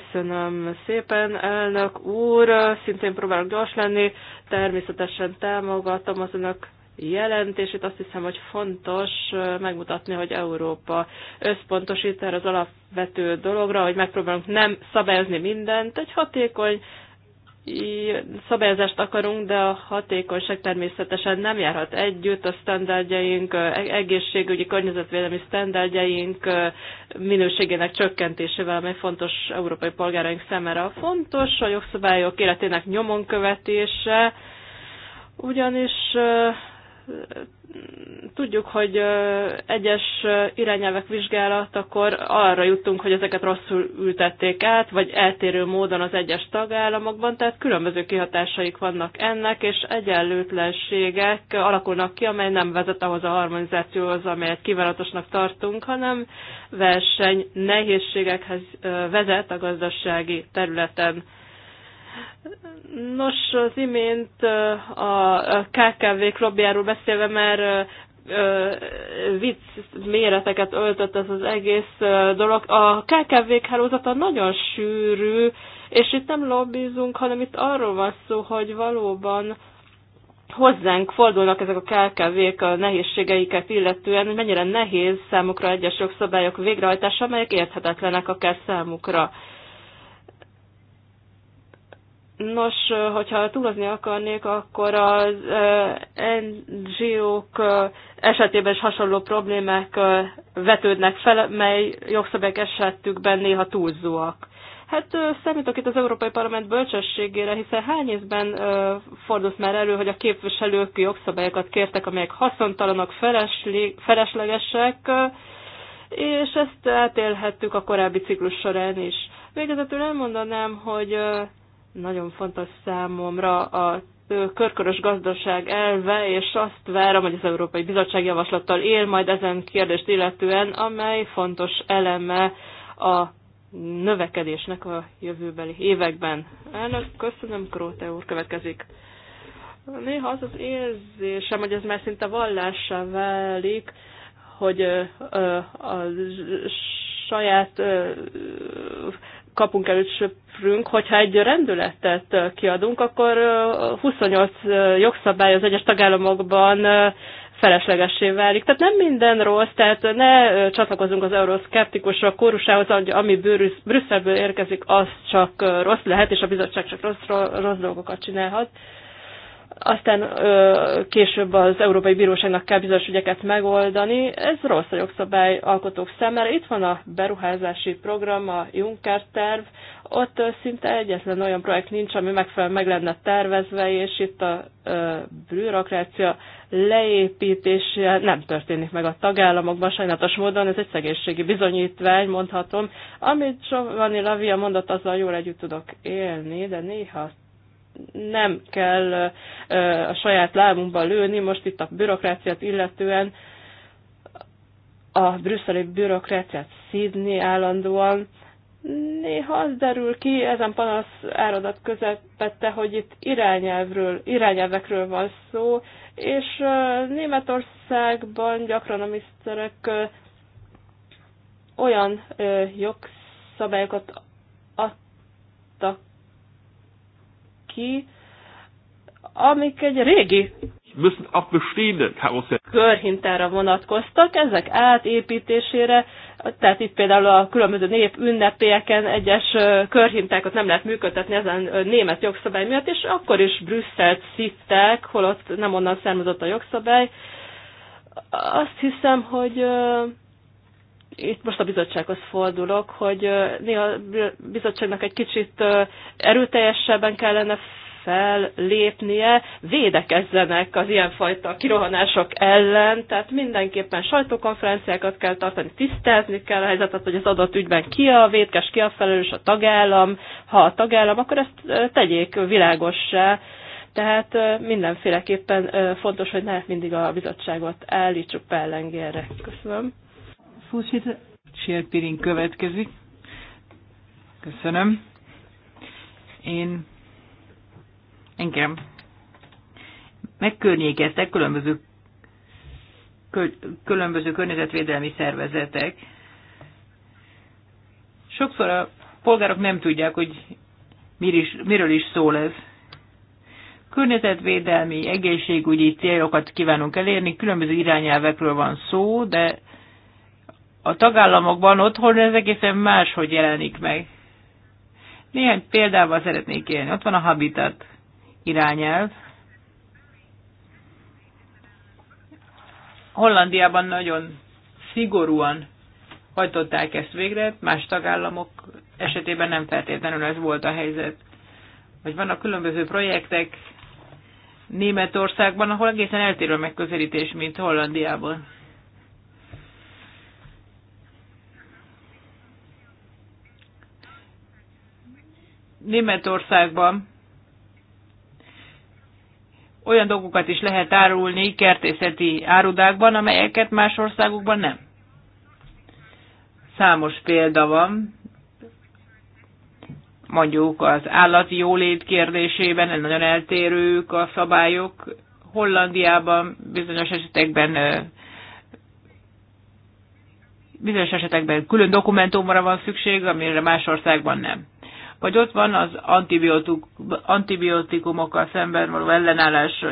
Köszönöm szépen, elnök úr, szintén próbálok gyors lenni, természetesen támogatom az önök jelentését. Azt hiszem, hogy fontos megmutatni, hogy Európa összpontosít erre az alapvető dologra, hogy megpróbálunk nem szabályozni mindent, egy hatékony szabályozást akarunk, de a hatékonyság természetesen nem járhat együtt a standardjaink, e- egészségügyi környezetvédelmi standardjaink minőségének csökkentésével, amely fontos európai polgáraink a fontos, a jogszabályok életének nyomon követése, ugyanis tudjuk, hogy egyes irányelvek vizsgálatakor arra jutunk, hogy ezeket rosszul ültették át, vagy eltérő módon az egyes tagállamokban, tehát különböző kihatásaik vannak ennek, és egyenlőtlenségek alakulnak ki, amely nem vezet ahhoz a harmonizációhoz, amelyet kívánatosnak tartunk, hanem verseny nehézségekhez vezet a gazdasági területen. Nos, az imént a kkv klubjáról lobbyáról beszélve mert vicc méreteket öltött ez az egész dolog. A kkv hálózata nagyon sűrű, és itt nem lobbizunk, hanem itt arról van szó, hogy valóban hozzánk fordulnak ezek a KKV-k a nehézségeiket illetően, hogy mennyire nehéz számukra egyes jogszabályok végrehajtása, amelyek érthetetlenek akár számukra. Nos, hogyha túlozni akarnék, akkor az NGO-k esetében is hasonló problémák vetődnek fel, mely jogszabályok esetükben néha túlzóak. Hát számítok itt az Európai Parlament bölcsességére, hiszen hány évben fordult már elő, hogy a képviselők jogszabályokat kértek, amelyek haszontalanok, feleslegesek, és ezt átélhettük a korábbi ciklus során is. Végezetül elmondanám, hogy nagyon fontos számomra a körkörös gazdaság elve, és azt várom, hogy az Európai Bizottság javaslattal él majd ezen kérdést illetően, amely fontos eleme a növekedésnek a jövőbeli években. Elnök, köszönöm, Króte úr, következik. Néha az az érzésem, hogy ez már szinte vallássá válik, hogy a saját kapunk előtt söprünk, hogyha egy rendületet kiadunk, akkor 28 jogszabály az egyes tagállamokban feleslegessé válik. Tehát nem minden rossz, tehát ne csatlakozunk az a kórusához, ami Brüsszelből érkezik, az csak rossz lehet, és a bizottság csak rossz, rossz dolgokat csinálhat aztán ö, később az Európai Bíróságnak kell bizonyos ügyeket megoldani. Ez rossz a jogszabály alkotók számára. Itt van a beruházási program, a Juncker terv. Ott ö, szinte egyetlen olyan projekt nincs, ami megfelelően meg lenne tervezve, és itt a ö, bürokrácia leépítése nem történik meg a tagállamokban. Sajnálatos módon ez egy szegénységi bizonyítvány, mondhatom. Amit Giovanni Lavia mondott, azzal jól együtt tudok élni, de néha nem kell a saját lábunkba lőni, most itt a bürokráciát illetően, a brüsszeli bürokráciát szídni állandóan, néha az derül ki ezen panasz áradat közepette, hogy itt irányelvről, irányelvekről van szó, és Németországban gyakran a miniszterek olyan jogszabályokat adtak ki, amik egy régi müssen körhintára vonatkoztak, ezek átépítésére, tehát itt például a különböző nép ünnepélyeken egyes körhintákat nem lehet működtetni ezen német jogszabály miatt, és akkor is Brüsszelt szittek, holott nem onnan származott a jogszabály. Azt hiszem, hogy itt most a bizottsághoz fordulok, hogy néha a bizottságnak egy kicsit erőteljesebben kellene fellépnie, védekezzenek az ilyenfajta kirohanások ellen, tehát mindenképpen sajtókonferenciákat kell tartani, tisztázni kell a helyzetet, hogy az adott ügyben ki a védkes, ki a felelős, a tagállam, ha a tagállam, akkor ezt tegyék világossá, tehát mindenféleképpen fontos, hogy ne mindig a bizottságot állítsuk pellengérre. Köszönöm voorzitter. Sherpirin következik. Köszönöm. Én engem megkörnyékeztek különböző, különböző környezetvédelmi szervezetek. Sokszor a polgárok nem tudják, hogy mir is, miről is szól ez. Környezetvédelmi, egészségügyi célokat kívánunk elérni, különböző irányelvekről van szó, de a tagállamokban otthon ez egészen máshogy jelenik meg. Néhány példával szeretnék élni. Ott van a Habitat irányelv. Hollandiában nagyon szigorúan hajtották ezt végre, más tagállamok esetében nem feltétlenül ez volt a helyzet. Vagy vannak különböző projektek Németországban, ahol egészen eltérő megközelítés, mint Hollandiában. Németországban olyan dolgokat is lehet árulni kertészeti árudákban, amelyeket más országokban nem. Számos példa van, mondjuk az állati jólét kérdésében nagyon eltérők a szabályok. Hollandiában bizonyos esetekben bizonyos esetekben külön dokumentumra van szükség, amire más országban nem vagy ott van az antibiotik, antibiotikumokkal szemben való ellenállás.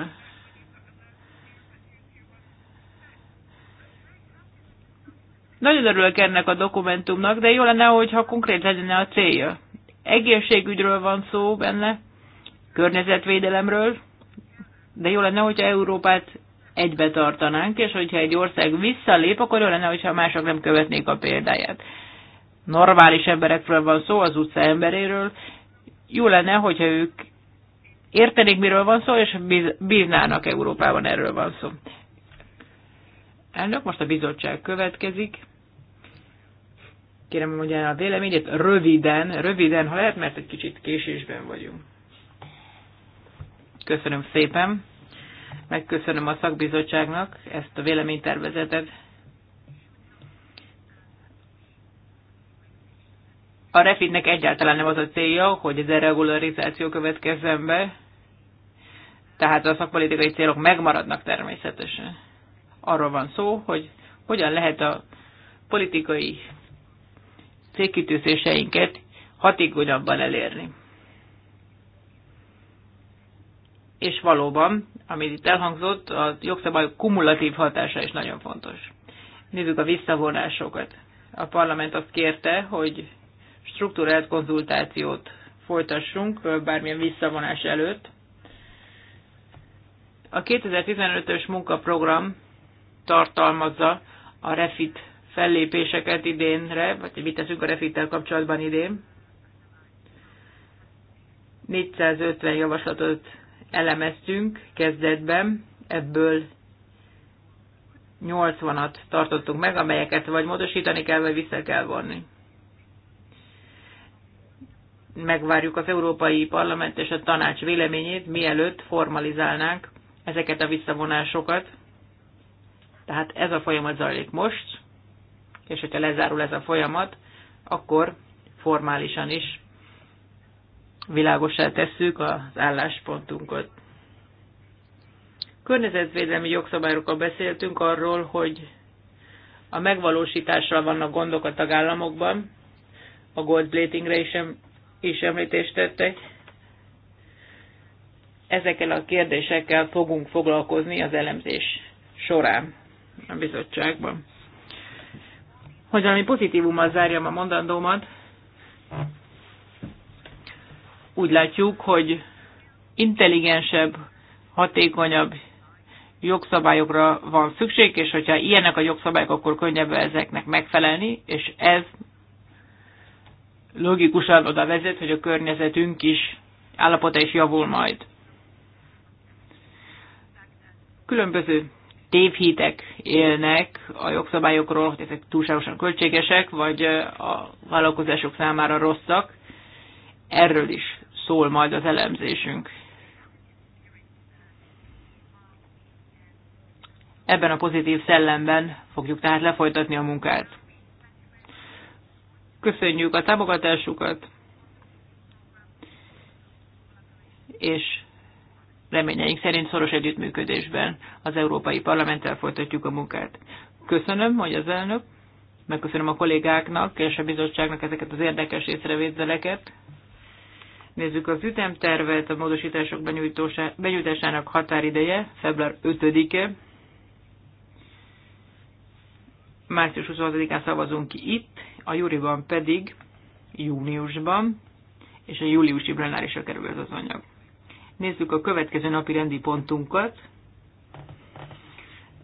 Nagyon örülök ennek a dokumentumnak, de jó lenne, hogyha konkrét lenne a célja. Egészségügyről van szó benne, környezetvédelemről, de jó lenne, hogyha Európát egybe tartanánk, és hogyha egy ország visszalép, akkor jó lenne, hogyha mások nem követnék a példáját normális emberekről van szó, az utca emberéről. Jó lenne, hogyha ők értenék, miről van szó, és bíznának Európában, erről van szó. Elnök, most a bizottság következik. Kérem, hogy el a véleményét röviden, röviden, ha lehet, mert egy kicsit késésben vagyunk. Köszönöm szépen. Megköszönöm a szakbizottságnak ezt a véleménytervezetet. A refitnek egyáltalán nem az a célja, hogy ez a deregularizáció következzen be, tehát a szakpolitikai célok megmaradnak természetesen. Arról van szó, hogy hogyan lehet a politikai célkitűzéseinket hatékonyabban elérni. És valóban, amit itt elhangzott, a jogszabály kumulatív hatása is nagyon fontos. Nézzük a visszavonásokat. A parlament azt kérte, hogy struktúrált konzultációt folytassunk bármilyen visszavonás előtt. A 2015-ös munkaprogram tartalmazza a refit fellépéseket idénre, vagy mit teszünk a refittel kapcsolatban idén. 450 javaslatot elemeztünk kezdetben, ebből 80-at tartottunk meg, amelyeket vagy módosítani kell, vagy vissza kell vonni megvárjuk az Európai Parlament és a Tanács véleményét, mielőtt formalizálnánk ezeket a visszavonásokat. Tehát ez a folyamat zajlik most, és hogyha lezárul ez a folyamat, akkor formálisan is világosá tesszük az álláspontunkat. Környezetvédelmi jogszabályokkal beszéltünk arról, hogy a megvalósítással vannak gondok a tagállamokban, a gold platingre is, is említést tettek. Ezekkel a kérdésekkel fogunk foglalkozni az elemzés során a bizottságban. Hogy valami pozitívummal zárjam a mondandómat, úgy látjuk, hogy intelligensebb, hatékonyabb jogszabályokra van szükség, és hogyha ilyenek a jogszabályok, akkor könnyebb ezeknek megfelelni, és ez logikusan oda vezet, hogy a környezetünk is állapota is javul majd. Különböző tévhitek élnek a jogszabályokról, hogy ezek túlságosan költségesek, vagy a vállalkozások számára rosszak. Erről is szól majd az elemzésünk. Ebben a pozitív szellemben fogjuk tehát lefolytatni a munkát. Köszönjük a támogatásukat, és reményeink szerint szoros együttműködésben az Európai Parlamenttel folytatjuk a munkát. Köszönöm, hogy az elnök, megköszönöm a kollégáknak és a bizottságnak ezeket az érdekes észrevételeket. Nézzük az ütemtervet, a módosítások benyújtásának határideje február 5-e március 26-án szavazunk ki itt, a júriban pedig júniusban, és a júliusi plenárisra kerül ez az anyag. Nézzük a következő napi rendi pontunkat.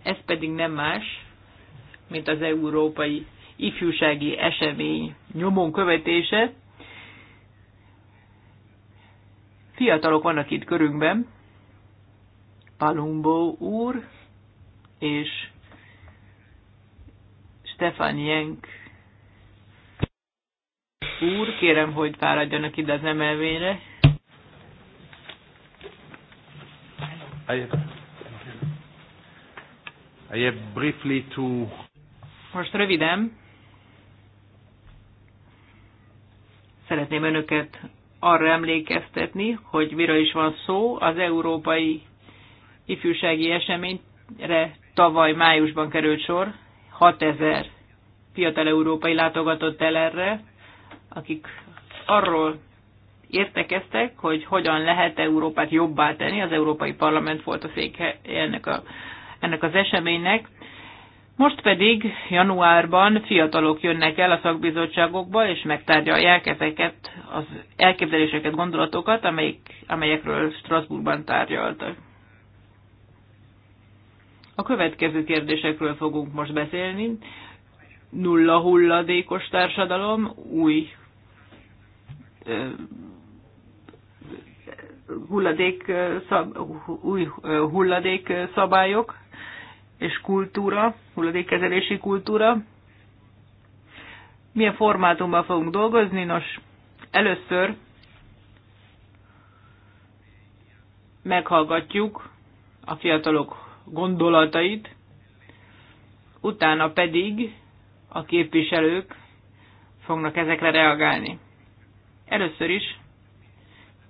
Ez pedig nem más, mint az európai ifjúsági esemény nyomon követése. Fiatalok vannak itt körünkben, Palumbo úr és Stefan Jenk úr, kérem, hogy fáradjanak ide az emelvényre. I, I have briefly to... Most röviden szeretném önöket arra emlékeztetni, hogy mire is van szó, az európai ifjúsági eseményre tavaly májusban került sor. 6000 fiatal európai látogatott el erre, akik arról értekeztek, hogy hogyan lehet Európát jobbá tenni. Az Európai Parlament volt a székhe ennek, a, ennek az eseménynek. Most pedig januárban fiatalok jönnek el a szakbizottságokba, és megtárgyalják ezeket az elképzeléseket, gondolatokat, amelyik, amelyekről Strasbourgban tárgyaltak. A következő kérdésekről fogunk most beszélni. Nulla hulladékos társadalom, új hulladék, szab, új hulladék szabályok és kultúra, hulladékkezelési kultúra. Milyen formátumban fogunk dolgozni? Nos, először meghallgatjuk a fiatalok gondolatait, utána pedig a képviselők fognak ezekre reagálni. Először is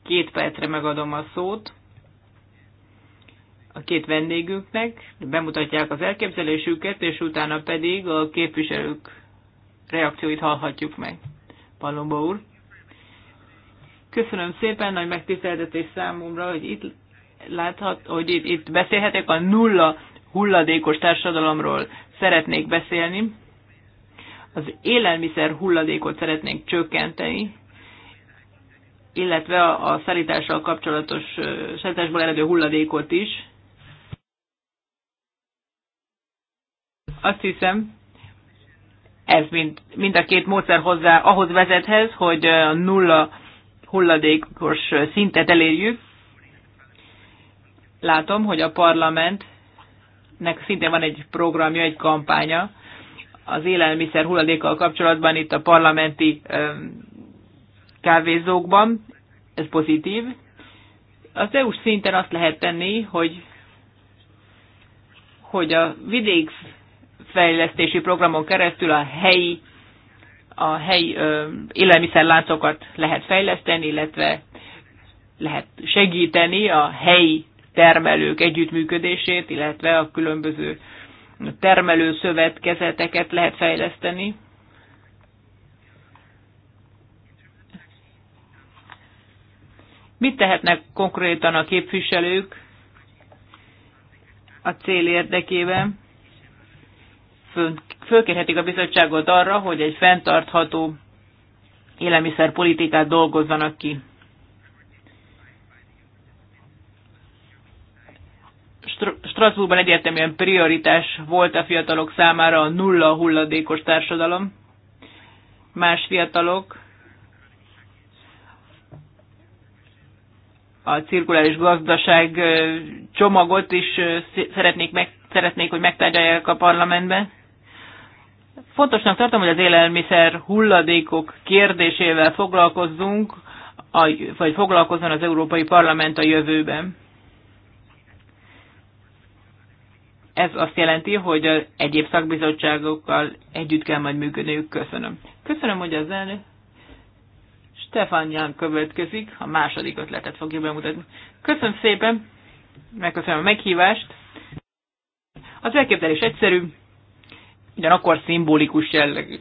két percre megadom a szót a két vendégünknek, bemutatják az elképzelésüket, és utána pedig a képviselők reakcióit hallhatjuk meg. Palomba úr. Köszönöm szépen, nagy megtiszteltetés számomra, hogy itt láthat, hogy itt, itt beszélhetek a nulla hulladékos társadalomról szeretnék beszélni. Az élelmiszer hulladékot szeretnénk csökkenteni, illetve a, a szállítással kapcsolatos, szállításból eredő hulladékot is. Azt hiszem, ez mind, mind a két módszer hozzá ahhoz vezethez, hogy a nulla hulladékos szintet elérjük, látom, hogy a parlamentnek szintén van egy programja, egy kampánya az élelmiszer hulladékkal kapcsolatban itt a parlamenti kávézókban. Ez pozitív. Az EU-s szinten azt lehet tenni, hogy, hogy a vidékfejlesztési programon keresztül a helyi a helyi ö, élelmiszerláncokat lehet fejleszteni, illetve lehet segíteni a helyi termelők együttműködését, illetve a különböző termelő szövetkezeteket lehet fejleszteni. Mit tehetnek konkrétan a képviselők a cél érdekében? Fölkérhetik a bizottságot arra, hogy egy fenntartható élelmiszerpolitikát dolgozzanak ki. Strasbourgban egyértelműen prioritás volt a fiatalok számára a nulla hulladékos társadalom. Más fiatalok a cirkuláris gazdaság csomagot is szeretnék, meg, szeretnék hogy megtárgyalják a parlamentben. Fontosnak tartom, hogy az élelmiszer hulladékok kérdésével foglalkozzunk, vagy foglalkozzon az Európai Parlament a jövőben. ez azt jelenti, hogy egyéb szakbizottságokkal együtt kell majd működniük. Köszönöm. Köszönöm, hogy az elnök. Stefan következik, a második ötletet fogja bemutatni. Köszönöm szépen, megköszönöm a meghívást. Az elképzelés egyszerű, ugyanakkor szimbolikus jellegű.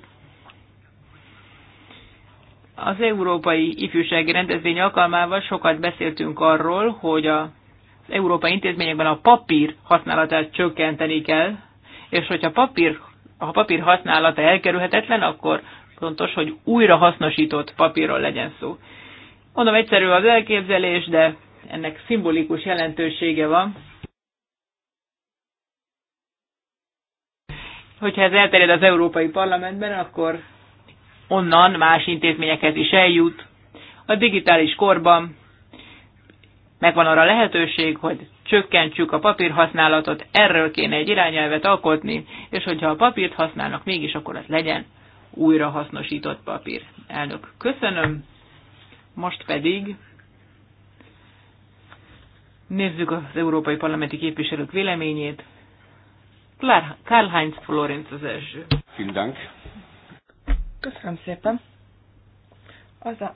Az Európai Ifjúsági Rendezvény alkalmával sokat beszéltünk arról, hogy a európai intézményekben a papír használatát csökkenteni kell, és hogyha papír, a papír használata elkerülhetetlen, akkor fontos, hogy újra hasznosított papírról legyen szó. Mondom, egyszerű az elképzelés, de ennek szimbolikus jelentősége van. Hogyha ez elterjed az Európai Parlamentben, akkor onnan más intézményekhez is eljut. A digitális korban megvan arra lehetőség, hogy csökkentsük a papírhasználatot, erről kéne egy irányelvet alkotni, és hogyha a papírt használnak mégis, akkor az legyen újra hasznosított papír. Elnök, köszönöm. Most pedig nézzük az európai parlamenti képviselők véleményét. Karl-Heinz Florenz az első. Köszönöm szépen. Az a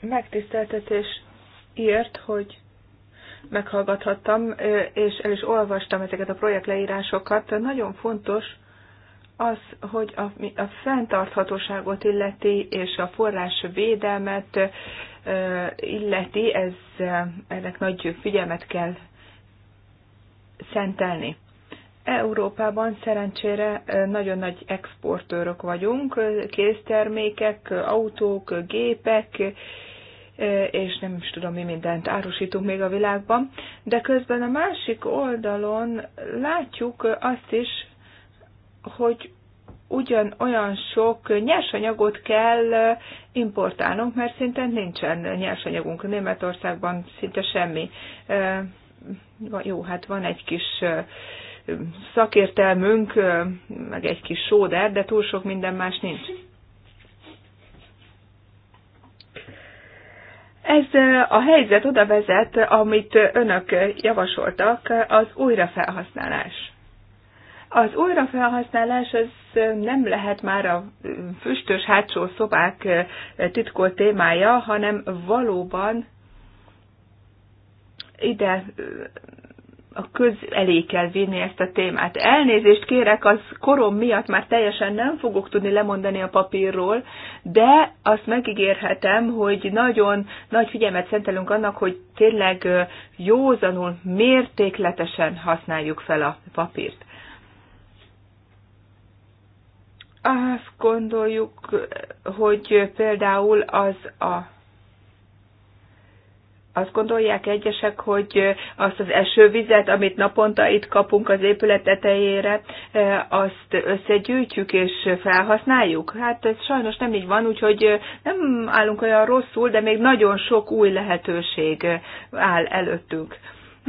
megtiszteltetés ért, hogy meghallgathattam, és el is olvastam ezeket a projektleírásokat. Nagyon fontos az, hogy a, a fenntarthatóságot illeti, és a forrás védelmet illeti, ez, ennek nagy figyelmet kell szentelni. Európában szerencsére nagyon nagy exportőrök vagyunk, kéztermékek, autók, gépek, és nem is tudom, mi mindent árusítunk még a világban, de közben a másik oldalon látjuk azt is, hogy ugyan olyan sok nyersanyagot kell importálnunk, mert szinte nincsen nyersanyagunk. Németországban szinte semmi. Jó, hát van egy kis szakértelmünk, meg egy kis sóder, de túl sok minden más nincs. Ez a helyzet oda vezet, amit önök javasoltak, az újrafelhasználás. Az újrafelhasználás az nem lehet már a füstös hátsó szobák titkolt témája, hanem valóban ide a köz elé kell vinni ezt a témát. Elnézést kérek, az korom miatt már teljesen nem fogok tudni lemondani a papírról, de azt megígérhetem, hogy nagyon nagy figyelmet szentelünk annak, hogy tényleg józanul, mértékletesen használjuk fel a papírt. Azt gondoljuk, hogy például az a azt gondolják egyesek, hogy azt az esővizet, amit naponta itt kapunk az épület tetejére, azt összegyűjtjük és felhasználjuk? Hát ez sajnos nem így van, úgyhogy nem állunk olyan rosszul, de még nagyon sok új lehetőség áll előttünk.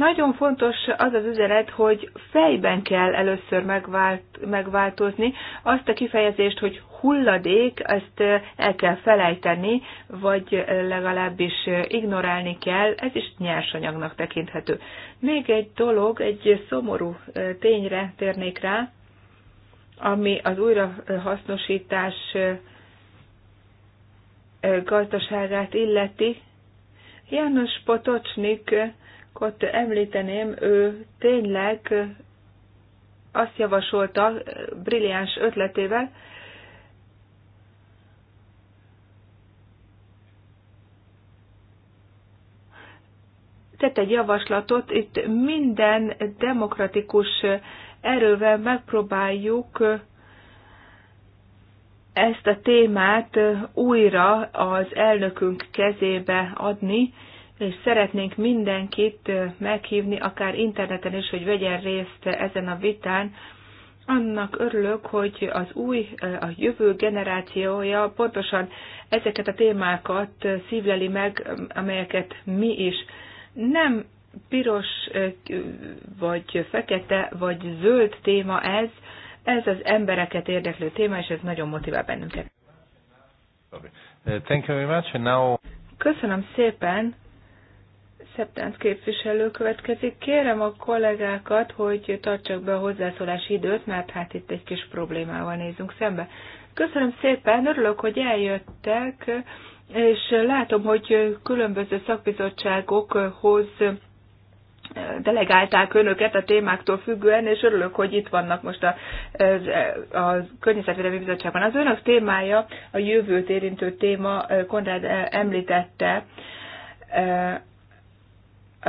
Nagyon fontos az az üzenet, hogy fejben kell először megvált, megváltozni azt a kifejezést, hogy hulladék, ezt el kell felejteni, vagy legalábbis ignorálni kell, ez is nyersanyagnak tekinthető. Még egy dolog, egy szomorú tényre térnék rá, ami az újrahasznosítás gazdaságát illeti. János Potocsnik ott említeném, ő tényleg azt javasolta brilliáns ötletével, tett egy javaslatot, itt minden demokratikus erővel megpróbáljuk ezt a témát újra az elnökünk kezébe adni, és szeretnénk mindenkit meghívni, akár interneten is, hogy vegyen részt ezen a vitán. Annak örülök, hogy az új, a jövő generációja pontosan ezeket a témákat szívleli meg, amelyeket mi is. Nem piros, vagy fekete, vagy zöld téma ez, ez az embereket érdeklő téma, és ez nagyon motivál bennünket. Uh, Köszönöm szépen, Szeptánc képviselő következik. Kérem a kollégákat, hogy tartsak be a hozzászólási időt, mert hát itt egy kis problémával nézünk szembe. Köszönöm szépen, örülök, hogy eljöttek, és látom, hogy különböző szakbizottságokhoz delegálták önöket a témáktól függően, és örülök, hogy itt vannak most a, a, Környezetvédelmi Bizottságban. Az önök témája, a jövőt érintő téma, Konrad eh, említette, eh,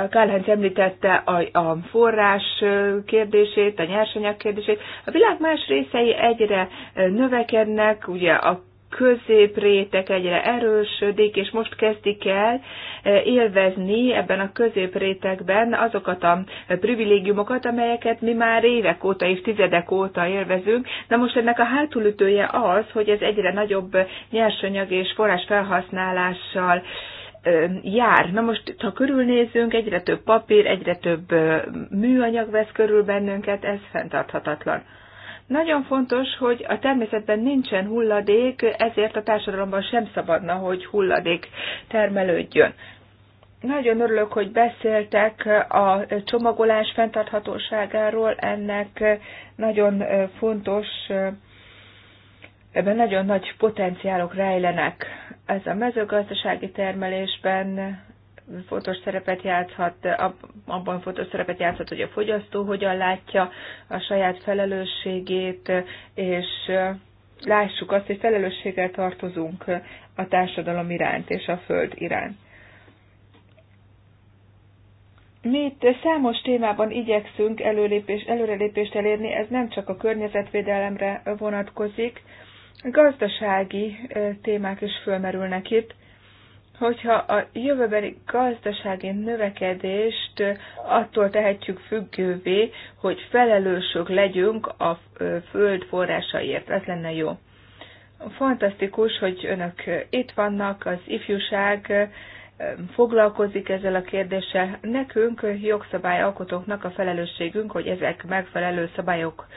Kálhenc említette a, a forrás kérdését, a nyersanyag kérdését. A világ más részei egyre növekednek, ugye a középrétek egyre erősödik, és most kezdik el élvezni ebben a középrétekben azokat a privilégiumokat, amelyeket mi már évek óta, évtizedek óta élvezünk. Na most ennek a hátulütője az, hogy ez egyre nagyobb nyersanyag és forrás felhasználással jár. Na most, ha körülnézünk, egyre több papír, egyre több műanyag vesz körül bennünket, ez fenntarthatatlan. Nagyon fontos, hogy a természetben nincsen hulladék, ezért a társadalomban sem szabadna, hogy hulladék termelődjön. Nagyon örülök, hogy beszéltek a csomagolás fenntarthatóságáról, ennek nagyon fontos, ebben nagyon nagy potenciálok rejlenek ez a mezőgazdasági termelésben fontos szerepet játszhat, abban fontos szerepet játszhat, hogy a fogyasztó hogyan látja a saját felelősségét, és lássuk azt, hogy felelősséggel tartozunk a társadalom iránt és a föld iránt. Mi itt számos témában igyekszünk előrelépést elérni, ez nem csak a környezetvédelemre vonatkozik, Gazdasági témák is fölmerülnek itt. Hogyha a jövőbeli gazdasági növekedést attól tehetjük függővé, hogy felelősök legyünk a föld forrásaiért, ez lenne jó. Fantasztikus, hogy önök itt vannak, az ifjúság foglalkozik ezzel a kérdéssel. Nekünk, jogszabályalkotóknak a felelősségünk, hogy ezek megfelelő szabályok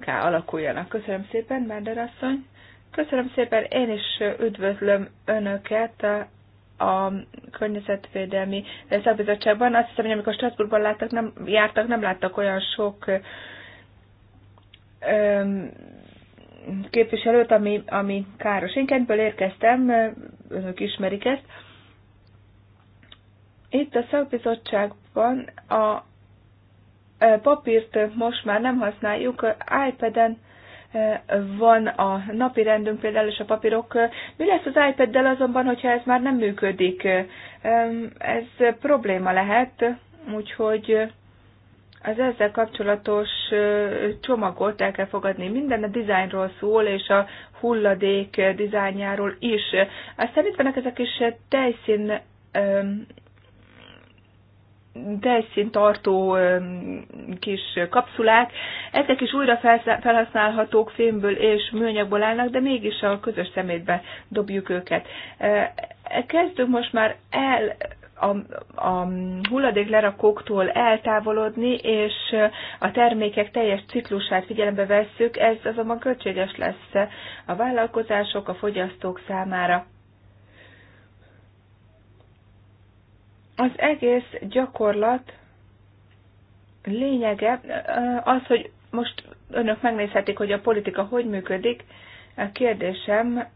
ká alakuljanak. Köszönöm szépen, Merder asszony. Köszönöm szépen, én is üdvözlöm Önöket a, a Környezetvédelmi Szakbizottságban. Azt hiszem, hogy amikor Strasbourgban láttak, nem, jártak, nem láttak olyan sok öm, képviselőt, ami, ami káros. Én Kentből érkeztem, önök ismerik ezt. Itt a szakbizottságban a papírt most már nem használjuk, iPad-en van a napi rendünk például, és a papírok. Mi lesz az iPad-del azonban, hogyha ez már nem működik? Ez probléma lehet, úgyhogy az ezzel kapcsolatos csomagot el kell fogadni. Minden a dizájnról szól, és a hulladék dizájnjáról is. Aztán itt vannak ezek is tejszín tejszín tartó kis kapszulák. Ezek is újra felhasználhatók fémből és műanyagból állnak, de mégis a közös szemétbe dobjuk őket. Kezdünk most már el a, a hulladéklerakóktól eltávolodni, és a termékek teljes ciklusát figyelembe vesszük, ez azonban költséges lesz a vállalkozások, a fogyasztók számára. Az egész gyakorlat lényege az, hogy most önök megnézhetik, hogy a politika hogy működik. A kérdésem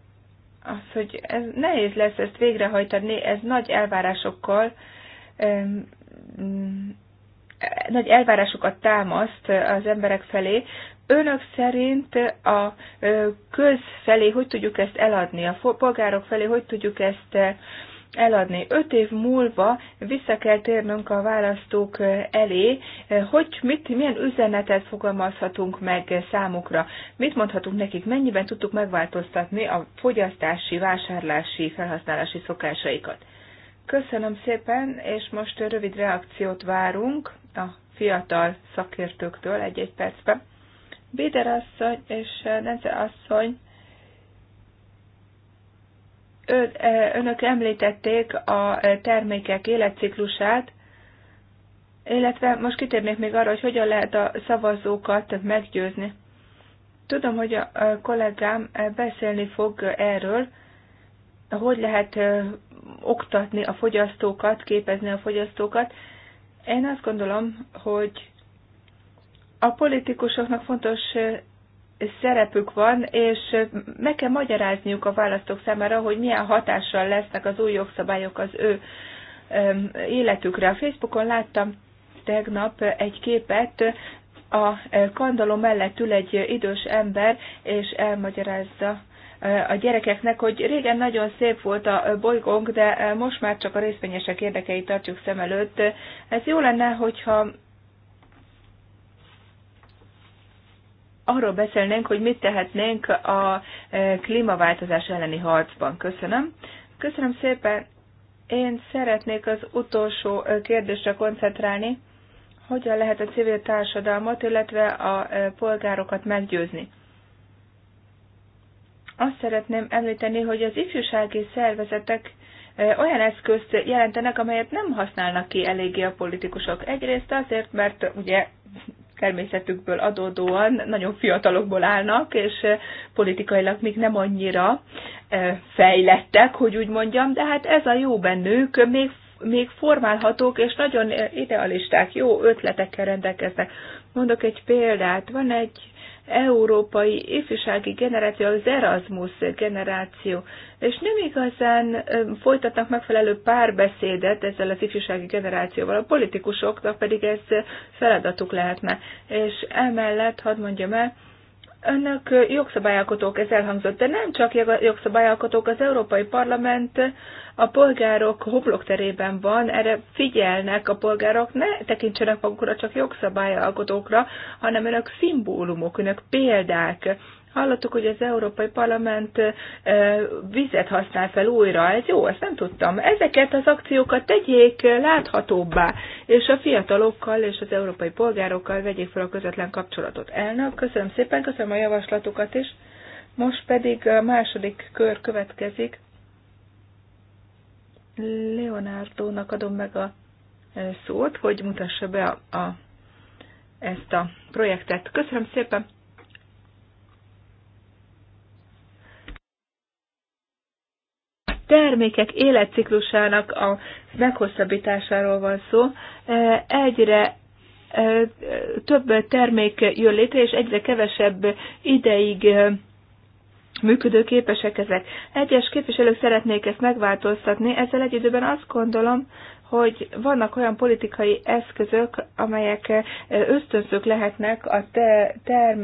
az, hogy ez nehéz lesz ezt végrehajtani, ez nagy elvárásokkal, mm, nagy elvárásokat támaszt az emberek felé. Önök szerint a köz felé hogy tudjuk ezt eladni, a polgárok felé hogy tudjuk ezt eladni. Öt év múlva vissza kell térnünk a választók elé, hogy mit, milyen üzenetet fogalmazhatunk meg számukra, mit mondhatunk nekik, mennyiben tudtuk megváltoztatni a fogyasztási, vásárlási, felhasználási szokásaikat. Köszönöm szépen, és most rövid reakciót várunk a fiatal szakértőktől egy-egy percben. Béder asszony és Nence asszony önök említették a termékek életciklusát, illetve most kitérnék még arra, hogy hogyan lehet a szavazókat meggyőzni. Tudom, hogy a kollégám beszélni fog erről, hogy lehet oktatni a fogyasztókat, képezni a fogyasztókat. Én azt gondolom, hogy a politikusoknak fontos szerepük van, és meg kell magyarázniuk a választók számára, hogy milyen hatással lesznek az új jogszabályok az ő életükre. A Facebookon láttam tegnap egy képet, a eh, kandaló mellett ül egy idős ember, és elmagyarázza eh, a gyerekeknek, hogy régen nagyon szép volt a eh, bolygónk, de most már csak a részvényesek érdekeit tartjuk szem előtt. Ez jó lenne, hogyha arról beszélnénk, hogy mit tehetnénk a e, klímaváltozás elleni harcban. Köszönöm. Köszönöm szépen. Én szeretnék az utolsó e, kérdésre koncentrálni, hogyan lehet a civil társadalmat, illetve a e, polgárokat meggyőzni. Azt szeretném említeni, hogy az ifjúsági szervezetek olyan eszközt jelentenek, amelyet nem használnak ki eléggé a politikusok. Egyrészt azért, mert ugye természetükből adódóan nagyon fiatalokból állnak, és eh, politikailag még nem annyira eh, fejlettek, hogy úgy mondjam, de hát ez a jó bennük, még még formálhatók, és nagyon eh, idealisták, jó ötletekkel rendelkeznek. Mondok egy példát, van egy európai ifjúsági generáció, az Erasmus generáció, és nem igazán folytatnak megfelelő párbeszédet ezzel az ifjúsági generációval, a politikusoknak pedig ez feladatuk lehetne. És emellett, hadd mondjam el, Önök jogszabályalkotók, ez elhangzott, de nem csak jogszabályalkotók, az Európai Parlament a polgárok hoblokterében van, erre figyelnek a polgárok, ne tekintsenek magukra csak jogszabályalkotókra, hanem önök szimbólumok, önök példák, Hallottuk, hogy az Európai Parlament vizet használ fel újra. Ez jó, ezt nem tudtam. Ezeket az akciókat tegyék láthatóbbá, és a fiatalokkal és az európai polgárokkal vegyék fel a közvetlen kapcsolatot. Elnök, köszönöm szépen, köszönöm a javaslatokat is. Most pedig a második kör következik. Leonardónak adom meg a szót, hogy mutassa be a, a, ezt a projektet. Köszönöm szépen! termékek életciklusának a meghosszabbításáról van szó. E, egyre e, több termék jön létre, és egyre kevesebb ideig e, működőképesek ezek. Egyes képviselők szeretnék ezt megváltoztatni, ezzel egy időben azt gondolom, hogy vannak olyan politikai eszközök, amelyek ösztönzők lehetnek a term,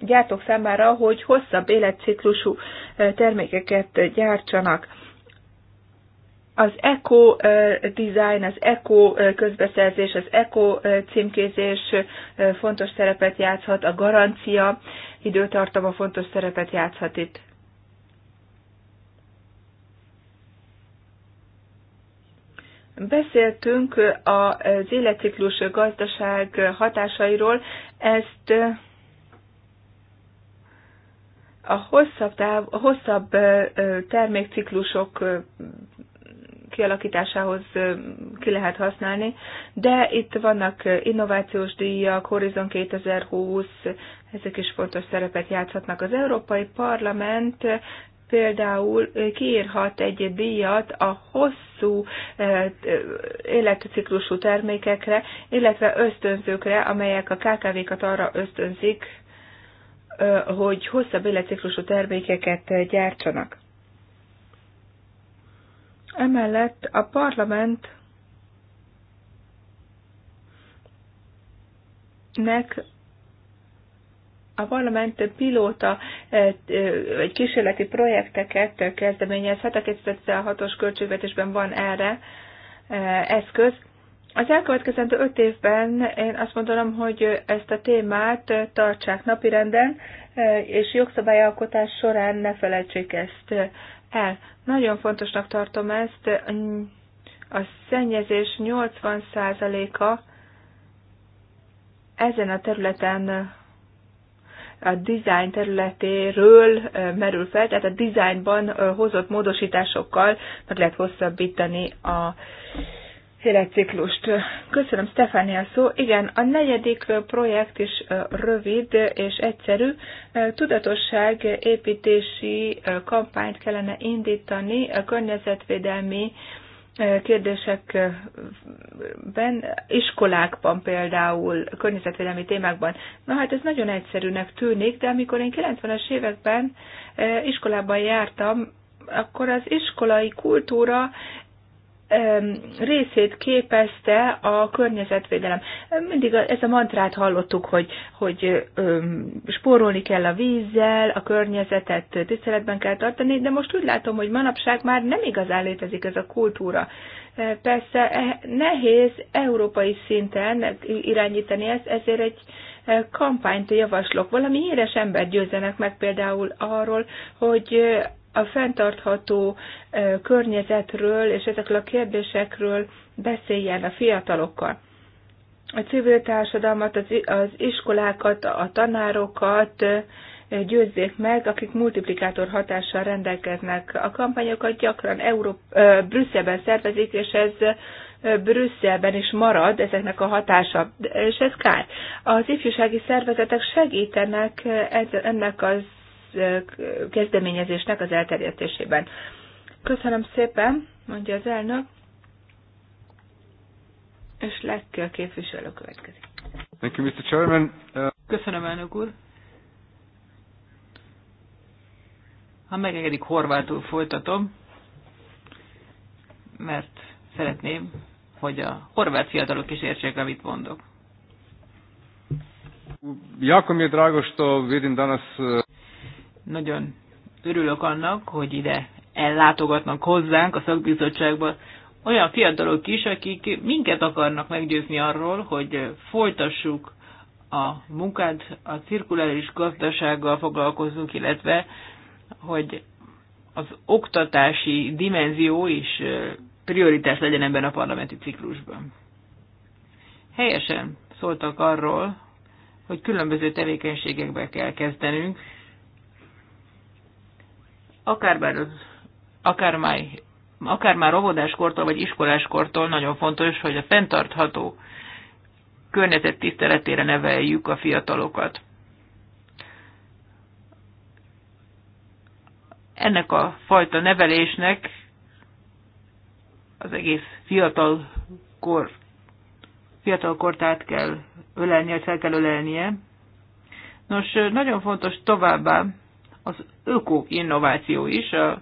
gyártók számára, hogy hosszabb életciklusú termékeket gyártsanak az eco design, az eco közbeszerzés, az eco címkézés fontos szerepet játszhat, a garancia időtartama fontos szerepet játszhat itt. Beszéltünk az életciklus gazdaság hatásairól, ezt a hosszabb, táv, a hosszabb termékciklusok kialakításához ki lehet használni, de itt vannak innovációs díjak, Horizon 2020, ezek is fontos szerepet játszhatnak. Az Európai Parlament például kiírhat egy díjat a hosszú életciklusú termékekre, illetve ösztönzőkre, amelyek a KKV-kat arra ösztönzik, hogy hosszabb életciklusú termékeket gyártsanak. Emellett a parlament nek a parlament pilóta eh, eh, vagy kísérleti projekteket kezdeményezhet. A 2016 os költségvetésben van erre eh, eszköz. Az elkövetkezendő öt évben én azt mondom, hogy ezt a témát tartsák napirenden, és jogszabályalkotás során ne felejtsék ezt el. Nagyon fontosnak tartom ezt, a szennyezés 80%-a ezen a területen a design területéről merül fel, tehát a designban hozott módosításokkal meg lehet hosszabbítani a életciklust. Köszönöm, Stefánia szó. Igen, a negyedik projekt is rövid és egyszerű. Tudatosság építési kampányt kellene indítani a környezetvédelmi kérdésekben, iskolákban például, környezetvédelmi témákban. Na hát ez nagyon egyszerűnek tűnik, de amikor én 90-es években iskolában jártam, akkor az iskolai kultúra részét képezte a környezetvédelem. Mindig ezt a mantrát hallottuk, hogy, hogy spórolni kell a vízzel, a környezetet tiszteletben kell tartani, de most úgy látom, hogy manapság már nem igazán létezik ez a kultúra. Persze e, nehéz európai szinten irányítani ezt, ezért egy kampányt javaslok. Valami híres ember győzenek meg például arról, hogy a fenntartható környezetről és ezekről a kérdésekről beszéljen a fiatalokkal. A civil társadalmat, az iskolákat, a tanárokat győzzék meg, akik multiplikátor hatással rendelkeznek. A kampányokat gyakran Európ- Brüsszelben szervezik, és ez Brüsszelben is marad ezeknek a hatása, és ez kár. Az ifjúsági szervezetek segítenek ennek az kezdeményezésnek az elterjesztésében. Köszönöm szépen, mondja az elnök, és a képviselő következik. Thank you, Mr. Chairman. Uh, Köszönöm, elnök úr. Ha megengedik, horvátul folytatom, mert szeretném, hogy a horvát fiatalok is értsék, amit mondok. Jako mi drago vidim danas... Uh, nagyon örülök annak, hogy ide ellátogatnak hozzánk a szakbizottságba olyan fiatalok is, akik minket akarnak meggyőzni arról, hogy folytassuk a munkát, a cirkuláris gazdasággal foglalkozunk, illetve hogy az oktatási dimenzió is prioritás legyen ebben a parlamenti ciklusban. Helyesen szóltak arról, hogy különböző tevékenységekbe kell kezdenünk, akár már, akár már, akár már óvodáskortól vagy iskoláskortól nagyon fontos, hogy a fenntartható környezet tiszteletére neveljük a fiatalokat. Ennek a fajta nevelésnek az egész fiatal kor, fiatal kortát kell ölelnie, fel kell ölelnie. Nos, nagyon fontos továbbá, az öko-innováció is, a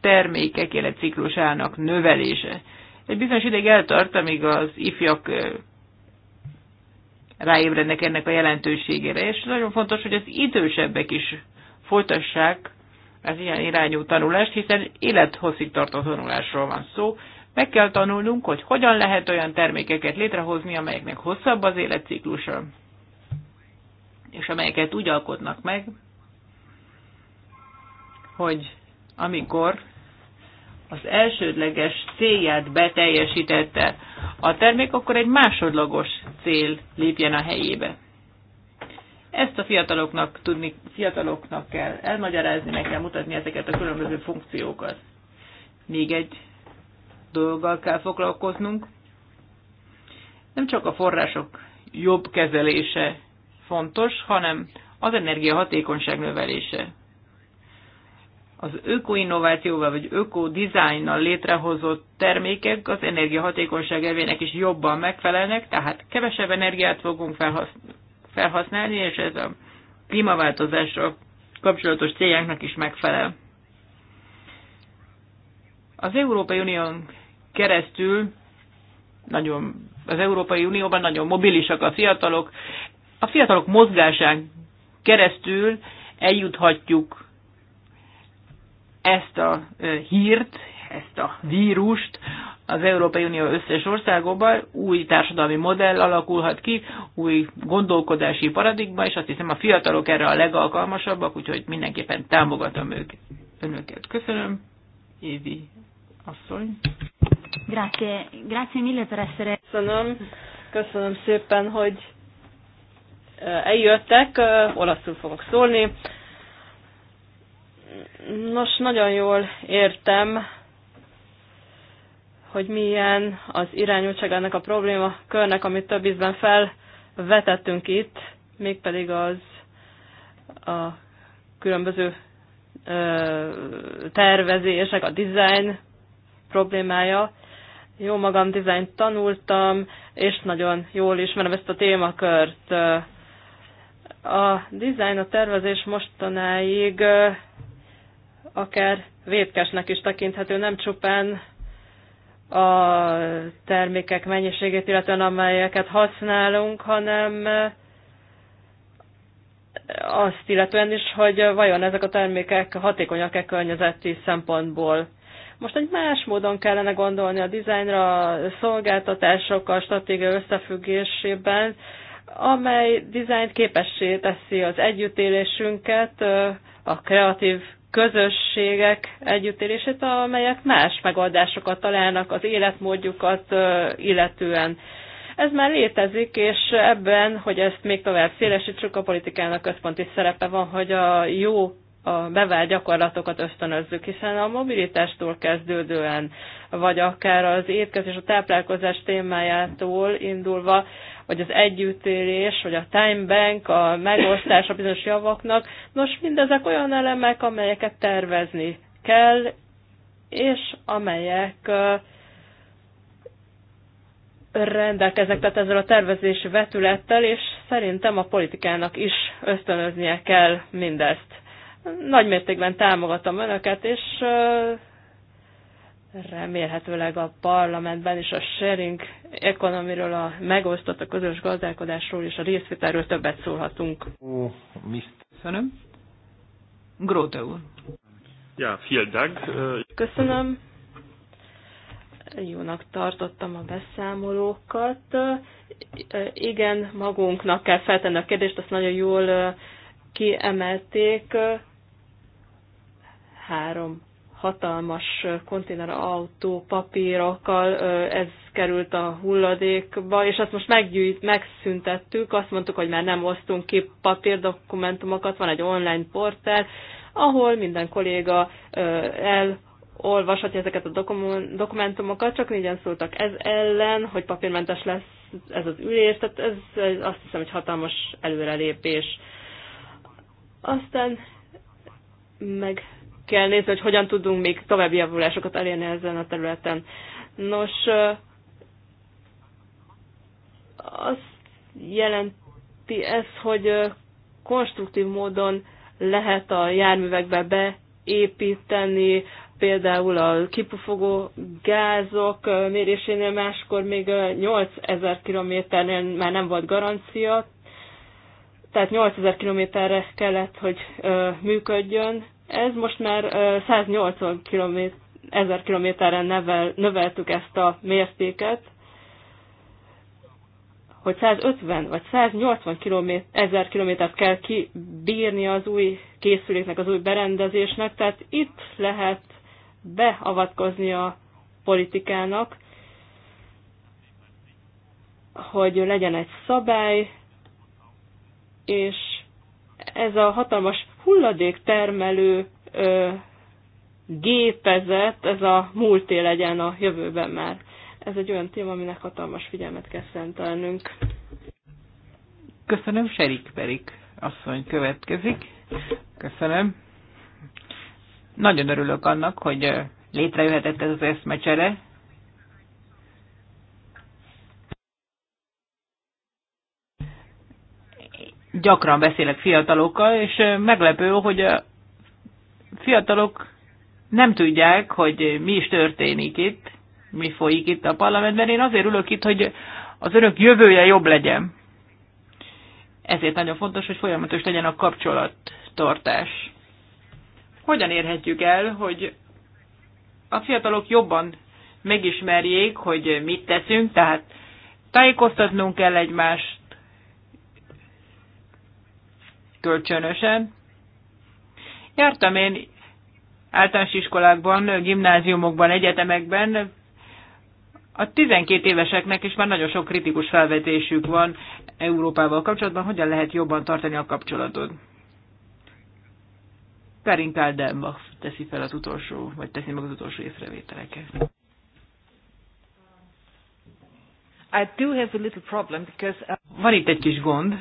termékek életciklusának növelése. Egy bizonyos ideig eltart, amíg az ifjak ráébrednek ennek a jelentőségére, és nagyon fontos, hogy az idősebbek is folytassák az ilyen irányú tanulást, hiszen élethosszig tartó tanulásról van szó. Meg kell tanulnunk, hogy hogyan lehet olyan termékeket létrehozni, amelyeknek hosszabb az életciklusa, és amelyeket úgy alkotnak meg, hogy amikor az elsődleges célját beteljesítette a termék, akkor egy másodlagos cél lépjen a helyébe. Ezt a fiataloknak, tudni, fiataloknak kell elmagyarázni, meg kell mutatni ezeket a különböző funkciókat. Még egy dolggal kell foglalkoznunk. Nem csak a források jobb kezelése fontos, hanem az energiahatékonyság növelése az ökoinnovációval vagy ökodizájnnal létrehozott termékek az energiahatékonyság elvének is jobban megfelelnek, tehát kevesebb energiát fogunk felhasználni, és ez a klímaváltozásra kapcsolatos céljánknak is megfelel. Az Európai Unión keresztül nagyon, az Európai Unióban nagyon mobilisak a fiatalok. A fiatalok mozgásán keresztül eljuthatjuk ezt a hírt, ezt a vírust az Európai Unió összes országokban új társadalmi modell alakulhat ki, új gondolkodási paradigma, és azt hiszem a fiatalok erre a legalkalmasabbak, úgyhogy mindenképpen támogatom őket. önöket. Köszönöm, Évi asszony. Grazie, grazie mille per essere. Köszönöm, köszönöm szépen, hogy eljöttek, olaszul fogok szólni. Nos, nagyon jól értem, hogy milyen az irányultság ennek a probléma körnek, amit több ízben felvetettünk itt, mégpedig az a különböző ö, tervezések, a design problémája. Jó magam dizájnt tanultam, és nagyon jól ismerem ezt a témakört. A design, a tervezés mostanáig akár vétkesnek is tekinthető, nem csupán a termékek mennyiségét, illetve amelyeket használunk, hanem azt illetően is, hogy vajon ezek a termékek hatékonyak-e környezeti szempontból. Most egy más módon kellene gondolni a dizájnra, a szolgáltatásokkal, stratégia összefüggésében, amely dizájnt képessé teszi az együttélésünket, a kreatív közösségek együttérését, amelyek más megoldásokat találnak az életmódjukat illetően. Ez már létezik, és ebben, hogy ezt még tovább szélesítsük, a politikának központi szerepe van, hogy a jó a bevált gyakorlatokat ösztönözzük, hiszen a mobilitástól kezdődően, vagy akár az étkezés, a táplálkozás témájától indulva, vagy az együttélés, vagy a time bank, a megosztás a bizonyos javaknak, nos, mindezek olyan elemek, amelyeket tervezni kell, és amelyek rendelkeznek, tehát ezzel a tervezési vetülettel, és szerintem a politikának is ösztönöznie kell mindezt nagy mértékben támogatom önöket, és remélhetőleg a parlamentben is a sharing ekonomiről, a megosztott, a közös gazdálkodásról és a részvételről többet szólhatunk. Ó, Köszönöm. Gróte úr. Ja, vielen Dank. Köszönöm. Jónak tartottam a beszámolókat. Igen, magunknak kell feltenni a kérdést, azt nagyon jól kiemelték három hatalmas konténerautó papírokkal, ez került a hulladékba, és azt most meggyűjt, megszüntettük, azt mondtuk, hogy már nem osztunk ki papírdokumentumokat, van egy online portál, ahol minden kolléga el olvashatja ezeket a dokumentumokat, csak négyen szóltak ez ellen, hogy papírmentes lesz ez az ülés, tehát ez, ez azt hiszem egy hatalmas előrelépés. Aztán meg kell nézni, hogy hogyan tudunk még további javulásokat elérni ezen a területen. Nos, azt jelenti ez, hogy konstruktív módon lehet a járművekbe beépíteni, például a kipufogó gázok mérésénél máskor még 8000 kilométernél már nem volt garancia, tehát 8000 kilométerre kellett, hogy működjön, ez most már 180 km, 1000 kilométerre nevel, növeltük ezt a mértéket, hogy 150 vagy 180 km, 1000 kilométert kell kibírni az új készüléknek, az új berendezésnek, tehát itt lehet beavatkozni a politikának, hogy legyen egy szabály, és ez a hatalmas hulladéktermelő ö, gépezet, ez a múlté legyen a jövőben már. Ez egy olyan téma, aminek hatalmas figyelmet kell szentelnünk. Köszönöm, Serik Perik asszony következik. Köszönöm. Nagyon örülök annak, hogy létrejöhetett ez az eszmecsere. gyakran beszélek fiatalokkal, és meglepő, hogy a fiatalok nem tudják, hogy mi is történik itt, mi folyik itt a parlamentben. Én azért ülök itt, hogy az önök jövője jobb legyen. Ezért nagyon fontos, hogy folyamatos legyen a kapcsolattartás. Hogyan érhetjük el, hogy a fiatalok jobban megismerjék, hogy mit teszünk, tehát tájékoztatnunk kell egymást, kölcsönösen. Jártam én általános iskolákban, gimnáziumokban, egyetemekben, a 12 éveseknek is már nagyon sok kritikus felvetésük van Európával kapcsolatban, hogyan lehet jobban tartani a kapcsolatot. Karin Kaldenbach teszi fel az utolsó, vagy teszi meg az utolsó észrevételeket. I do have a little problem because... Uh, van itt egy kis gond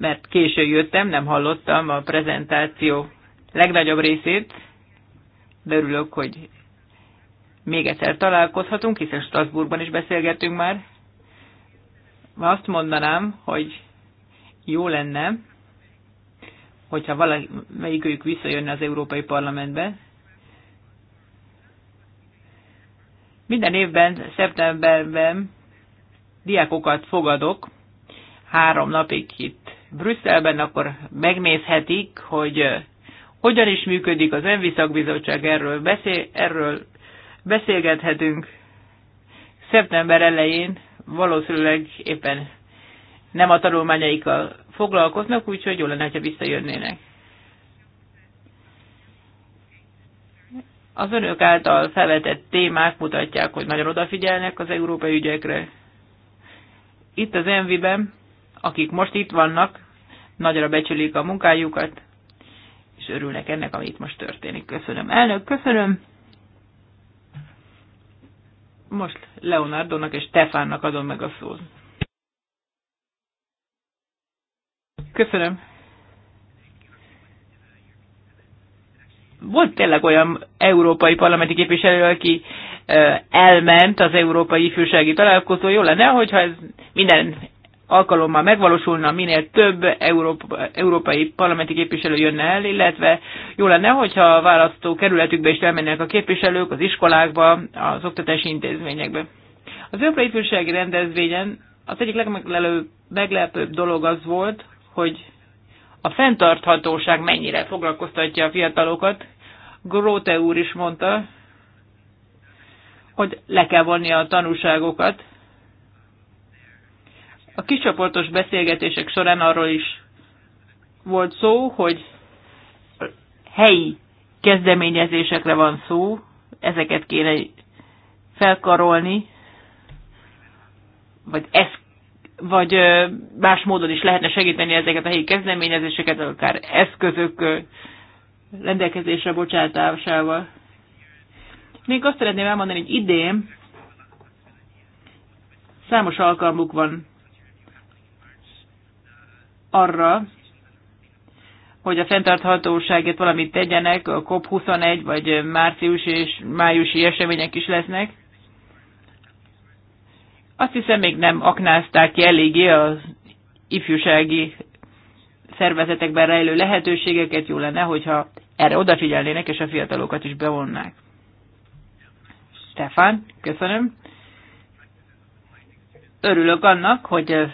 mert késő jöttem, nem hallottam a prezentáció legnagyobb részét, de örülök, hogy még egyszer találkozhatunk, hiszen Strasbourgban is beszélgettünk már. Azt mondanám, hogy jó lenne, hogyha valamelyikőjük visszajönne az Európai Parlamentbe. Minden évben, szeptemberben diákokat fogadok, három napig itt Brüsszelben, akkor megnézhetik, hogy hogyan is működik az ENVI szakbizottság, erről, beszél, erről beszélgethetünk. Szeptember elején valószínűleg éppen nem a tanulmányaikkal foglalkoznak, úgyhogy jó lenne, ha visszajönnének. Az önök által felvetett témák mutatják, hogy nagyon odafigyelnek az európai ügyekre. Itt az Envi-ben akik most itt vannak, nagyra becsülik a munkájukat, és örülnek ennek, amit most történik. Köszönöm. Elnök, köszönöm. Most Leonardónak és Stefánnak adom meg a szót. Köszönöm. Volt tényleg olyan európai parlamenti képviselő, aki elment az európai ifjúsági találkozó. Jó lenne, hogyha ez minden alkalommal megvalósulna, minél több Európa, európai parlamenti képviselő jönne el, illetve jó lenne, hogyha a választó kerületükbe is elmennek a képviselők, az iskolákba, az oktatási intézményekbe. Az Európai Ifjúsági Rendezvényen az egyik legmeglepőbb dolog az volt, hogy a fenntarthatóság mennyire foglalkoztatja a fiatalokat. Gróte úr is mondta, hogy le kell vonni a tanúságokat, a kiscsoportos beszélgetések során arról is volt szó, hogy helyi kezdeményezésekre van szó, ezeket kéne felkarolni, vagy ez, vagy más módon is lehetne segíteni ezeket a helyi kezdeményezéseket, akár eszközök rendelkezésre bocsátásával. Még azt szeretném elmondani, hogy idén számos alkalmuk van arra, hogy a fenntarthatóságért valamit tegyenek, a COP21 vagy március és májusi események is lesznek. Azt hiszem, még nem aknázták ki eléggé az ifjúsági szervezetekben rejlő lehetőségeket, jó lenne, hogyha erre odafigyelnének, és a fiatalokat is bevonnák. Stefan, köszönöm. Örülök annak, hogy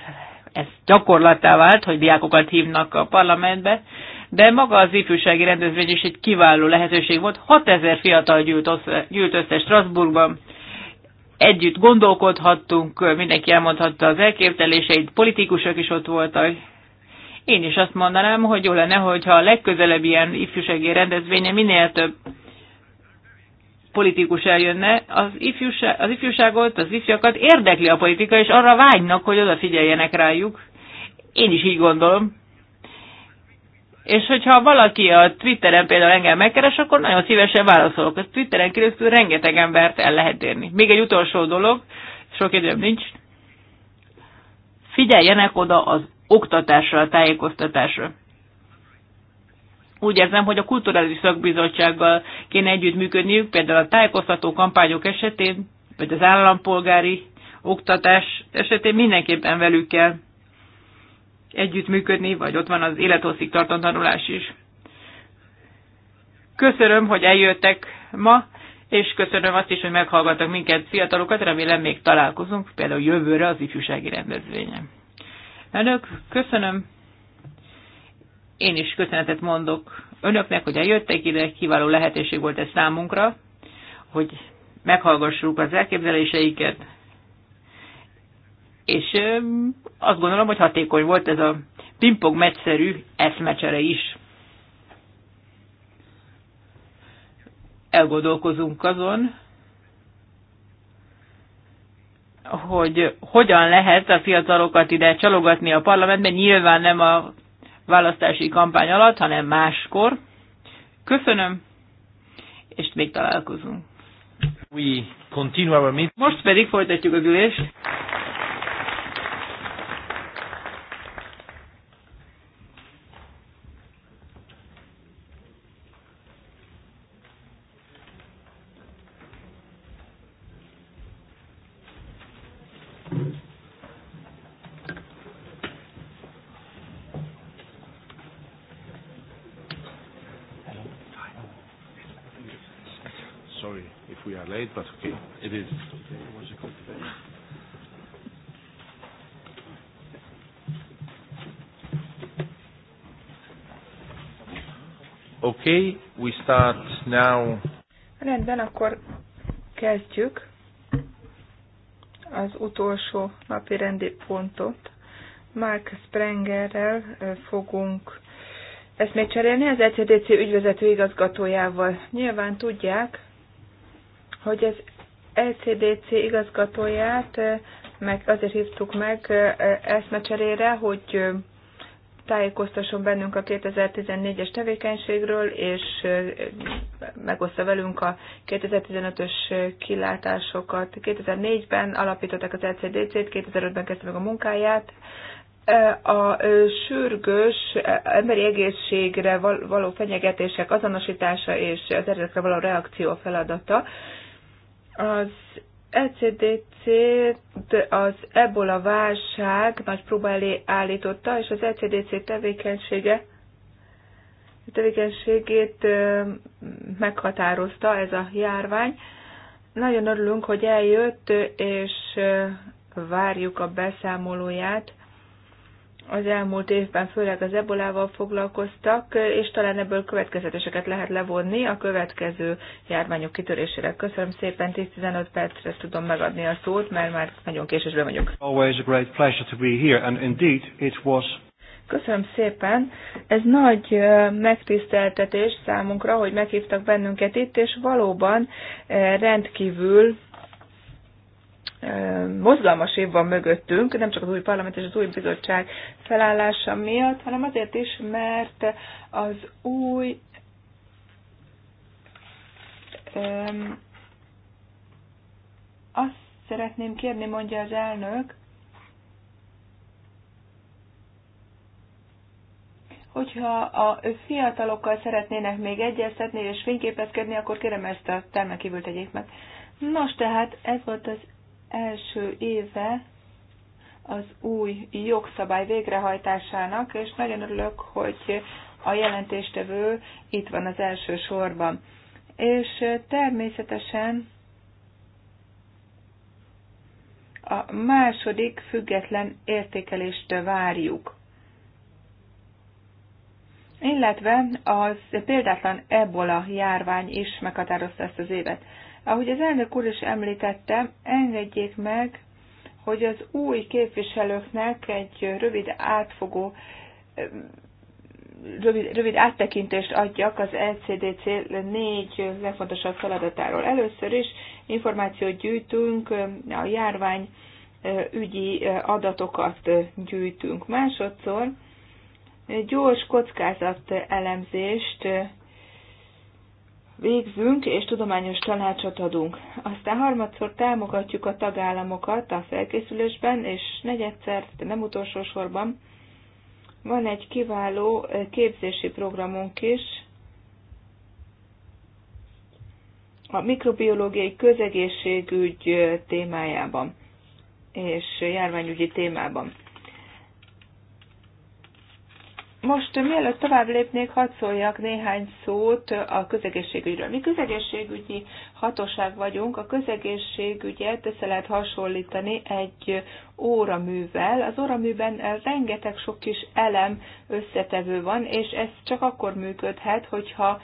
ez gyakorlattá vált, hogy diákokat hívnak a parlamentbe, de maga az ifjúsági rendezvény is egy kiváló lehetőség volt. 6000 fiatal gyűlt össze, gyűlt össze Strasbourgban, együtt gondolkodhattunk, mindenki elmondhatta az elképzeléseit, politikusok is ott voltak. Én is azt mondanám, hogy jó lenne, hogyha a legközelebb ilyen ifjúsági rendezvénye minél több politikus eljönne, az, ifjúság, az ifjúságot, az ifjakat érdekli a politika, és arra vágynak, hogy odafigyeljenek rájuk. Én is így gondolom. És hogyha valaki a Twitteren például engem megkeres, akkor nagyon szívesen válaszolok. A Twitteren keresztül rengeteg embert el lehet érni. Még egy utolsó dolog, sok időm nincs. Figyeljenek oda az oktatásra, a tájékoztatásra úgy érzem, hogy a kulturális szakbizottsággal kéne együttműködniük, például a tájékoztató kampányok esetén, vagy az állampolgári oktatás esetén mindenképpen velük kell együttműködni, vagy ott van az élethosszig tartó tanulás is. Köszönöm, hogy eljöttek ma, és köszönöm azt is, hogy meghallgattak minket fiatalokat, remélem még találkozunk, például jövőre az ifjúsági rendezvényen. Önök, köszönöm. Én is köszönetet mondok önöknek, hogy eljöttek ide, kiváló lehetőség volt ez számunkra, hogy meghallgassuk az elképzeléseiket, és azt gondolom, hogy hatékony volt ez a pingpong meccszerű eszmecsere is. Elgondolkozunk azon, hogy hogyan lehet a fiatalokat ide csalogatni a parlamentben, nyilván nem a választási kampány alatt, hanem máskor. Köszönöm, és még találkozunk. Most pedig folytatjuk az ülést. start now. Rendben, akkor kezdjük az utolsó napi rendi pontot. Mark Sprengerrel fogunk még cserélni, az ECDC ügyvezető igazgatójával. Nyilván tudják, hogy az ECDC igazgatóját meg azért hívtuk meg eszmecserére, hogy tájékoztasson bennünk a 2014-es tevékenységről, és megoszta velünk a 2015-ös kilátásokat. 2004-ben alapították az LCDC-t, 2005-ben kezdte meg a munkáját. A sürgős emberi egészségre való fenyegetések azonosítása és az eredetre való reakció feladata. Az ecdc az ebola válság nagy próba elé állította, és az ECDC tevékenysége tevékenységét meghatározta ez a járvány. Nagyon örülünk, hogy eljött, és várjuk a beszámolóját az elmúlt évben főleg az ebolával foglalkoztak, és talán ebből következeteseket lehet levonni a következő járványok kitörésére. Köszönöm szépen, 10-15 percre tudom megadni a szót, mert már nagyon késésben vagyok. Always a great pleasure to be here, and indeed it was Köszönöm szépen. Ez nagy megtiszteltetés számunkra, hogy meghívtak bennünket itt, és valóban rendkívül mozgalmas év van mögöttünk, nem csak az új parlament és az új bizottság felállása miatt, hanem azért is, mert az új azt szeretném kérni, mondja az elnök, hogyha a fiatalokkal szeretnének még egyeztetni és fényképezkedni, akkor kérem ezt a termen egyébként. tegyék meg. Nos, tehát ez volt az első éve az új jogszabály végrehajtásának, és nagyon örülök, hogy a jelentéstevő itt van az első sorban. És természetesen a második független értékelést várjuk. Illetve az példátlan ebola járvány is meghatározta ezt az évet. Ahogy az elnök úr is említette, engedjék meg, hogy az új képviselőknek egy rövid átfogó, rövid, rövid áttekintést adjak az LCDC négy legfontosabb feladatáról. Először is információt gyűjtünk, a járvány ügyi adatokat gyűjtünk. Másodszor gyors kockázat elemzést végzünk, és tudományos tanácsot adunk. Aztán harmadszor támogatjuk a tagállamokat a felkészülésben, és negyedszer, de nem utolsó sorban, van egy kiváló eh, képzési programunk is, a mikrobiológiai közegészségügy eh, témájában és járványügyi témában. Most mielőtt tovább lépnék, hadd szóljak néhány szót a közegészségügyről. Mi közegészségügyi hatóság vagyunk, a közegészségügyet össze lehet hasonlítani egy óraművel. Az óraműben rengeteg sok kis elem összetevő van, és ez csak akkor működhet, hogyha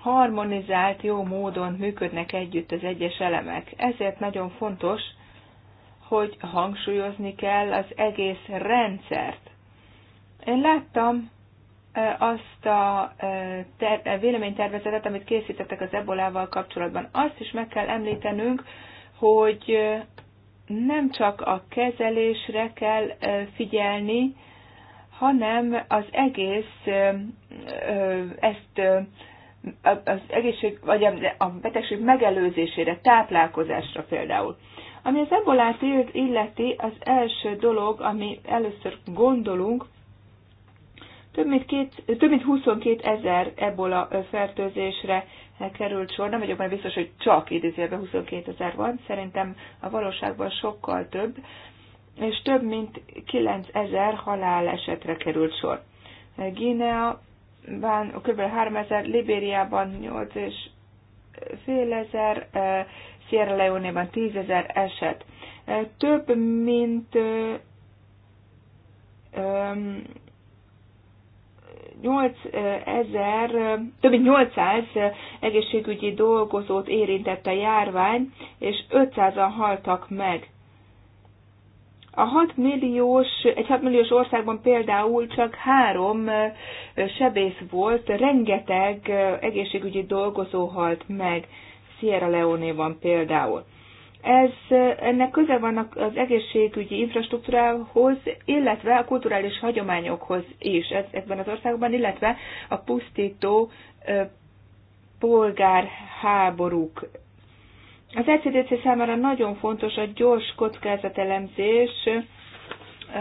harmonizált, jó módon működnek együtt az egyes elemek. Ezért nagyon fontos, hogy hangsúlyozni kell az egész rendszert én láttam azt a ter- véleménytervezetet, amit készítettek az ebolával kapcsolatban. Azt is meg kell említenünk, hogy nem csak a kezelésre kell figyelni, hanem az egész ezt az egészség, vagy a betegség megelőzésére, táplálkozásra például. Ami az ebolát illeti, az első dolog, ami először gondolunk, több mint, két, több mint 22 ezer ebola fertőzésre került sor. Nem vagyok már biztos, hogy csak idézőjelben 22 ezer van. Szerintem a valóságban sokkal több. És több mint 9 ezer halálesetre került sor. van kb. 3 ezer, Libériában 8 és fél ezer, eh, Sierra Leone-ban 10 ezer eset. Eh, több mint eh, 8000, több mint 800 egészségügyi dolgozót érintett a járvány, és 500-an haltak meg. A 6 milliós, egy 6 milliós országban például csak három sebész volt, rengeteg egészségügyi dolgozó halt meg, Sierra Leone-ban például. Ez, ennek köze van az egészségügyi infrastruktúrához, illetve a kulturális hagyományokhoz is ez, ebben az országban, illetve a pusztító polgárháborúk. Az ECDC számára nagyon fontos a gyors kockázatelemzés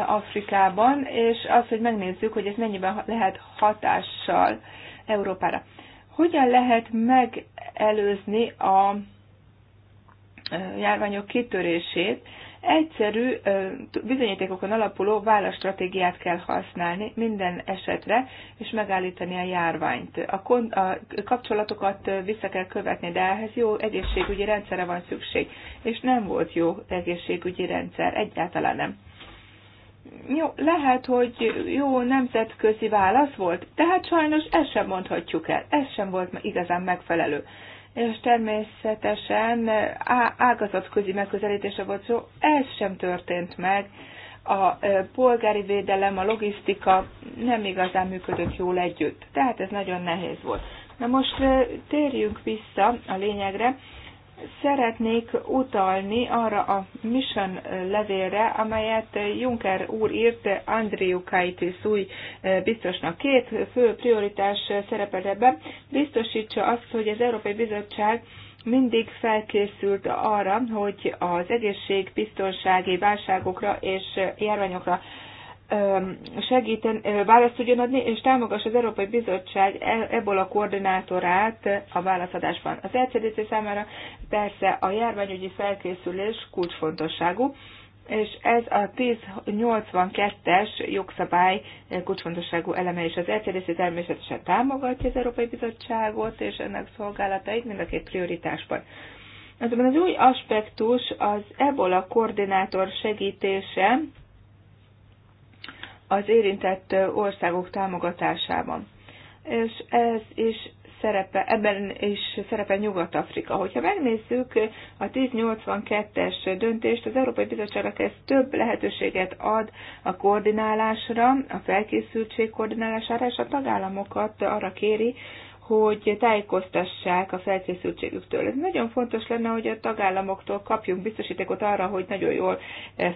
Afrikában, és az, hogy megnézzük, hogy ez mennyiben lehet hatással Európára. Hogyan lehet megelőzni a járványok kitörését, egyszerű bizonyítékokon alapuló válaszstratégiát kell használni minden esetre, és megállítani a járványt. A, kapcsolatokat vissza kell követni, de ehhez jó egészségügyi rendszere van szükség, és nem volt jó egészségügyi rendszer, egyáltalán nem. Jó, lehet, hogy jó nemzetközi válasz volt, Tehát sajnos ezt sem mondhatjuk el, ez sem volt igazán megfelelő és természetesen ágazatközi megközelítése volt szó, ez sem történt meg. A polgári védelem, a logisztika nem igazán működött jól együtt, tehát ez nagyon nehéz volt. Na most térjünk vissza a lényegre, Szeretnék utalni arra a mission levélre, amelyet Juncker úr írt Andriu Kaitis új eh, biztosnak. Két fő prioritás szerepel ebben. Biztosítsa azt, hogy az Európai Bizottság mindig felkészült arra, hogy az egészségbiztonsági válságokra és járványokra segíten, választ tudjon adni, és támogass az Európai Bizottság e, ebből a koordinátorát a válaszadásban. Az ECDC számára persze a járványügyi felkészülés kulcsfontosságú, és ez a 1082-es jogszabály kulcsfontosságú eleme, és az ECDC természetesen támogatja az Európai Bizottságot és ennek szolgálatait mind a két prioritásban. Azonban az új aspektus az ebola koordinátor segítése, az érintett országok támogatásában. És ez is szerepe, ebben is szerepe Nyugat-Afrika. Hogyha megnézzük a 1082-es döntést, az Európai Bizottságnak ez több lehetőséget ad a koordinálásra, a felkészültség koordinálására, és a tagállamokat arra kéri, hogy tájékoztassák a felkészültségüktől. Ez nagyon fontos lenne, hogy a tagállamoktól kapjunk biztosítékot arra, hogy nagyon jól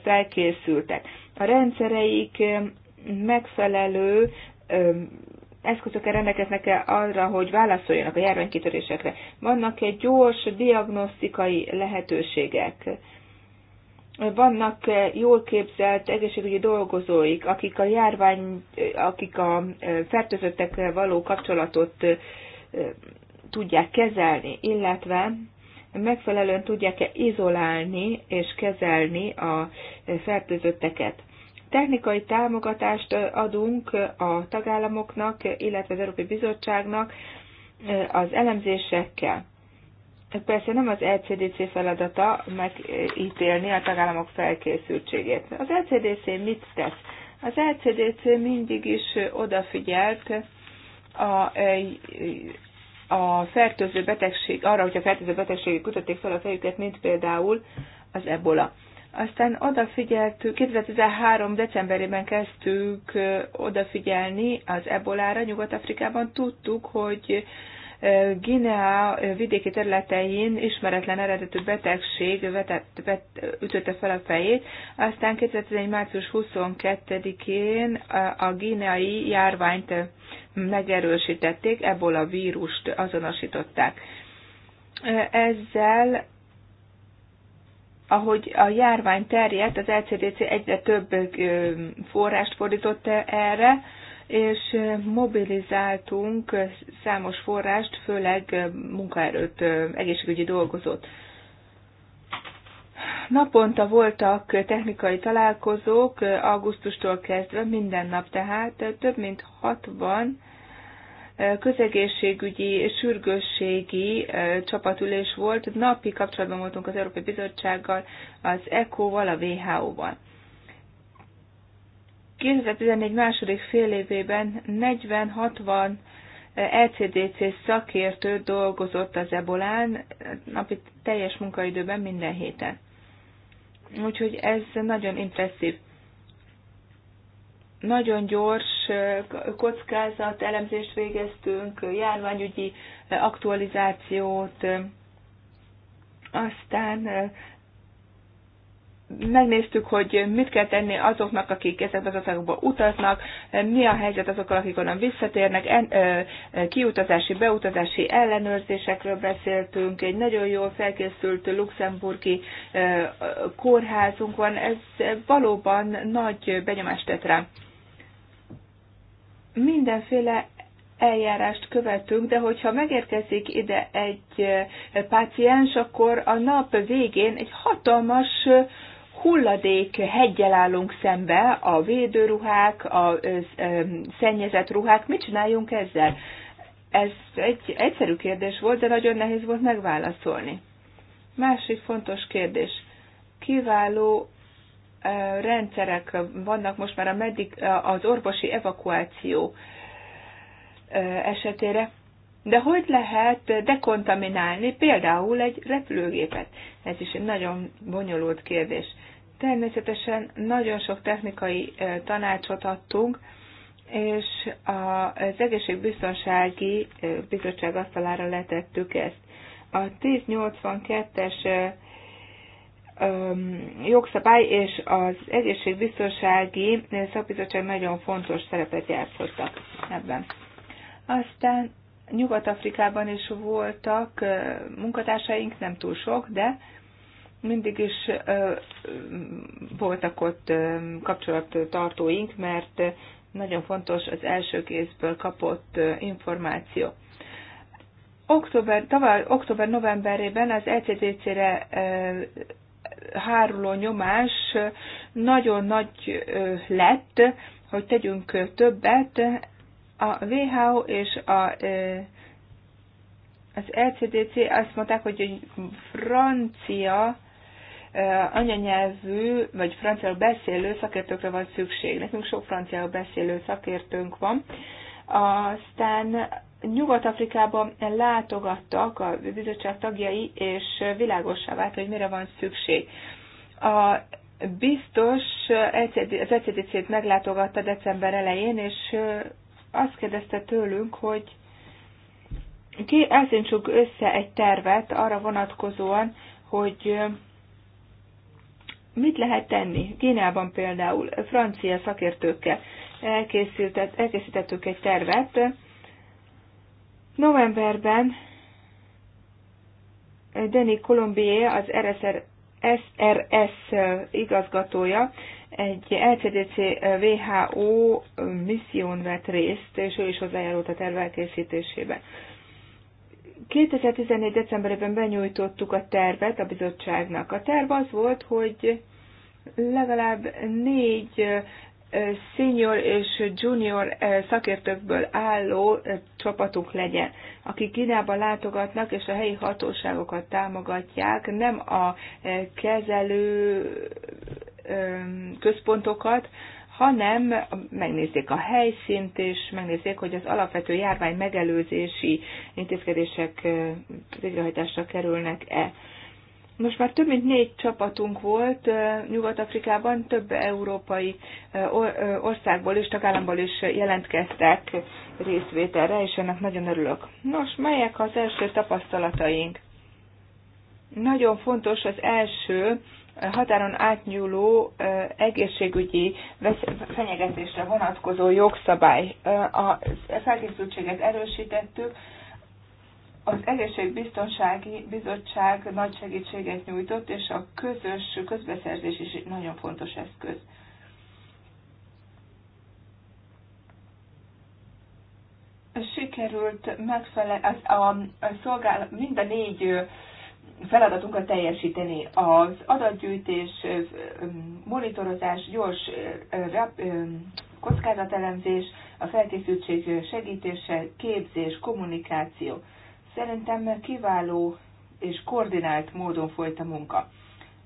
felkészültek. A rendszereik, megfelelő eszközökkel rendelkeznek-e arra, hogy válaszoljanak a járványkitörésekre? Vannak-e gyors diagnosztikai lehetőségek? Vannak jól képzelt egészségügyi dolgozóik, akik a járvány, akik a fertőzöttekkel való kapcsolatot tudják kezelni, illetve megfelelően tudják-e izolálni és kezelni a fertőzötteket. Technikai támogatást adunk a tagállamoknak, illetve az Európai Bizottságnak az elemzésekkel. Persze nem az LCDC e feladata megítélni a tagállamok felkészültségét. Az LCDC e mit tesz? Az LCDC e mindig is odafigyelt a, a fertőző betegség, arra, hogy a fertőző betegségek ütötték fel a fejüket, mint például az ebola. Aztán odafigyeltük, 2013. decemberében kezdtük odafigyelni az ebolára Nyugat-Afrikában. Tudtuk, hogy Guinea vidéki területein ismeretlen eredetű betegség vetett, vet, ütötte fel a fejét, aztán 2011. március 22-én a guineai járványt megerősítették, ebola vírust azonosították. Ezzel ahogy a járvány terjedt, az LCDC egyre több forrást fordított e- erre, és mobilizáltunk számos forrást, főleg munkaerőt, egészségügyi dolgozót. Naponta voltak technikai találkozók, augusztustól kezdve, minden nap tehát, több mint 60 közegészségügyi és sürgősségi csapatülés volt. Napi kapcsolatban voltunk az Európai Bizottsággal, az ECO-val, a WHO-val. 2014 második fél évében 40-60 ECDC szakértő dolgozott az ebolán napi teljes munkaidőben minden héten. Úgyhogy ez nagyon impresszív nagyon gyors kockázat elemzést végeztünk, járványügyi aktualizációt, aztán megnéztük, hogy mit kell tenni azoknak, akik ezekbe az országokba utaznak, mi a helyzet azokkal, akik onnan visszatérnek, en, ö, kiutazási, beutazási ellenőrzésekről beszéltünk, egy nagyon jól felkészült luxemburgi ö, kórházunk van, ez valóban nagy benyomást tett rá mindenféle eljárást követünk, de hogyha megérkezik ide egy eh, páciens, akkor a nap végén egy hatalmas eh, hulladék hegyel állunk szembe, a védőruhák, a eh, szennyezett ruhák, mit csináljunk ezzel? Ez egy egyszerű kérdés volt, de nagyon nehéz volt megválaszolni. Másik fontos kérdés. Kiváló rendszerek vannak most már a meddig, az orvosi evakuáció esetére, de hogy lehet dekontaminálni például egy repülőgépet? Ez is egy nagyon bonyolult kérdés. Természetesen nagyon sok technikai tanácsot adtunk, és az Egészségbiztonsági Bizottság asztalára letettük ezt. A 1082-es jogszabály és az egészségbiztonsági szakbizottság nagyon fontos szerepet játszottak ebben. Aztán Nyugat-Afrikában is voltak munkatársaink, nem túl sok, de mindig is voltak ott kapcsolattartóink, mert nagyon fontos az első kézből kapott információ. Október, tavaly október-novemberében az ECDC-re háruló nyomás nagyon nagy lett, hogy tegyünk többet. A WHO és a az LCDC e azt mondták, hogy egy francia anyanyelvű, vagy francia beszélő szakértőkre van szükség. Nekünk sok francia beszélő szakértőnk van. Aztán Nyugat-Afrikában látogattak a bizottság tagjai, és világosá vált, hogy mire van szükség. A biztos az ECDC-t meglátogatta december elején, és azt kérdezte tőlünk, hogy ki elszíntsük össze egy tervet arra vonatkozóan, hogy mit lehet tenni. Kínában például francia szakértőkkel elkészítettük egy tervet, Novemberben eh, Denis Colombier, az RSR, SRS eh, igazgatója, egy LCDC eh, WHO misszión vett részt, és ő is hozzájárult a terv elkészítésébe. 2014. decemberében benyújtottuk a tervet a bizottságnak. A terv az volt, hogy legalább négy senior és junior eh, szakértőkből álló eh, csapatunk legyen, akik Kínába látogatnak és a helyi hatóságokat támogatják, nem a eh, kezelő központokat, hanem megnézzék a helyszínt, és megnézzék, hogy az alapvető járvány megelőzési intézkedések végrehajtásra kerülnek-e. Most már több mint négy csapatunk volt Nyugat-Afrikában, több európai országból és tagállamból is jelentkeztek részvételre, és ennek nagyon örülök. Nos, melyek az első tapasztalataink? Nagyon fontos az első határon átnyúló egészségügyi fenyegetésre vonatkozó jogszabály. A felkészültséget erősítettük, az Egészségbiztonsági Bizottság nagy segítséget nyújtott, és a közös közbeszerzés is egy nagyon fontos eszköz. Sikerült megfelelni, az a, a szolgál, mind a négy feladatunkat teljesíteni. Az adatgyűjtés, monitorozás, gyors kockázatelemzés, a felkészültség segítése, képzés, kommunikáció. Szerintem kiváló és koordinált módon folyt a munka.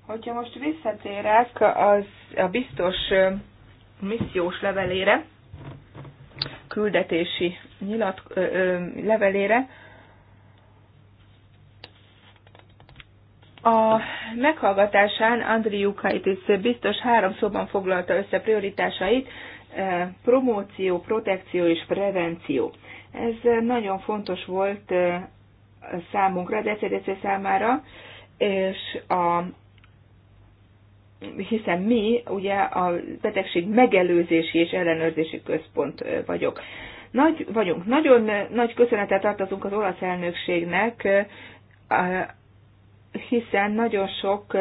Hogyha most visszatérek az, a biztos missziós levelére, küldetési nyilat, ö, ö, levelére, A meghallgatásán Andriy Ukaitis biztos három szóban foglalta össze prioritásait, promóció, protekció és prevenció. Ez nagyon fontos volt számunkra, az ECDC számára, és a, hiszen mi ugye a betegség megelőzési és ellenőrzési központ vagyok. Nagy vagyunk. Nagyon nagy köszönetet tartozunk az olasz elnökségnek, hiszen nagyon sok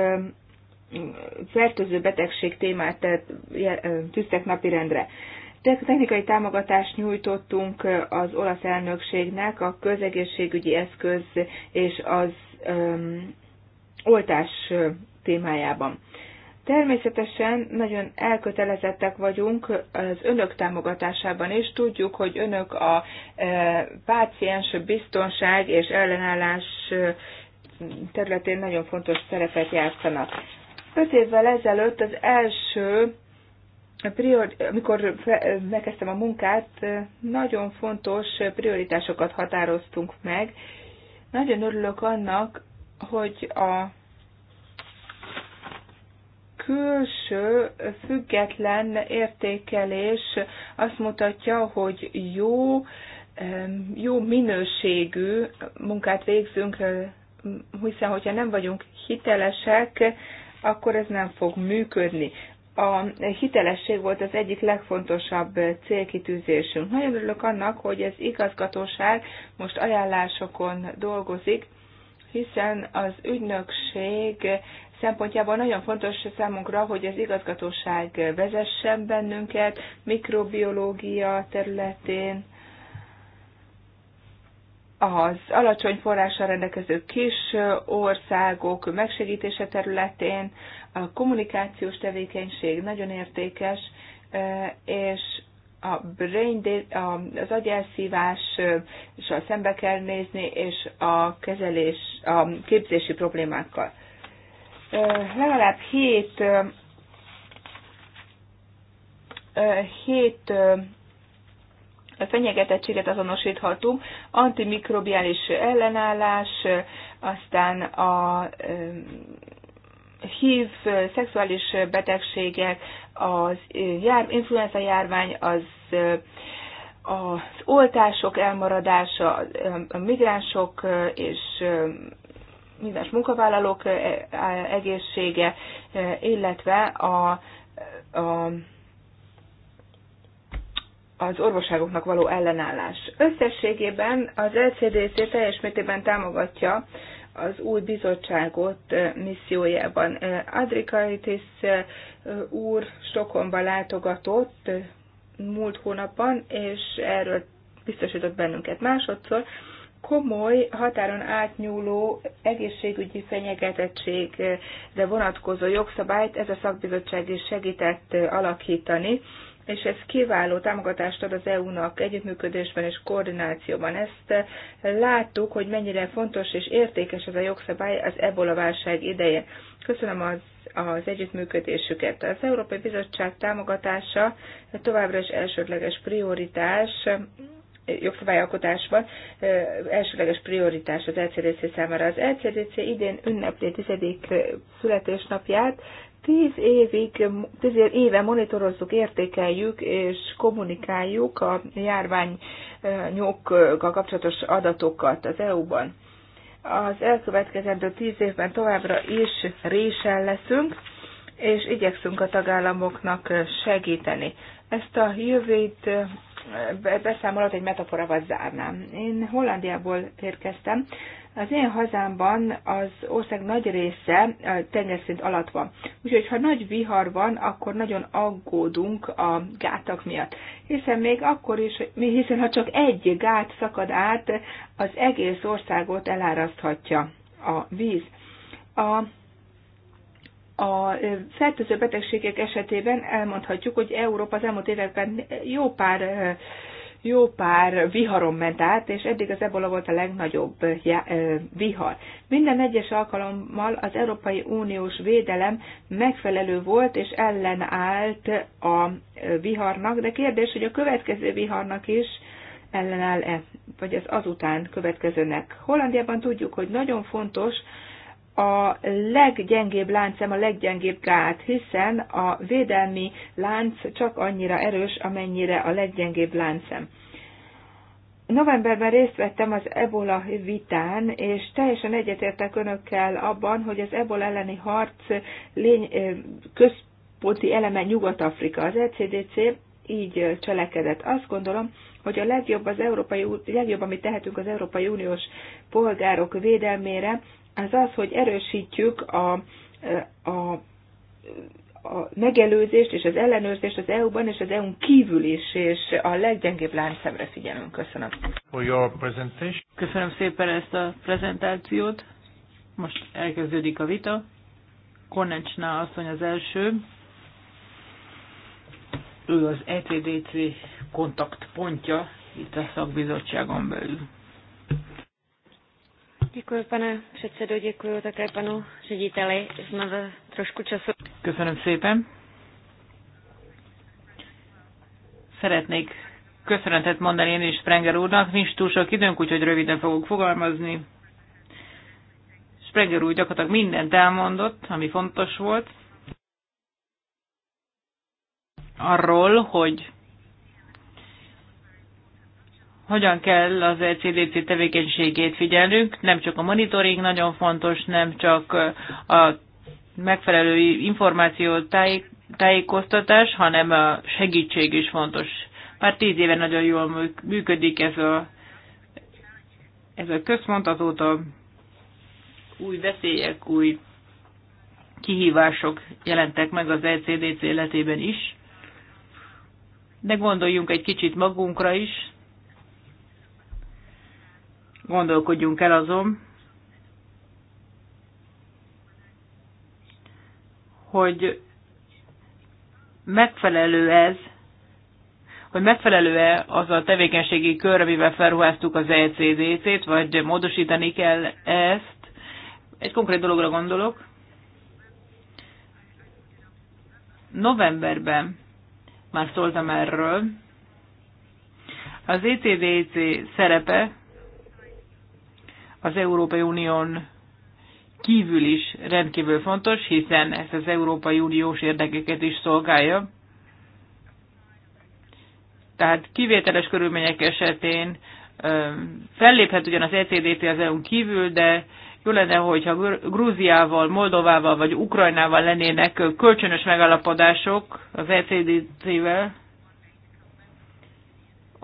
fertőző betegség témát tűztek napirendre technikai támogatást nyújtottunk az olasz elnökségnek a közegészségügyi eszköz és az öm, oltás témájában. Természetesen nagyon elkötelezettek vagyunk az önök támogatásában is. Tudjuk, hogy önök a e, páciens biztonság és ellenállás területén nagyon fontos szerepet játszanak. Öt évvel ezelőtt az első prior, amikor megkezdtem a munkát, nagyon fontos prioritásokat határoztunk meg. Nagyon örülök annak, hogy a külső független értékelés azt mutatja, hogy jó, jó minőségű munkát végzünk, hiszen hogyha nem vagyunk hitelesek, akkor ez nem fog működni a hitelesség volt az egyik legfontosabb célkitűzésünk. Nagyon örülök annak, hogy az igazgatóság most ajánlásokon dolgozik, hiszen az ügynökség szempontjából nagyon fontos számunkra, hogy az igazgatóság vezessen bennünket mikrobiológia területén, az alacsony forrással rendelkező kis országok megsegítése területén, a kommunikációs tevékenység nagyon értékes, és a brain az és a szembe kell nézni, és a kezelés, a képzési problémákkal. Legalább hét, hét fenyegetettséget azonosíthatunk, antimikrobiális ellenállás, aztán a hív, szexuális betegségek, az jár, influenza járvány, az az oltások elmaradása, a migránsok és migráns munkavállalók egészsége, illetve a, a az orvoságoknak való ellenállás. Összességében az LCDC teljes mértékben támogatja az új bizottságot eh, missziójában. Eh, Adrikaitis eh, úr Stokomba látogatott múlt hónapban, és erről biztosított bennünket másodszor. Komoly, határon átnyúló egészségügyi fenyegetettségre vonatkozó jogszabályt ez a szakbizottság is segített alakítani és ez kiváló támogatást ad az EU-nak együttműködésben és koordinációban. Ezt eh, láttuk, hogy mennyire fontos és értékes ez a jogszabály az ebola válság ideje. Köszönöm az, az együttműködésüket. Az Európai Bizottság támogatása továbbra is elsődleges prioritás eh, jogszabályalkotásban eh, elsőleges prioritás az LCDC e számára. Az LCDC e idén ünnepli tizedik születésnapját, Tíz évig, tíz éve monitorozzuk, értékeljük és kommunikáljuk a járványokkal kapcsolatos adatokat az EU-ban. Az elkövetkezendő tíz évben továbbra is résen leszünk, és igyekszünk a tagállamoknak segíteni. Ezt a jövőt beszámolat egy metaforával zárnám. Én Hollandiából érkeztem, az én hazámban az ország nagy része tengerszint alatt van. Úgyhogy, ha nagy vihar van, akkor nagyon aggódunk a gátak miatt. Hiszen még akkor is, hiszen ha csak egy gát szakad át, az egész országot eláraszthatja a víz. A a fertőző betegségek esetében elmondhatjuk, hogy Európa az elmúlt években jó pár jó pár viharon ment át, és eddig az ebola volt a legnagyobb vihar. Minden egyes alkalommal az Európai Uniós védelem megfelelő volt és ellenállt a viharnak, de kérdés, hogy a következő viharnak is ellenáll-e, vagy az azután következőnek. Hollandiában tudjuk, hogy nagyon fontos a leggyengébb láncem a leggyengébb gát, hiszen a védelmi lánc csak annyira erős, amennyire a leggyengébb láncem. Novemberben részt vettem az ebola vitán, és teljesen egyetértek önökkel abban, hogy az ebola elleni harc lény, központi eleme Nyugat-Afrika. Az ECDC így cselekedett. Azt gondolom, hogy a legjobb, az Európai, legjobb, amit tehetünk az Európai Uniós polgárok védelmére, az az, hogy erősítjük a, a a megelőzést és az ellenőrzést az EU-ban és az EU-n kívül is, és a leggyengébb láncszemre figyelünk. Köszönöm. For your presentation. Köszönöm szépen ezt a prezentációt. Most elkezdődik a vita. Konecsna asszony az első. Ő az ETDC kontaktpontja itt a szakbizottságon belül. Děkuji, pane předsedo, děkuji také panu řediteli. trošku času. Köszönöm szépen. Szeretnék köszönetet mondani én is Sprenger úrnak. Nincs túl sok időnk, úgyhogy röviden fogok fogalmazni. Sprenger úr gyakorlatilag mindent elmondott, ami fontos volt. Arról, hogy hogyan kell az LCDC e tevékenységét figyelnünk, nem csak a monitoring nagyon fontos, nem csak uh, a megfelelő információ tájékoztatás, hanem a segítség is fontos. Már tíz éve nagyon jól működik ez a, ez a központ, azóta új veszélyek, új kihívások jelentek meg az LCDC e életében is. De gondoljunk egy kicsit magunkra is, Gondolkodjunk el azon, hogy megfelelő ez, hogy megfelelő-e az a tevékenységi kör, amivel felruháztuk az ECDC-t, vagy módosítani kell ezt. Egy konkrét dologra gondolok. Novemberben már szóltam erről. Az ECDC szerepe az Európai Unión kívül is rendkívül fontos, hiszen ez az Európai Uniós érdekeket is szolgálja. Tehát kivételes körülmények esetén felléphet ugyan az ECDT az EU-n kívül, de jó lenne, hogyha Grúziával, Moldovával vagy Ukrajnával lennének kölcsönös megalapodások az ECDT-vel,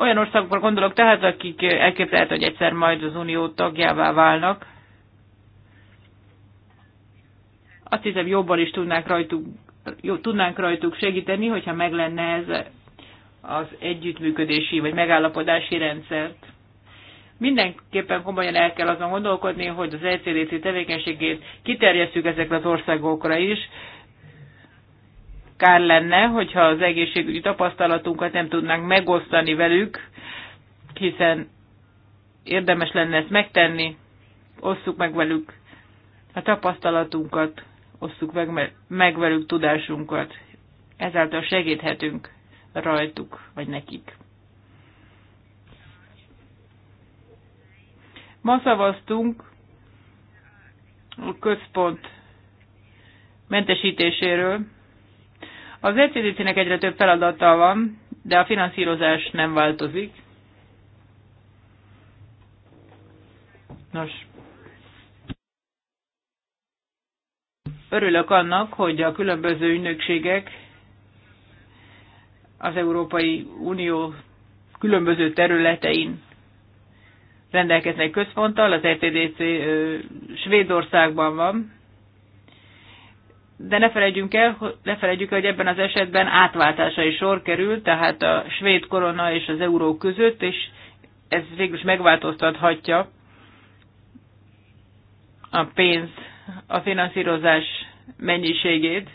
olyan országokra gondolok tehát, akik elképzelhet, hogy egyszer majd az unió tagjává válnak. Azt hiszem, jobban is tudnánk rajtuk, jó, tudnánk rajtuk segíteni, hogyha meg lenne ez az együttműködési vagy megállapodási rendszert. Mindenképpen komolyan el kell azon gondolkodni, hogy az ECDC tevékenységét kiterjesszük ezekre az országokra is, kár lenne, hogyha az egészségügyi tapasztalatunkat nem tudnánk megosztani velük, hiszen érdemes lenne ezt megtenni, osszuk meg velük a tapasztalatunkat, osszuk meg, meg velük tudásunkat, ezáltal segíthetünk rajtuk, vagy nekik. Ma szavaztunk a központ mentesítéséről, az ECDC-nek egyre több feladata van, de a finanszírozás nem változik. Nos, örülök annak, hogy a különböző ügynökségek az Európai Unió különböző területein rendelkeznek központtal, az ETDC Svédországban van, de ne felejtjük el, ne felejtjük hogy ebben az esetben átváltása is sor kerül, tehát a svéd korona és az euró között, és ez végül is megváltoztathatja a pénz, a finanszírozás mennyiségét.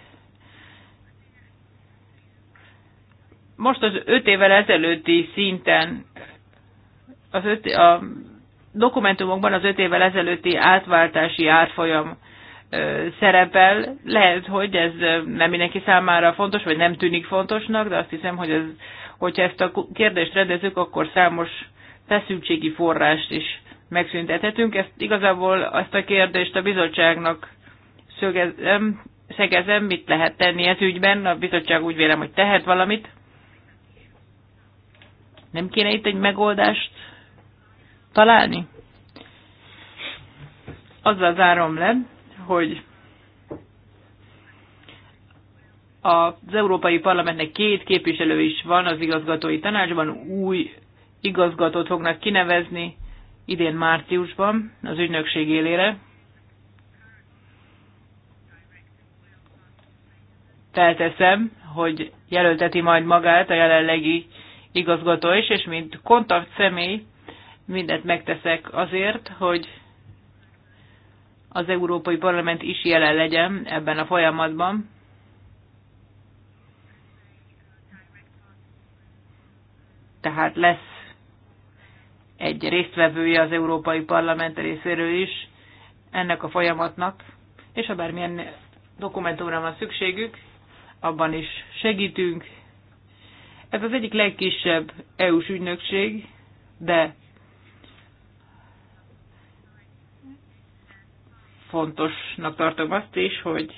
Most az öt évvel ezelőtti szinten, az öt, a dokumentumokban az öt évvel ezelőtti átváltási árfolyam szerepel. Lehet, hogy ez nem mindenki számára fontos, vagy nem tűnik fontosnak, de azt hiszem, hogy ez, hogyha ezt a kérdést rendezzük, akkor számos feszültségi forrást is megszüntethetünk. Ezt igazából azt a kérdést a bizottságnak szögezem, szegezem, mit lehet tenni ez ügyben. A bizottság úgy vélem, hogy tehet valamit. Nem kéne itt egy megoldást találni? Azzal zárom le, hogy az Európai Parlamentnek két képviselő is van az igazgatói tanácsban, új igazgatót fognak kinevezni idén márciusban az ügynökség élére. Felteszem, hogy jelölteti majd magát a jelenlegi igazgató is, és mint kontakt személy mindent megteszek azért, hogy az Európai Parlament is jelen legyen ebben a folyamatban. Tehát lesz egy résztvevője az Európai Parlament részéről is ennek a folyamatnak, és ha bármilyen dokumentumra van szükségük, abban is segítünk. Ez az egyik legkisebb EU-s ügynökség, de fontosnak tartom azt is, hogy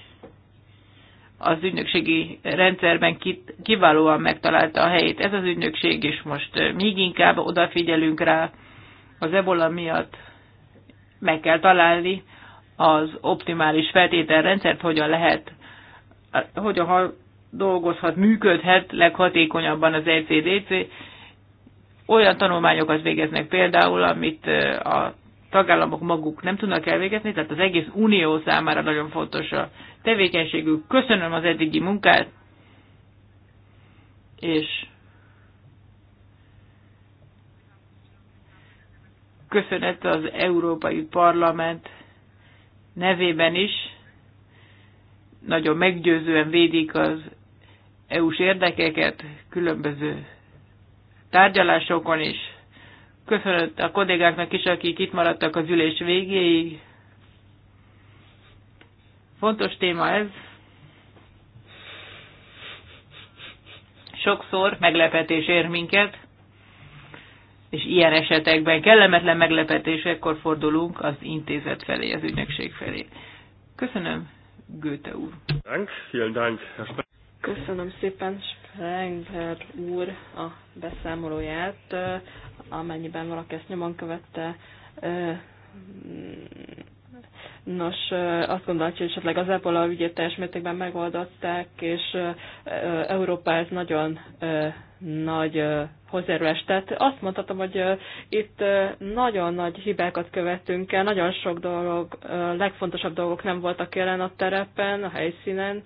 az ügynökségi rendszerben kiválóan megtalálta a helyét. Ez az ügynökség is most még inkább odafigyelünk rá. Az ebola miatt meg kell találni az optimális feltételrendszert, hogyan lehet, hogyan dolgozhat, működhet leghatékonyabban az ECDC. Olyan tanulmányokat végeznek például, amit a tagállamok maguk nem tudnak elvégezni, tehát az egész unió számára nagyon fontos a tevékenységük. Köszönöm az eddigi munkát, és köszönet az Európai Parlament nevében is. Nagyon meggyőzően védik az EU-s érdekeket különböző tárgyalásokon is köszönöm a kollégáknak is, akik itt maradtak az ülés végéig. Fontos téma ez. Sokszor meglepetés ér minket, és ilyen esetekben kellemetlen ekkor fordulunk az intézet felé, az ügynökség felé. Köszönöm, Göte úr. Köszönöm szépen Sprenger úr a beszámolóját amennyiben valaki ezt nyomon követte. Nos, azt gondolom, hogy esetleg az ebola ügyét teljes mértékben megoldották, és Európa ez nagyon nagy hozzájárulást Tehát Azt mondhatom, hogy itt nagyon nagy hibákat követtünk el, nagyon sok dolog, legfontosabb dolgok nem voltak jelen a terepen, a helyszínen,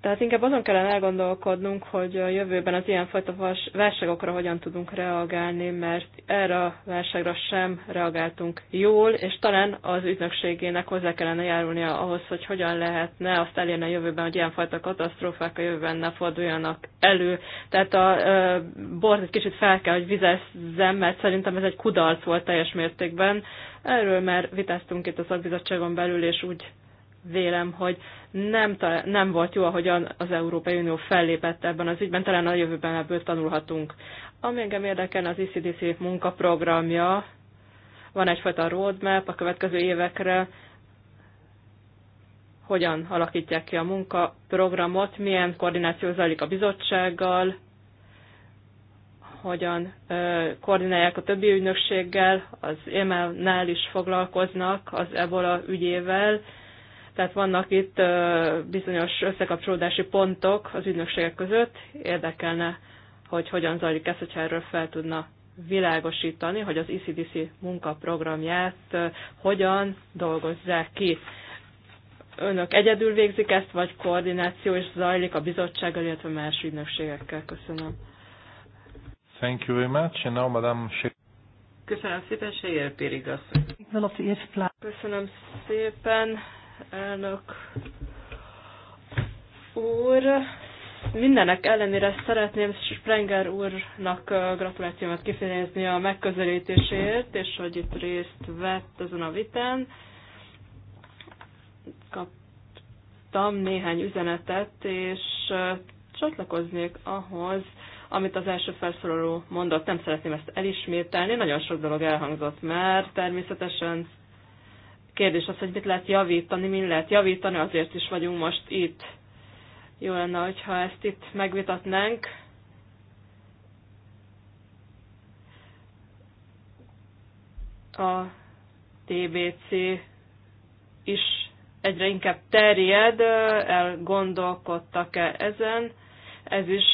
tehát inkább azon kellene elgondolkodnunk, hogy a jövőben az ilyenfajta válságokra hogyan tudunk reagálni, mert erre a válságra sem reagáltunk jól, és talán az ügynökségének hozzá kellene járulnia ahhoz, hogy hogyan lehetne azt elérni a jövőben, hogy ilyenfajta katasztrófák a jövőben ne forduljanak elő. Tehát a e, bort egy kicsit fel kell, hogy vizezzem, mert szerintem ez egy kudarc volt teljes mértékben. Erről már vitáztunk itt a szakbizottságon belül, és úgy vélem, hogy nem, nem volt jó, ahogyan az Európai Unió fellépett ebben az ügyben, talán a jövőben ebből tanulhatunk. Ami engem érdekel, az ICDC munkaprogramja, van egyfajta roadmap a következő évekre, hogyan alakítják ki a munkaprogramot, milyen koordináció zajlik a bizottsággal, hogyan ö, koordinálják a többi ügynökséggel, az emel nál is foglalkoznak az ebola ügyével, tehát vannak itt bizonyos összekapcsolódási pontok az ügynökségek között. Érdekelne, hogy hogyan zajlik ezt, hogyha erről fel tudna világosítani, hogy az ICDC e munkaprogramját hogyan dolgozzák ki. Önök egyedül végzik ezt, vagy koordináció is zajlik a bizottsággal, illetve más ügynökségekkel? Köszönöm. Thank you very much. And now, Madame Köszönöm szépen, Seyer Périgasz. Köszönöm szépen, elnök úr. Mindenek ellenére szeretném Sprenger úrnak gratulációmat kifejezni a megközelítéséért, és hogy itt részt vett ezen a vitán. Kaptam néhány üzenetet, és csatlakoznék ahhoz, amit az első felszólaló mondott, nem szeretném ezt elismételni, nagyon sok dolog elhangzott már, természetesen Kérdés az, hogy mit lehet javítani, min lehet javítani, azért is vagyunk most itt. Jó lenne, hogyha ezt itt megvitatnánk. A TBC is egyre inkább terjed, elgondolkodtak-e ezen. Ez is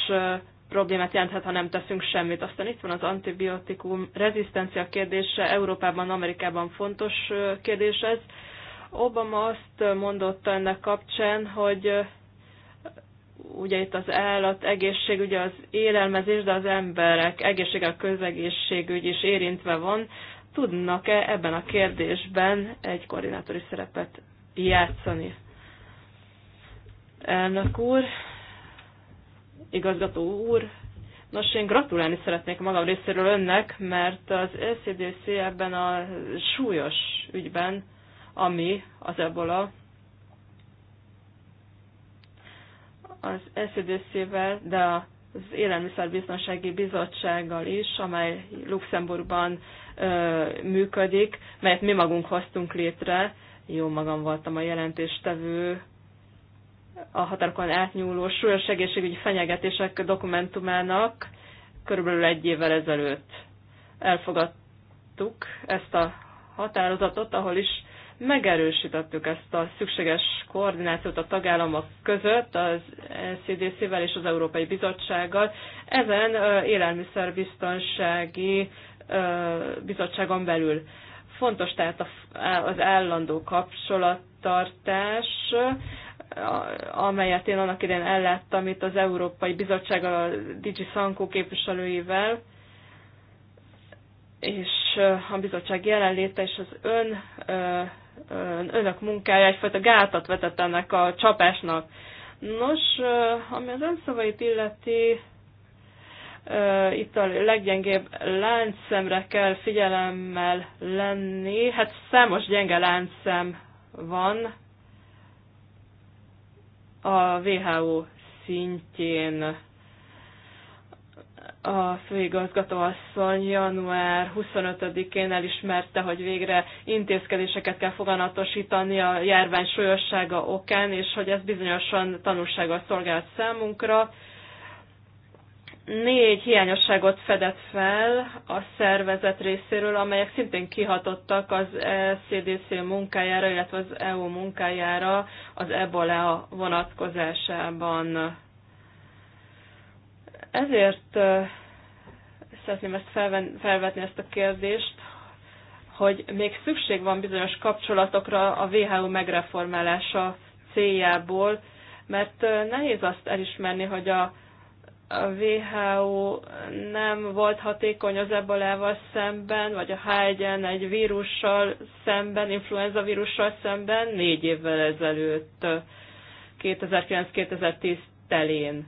problémát jelenthet, ha nem teszünk semmit. Aztán itt van az antibiotikum rezisztencia kérdése, Európában, Amerikában fontos kérdés ez. Obama azt mondotta ennek kapcsán, hogy ugye itt az állat egészség, ugye az élelmezés, de az emberek egészsége, a közegészségügy is érintve van. Tudnak-e ebben a kérdésben egy koordinátori szerepet játszani? Elnök úr, igazgató úr. Nos, én gratulálni szeretnék magam részéről önnek, mert az LCDC ebben a súlyos ügyben, ami az ebola, az LCDC-vel, de az Élelmiszerbiztonsági Bizottsággal is, amely Luxemburgban ö, működik, melyet mi magunk hoztunk létre. Jó magam voltam a jelentéstevő, a határokon átnyúló súlyos egészségügyi fenyegetések dokumentumának körülbelül egy évvel ezelőtt elfogadtuk ezt a határozatot, ahol is megerősítettük ezt a szükséges koordinációt a tagállamok között, az CDC-vel és az Európai Bizottsággal. Ezen élelmiszerbiztonsági bizottságon belül fontos tehát az állandó kapcsolattartás, amelyet én annak idején elláttam itt az Európai Bizottsággal, a Digi Sankó képviselőivel, és a bizottság jelenléte és az ön, önök munkája egyfajta gátat vetett ennek a csapásnak. Nos, ami az ön szavait illeti, itt a leggyengébb láncszemre kell figyelemmel lenni. Hát számos gyenge láncszem van, a WHO szintjén a asszony január 25-én elismerte, hogy végre intézkedéseket kell foganatosítani a járvány súlyossága okán, és hogy ez bizonyosan tanulsággal szolgált számunkra négy hiányosságot fedett fel a szervezet részéről, amelyek szintén kihatottak az CDC e munkájára, illetve az EU munkájára az ebola vonatkozásában. Ezért szeretném ezt felvetni ezt a kérdést, hogy még szükség van bizonyos kapcsolatokra a WHO megreformálása céljából, mert nehéz azt elismerni, hogy a a WHO nem volt hatékony az ebolával szemben, vagy a h 1 n egy vírussal szemben, influenza vírussal szemben négy évvel ezelőtt, 2009-2010 telén.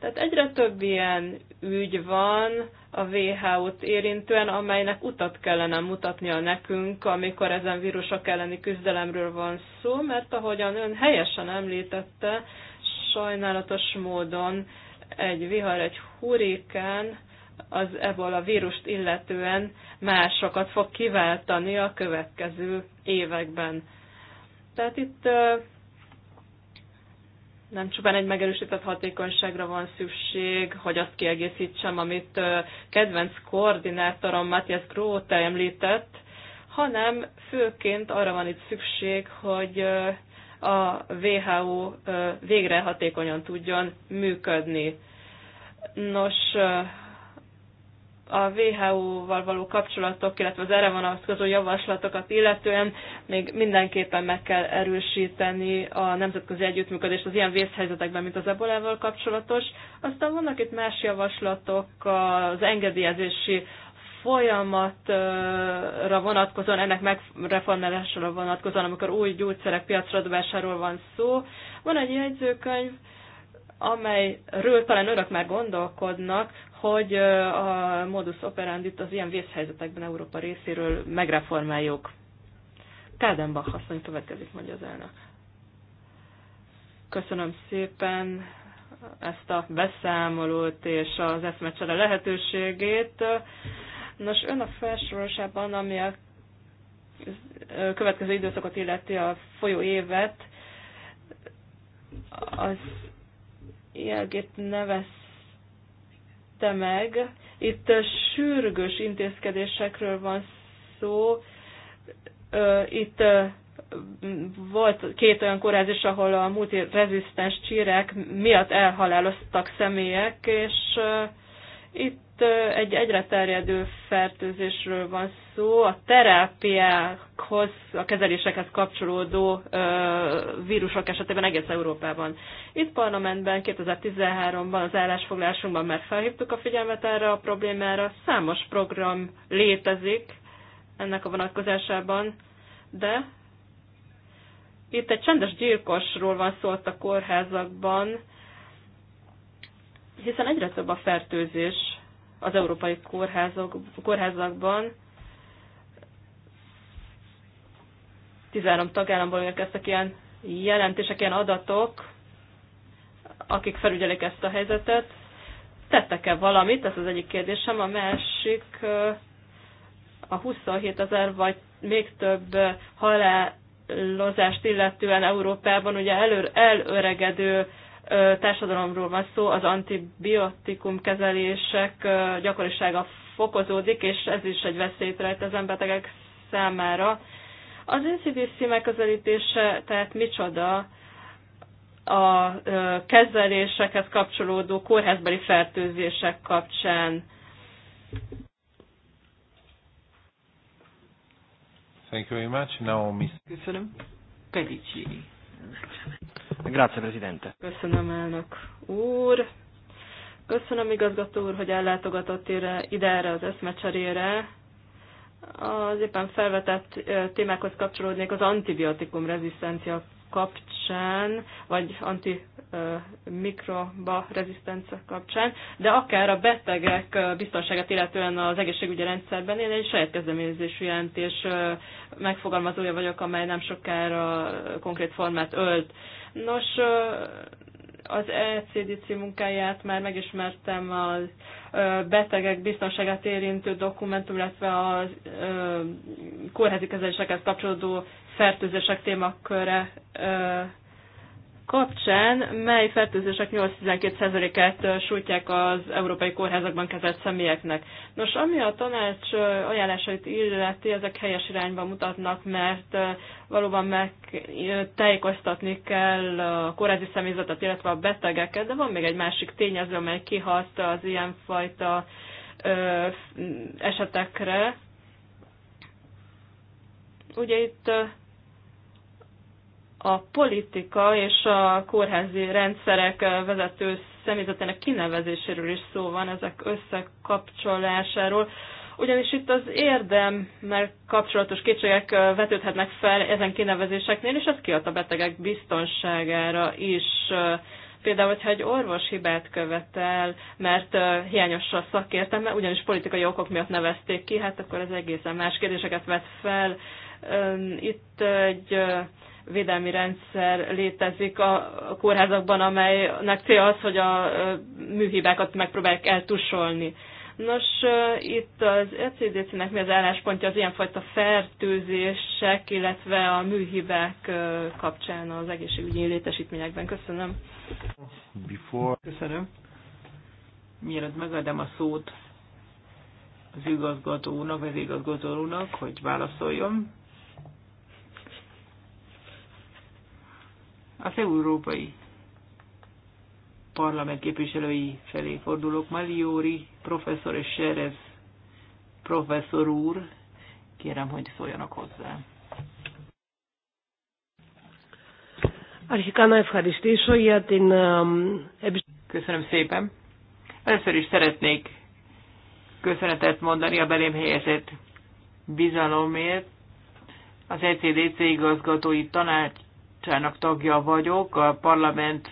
Tehát egyre több ilyen ügy van a WHO-t érintően, amelynek utat kellene mutatnia nekünk, amikor ezen vírusok elleni küzdelemről van szó, mert ahogyan ön helyesen említette, sajnálatos módon egy vihar, egy hurikán az ebola vírust illetően másokat fog kiváltani a következő években. Tehát itt nem csupán egy megerősített hatékonyságra van szükség, hogy azt kiegészítsem, amit kedvenc koordinátorom Matthias Gróte említett, hanem főként arra van itt szükség, hogy a WHO végre hatékonyan tudjon működni. Nos, a WHO-val való kapcsolatok, illetve az erre vonatkozó javaslatokat illetően még mindenképpen meg kell erősíteni a nemzetközi együttműködést az ilyen vészhelyzetekben, mint az ebolával kapcsolatos. Aztán vannak itt más javaslatok az engedélyezési folyamatra vonatkozóan, ennek megreformálásra vonatkozóan, amikor új gyógyszerek piacra dobásáról van szó. Van egy jegyzőkönyv, amelyről talán önök már gondolkodnak, hogy a modus operandi az ilyen vészhelyzetekben Európa részéről megreformáljuk. Kádenbach asszony következik, mondja az elnök. Köszönöm szépen ezt a beszámolót és az eszmecsere lehetőségét. Nos, ön a felsorolásában, ami a következő időszakot illeti a folyó évet, az ilyenként nevezte meg. Itt sürgős intézkedésekről van szó. Itt volt két olyan kórház is, ahol a multirezisztens csírek miatt elhaláloztak személyek, és itt egy egyre terjedő fertőzésről van szó, a terápiákhoz, a kezelésekhez kapcsolódó vírusok esetében egész Európában. Itt parlamentben 2013-ban az állásfoglásunkban már felhívtuk a figyelmet erre a problémára, számos program létezik ennek a vonatkozásában, de itt egy csendes gyilkosról van szó a kórházakban, hiszen egyre több a fertőzés az európai kórházok, kórházakban. 13 tagállamból érkeztek ilyen jelentések, ilyen adatok, akik felügyelik ezt a helyzetet. Tettek-e valamit? Ez az egyik kérdésem. A másik a 27 ezer vagy még több halálozást illetően Európában ugye elő, elöregedő társadalomról van szó, az antibiotikum kezelések gyakorisága fokozódik, és ez is egy veszélyt rejt ezen betegek számára. Az NCDC megközelítése, tehát micsoda a kezelésekhez kapcsolódó kórházbeli fertőzések kapcsán? Thank you very much. Now, Miss. Köszönöm. Grazie, Presidente. Köszönöm, elnök úr. Köszönöm, igazgató úr, hogy ellátogatott ide erre az eszmecserére. Az éppen felvetett eh, témákhoz kapcsolódnék az antibiotikum rezisztencia kapcsán, vagy antimikroba rezisztencia kapcsán, de akár a betegek biztonságát illetően az egészségügyi rendszerben én egy saját kezdeményezésű jelentés megfogalmazója vagyok, amely nem sokára konkrét formát ölt. Nos, az ECDC munkáját már megismertem a betegek biztonságát érintő dokumentum, illetve a kórházi kezeléseket kapcsolódó fertőzések témaköre kapcsán, mely fertőzések 8-12%-át sújtják az európai kórházakban kezelt személyeknek. Nos, ami a tanács ajánlásait illeti, ezek helyes irányba mutatnak, mert valóban meg tájékoztatni kell a kórházi személyzetet, illetve a betegeket, de van még egy másik tényező, amely kihat az ilyenfajta esetekre. Ugye itt a politika és a kórházi rendszerek vezető személyzetének kinevezéséről is szó van, ezek összekapcsolásáról. Ugyanis itt az érdemmel kapcsolatos kétségek vetődhetnek fel ezen kinevezéseknél, és ez kiad a betegek biztonságára is. Például, hogyha egy orvos hibát követel, mert hiányos a szakértelme, ugyanis politikai okok miatt nevezték ki, hát akkor ez egészen más kérdéseket vet fel, itt egy védelmi rendszer létezik a kórházakban, amelynek célja az, hogy a műhibákat megpróbálják eltusolni. Nos, itt az ECDC-nek mi az álláspontja az ilyenfajta fertőzések, illetve a műhibák kapcsán az egészségügyi létesítményekben? Köszönöm. Before. Köszönöm. Mielőtt megadom a szót az igazgatónak, az igazgatónak, hogy válaszoljon, Az európai parlament képviselői felé fordulok. Maliori professzor és Serez professzor úr, kérem, hogy szóljanak hozzá. Um, Köszönöm szépen. Először is szeretnék köszönetet mondani a belém helyezett bizalomért. Az ECDC igazgatói tanács bizottságnak tagja vagyok, a parlament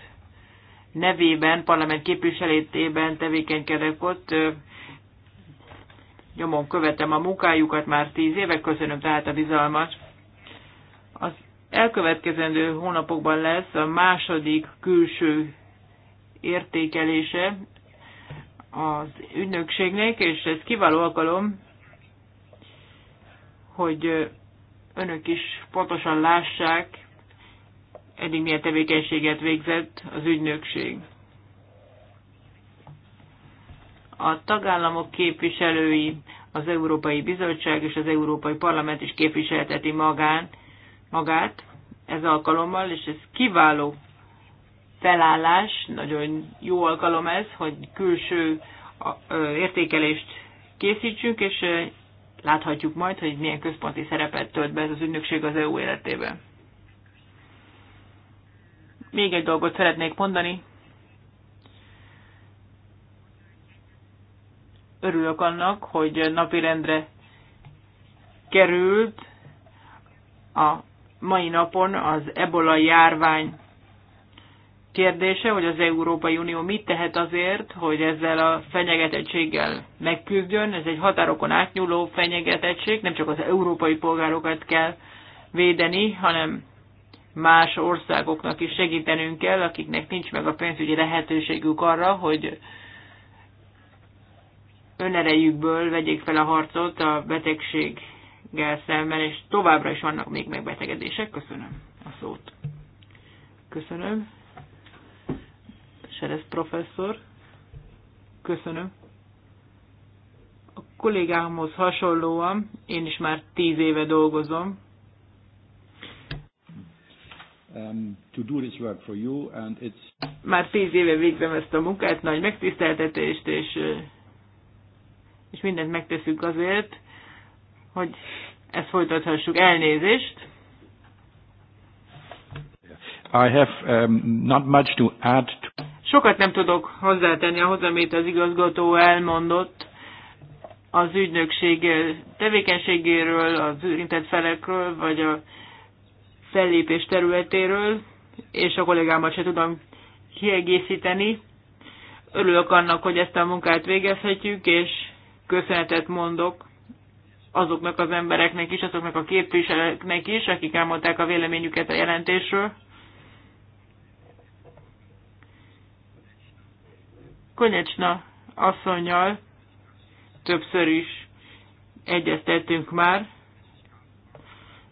nevében, parlament képviselétében tevékenykedek ott, nyomon követem a munkájukat már tíz éve, köszönöm tehát a bizalmat. Az elkövetkezendő hónapokban lesz a második külső értékelése az ügynökségnek, és ez kiváló alkalom, hogy önök is pontosan lássák, eddig milyen tevékenységet végzett az ügynökség. A tagállamok képviselői, az Európai Bizottság és az Európai Parlament is képviselteti magán, magát ez alkalommal, és ez kiváló felállás, nagyon jó alkalom ez, hogy külső értékelést készítsünk, és láthatjuk majd, hogy milyen központi szerepet tölt be ez az ügynökség az EU életében. Még egy dolgot szeretnék mondani. Örülök annak, hogy napirendre került a mai napon az ebola járvány kérdése, hogy az Európai Unió mit tehet azért, hogy ezzel a fenyegetettséggel megküzdjön. Ez egy határokon átnyúló fenyegetettség, nem csak az európai polgárokat kell védeni, hanem más országoknak is segítenünk kell, akiknek nincs meg a pénzügyi lehetőségük arra, hogy önerejükből vegyék fel a harcot a betegséggel szemben, és továbbra is vannak még megbetegedések. Köszönöm a szót. Köszönöm. Serez professzor. Köszönöm. A kollégámhoz hasonlóan én is már tíz éve dolgozom Um, to do this work for you, and it's... Már tíz éve végzem ezt a munkát, nagy megtiszteltetést, és, és mindent megteszünk azért, hogy ezt folytathassuk. Elnézést! I have um, not much to add to... Sokat nem tudok hozzátenni ahhoz, amit az igazgató elmondott az ügynökség tevékenységéről, az érintett felekről, vagy a fellépés területéről, és a kollégámat se tudom kiegészíteni. Örülök annak, hogy ezt a munkát végezhetjük, és köszönetet mondok azoknak az embereknek is, azoknak a képviselőknek is, akik elmondták a véleményüket a jelentésről. Konyecsna asszonynal többször is egyeztettünk már.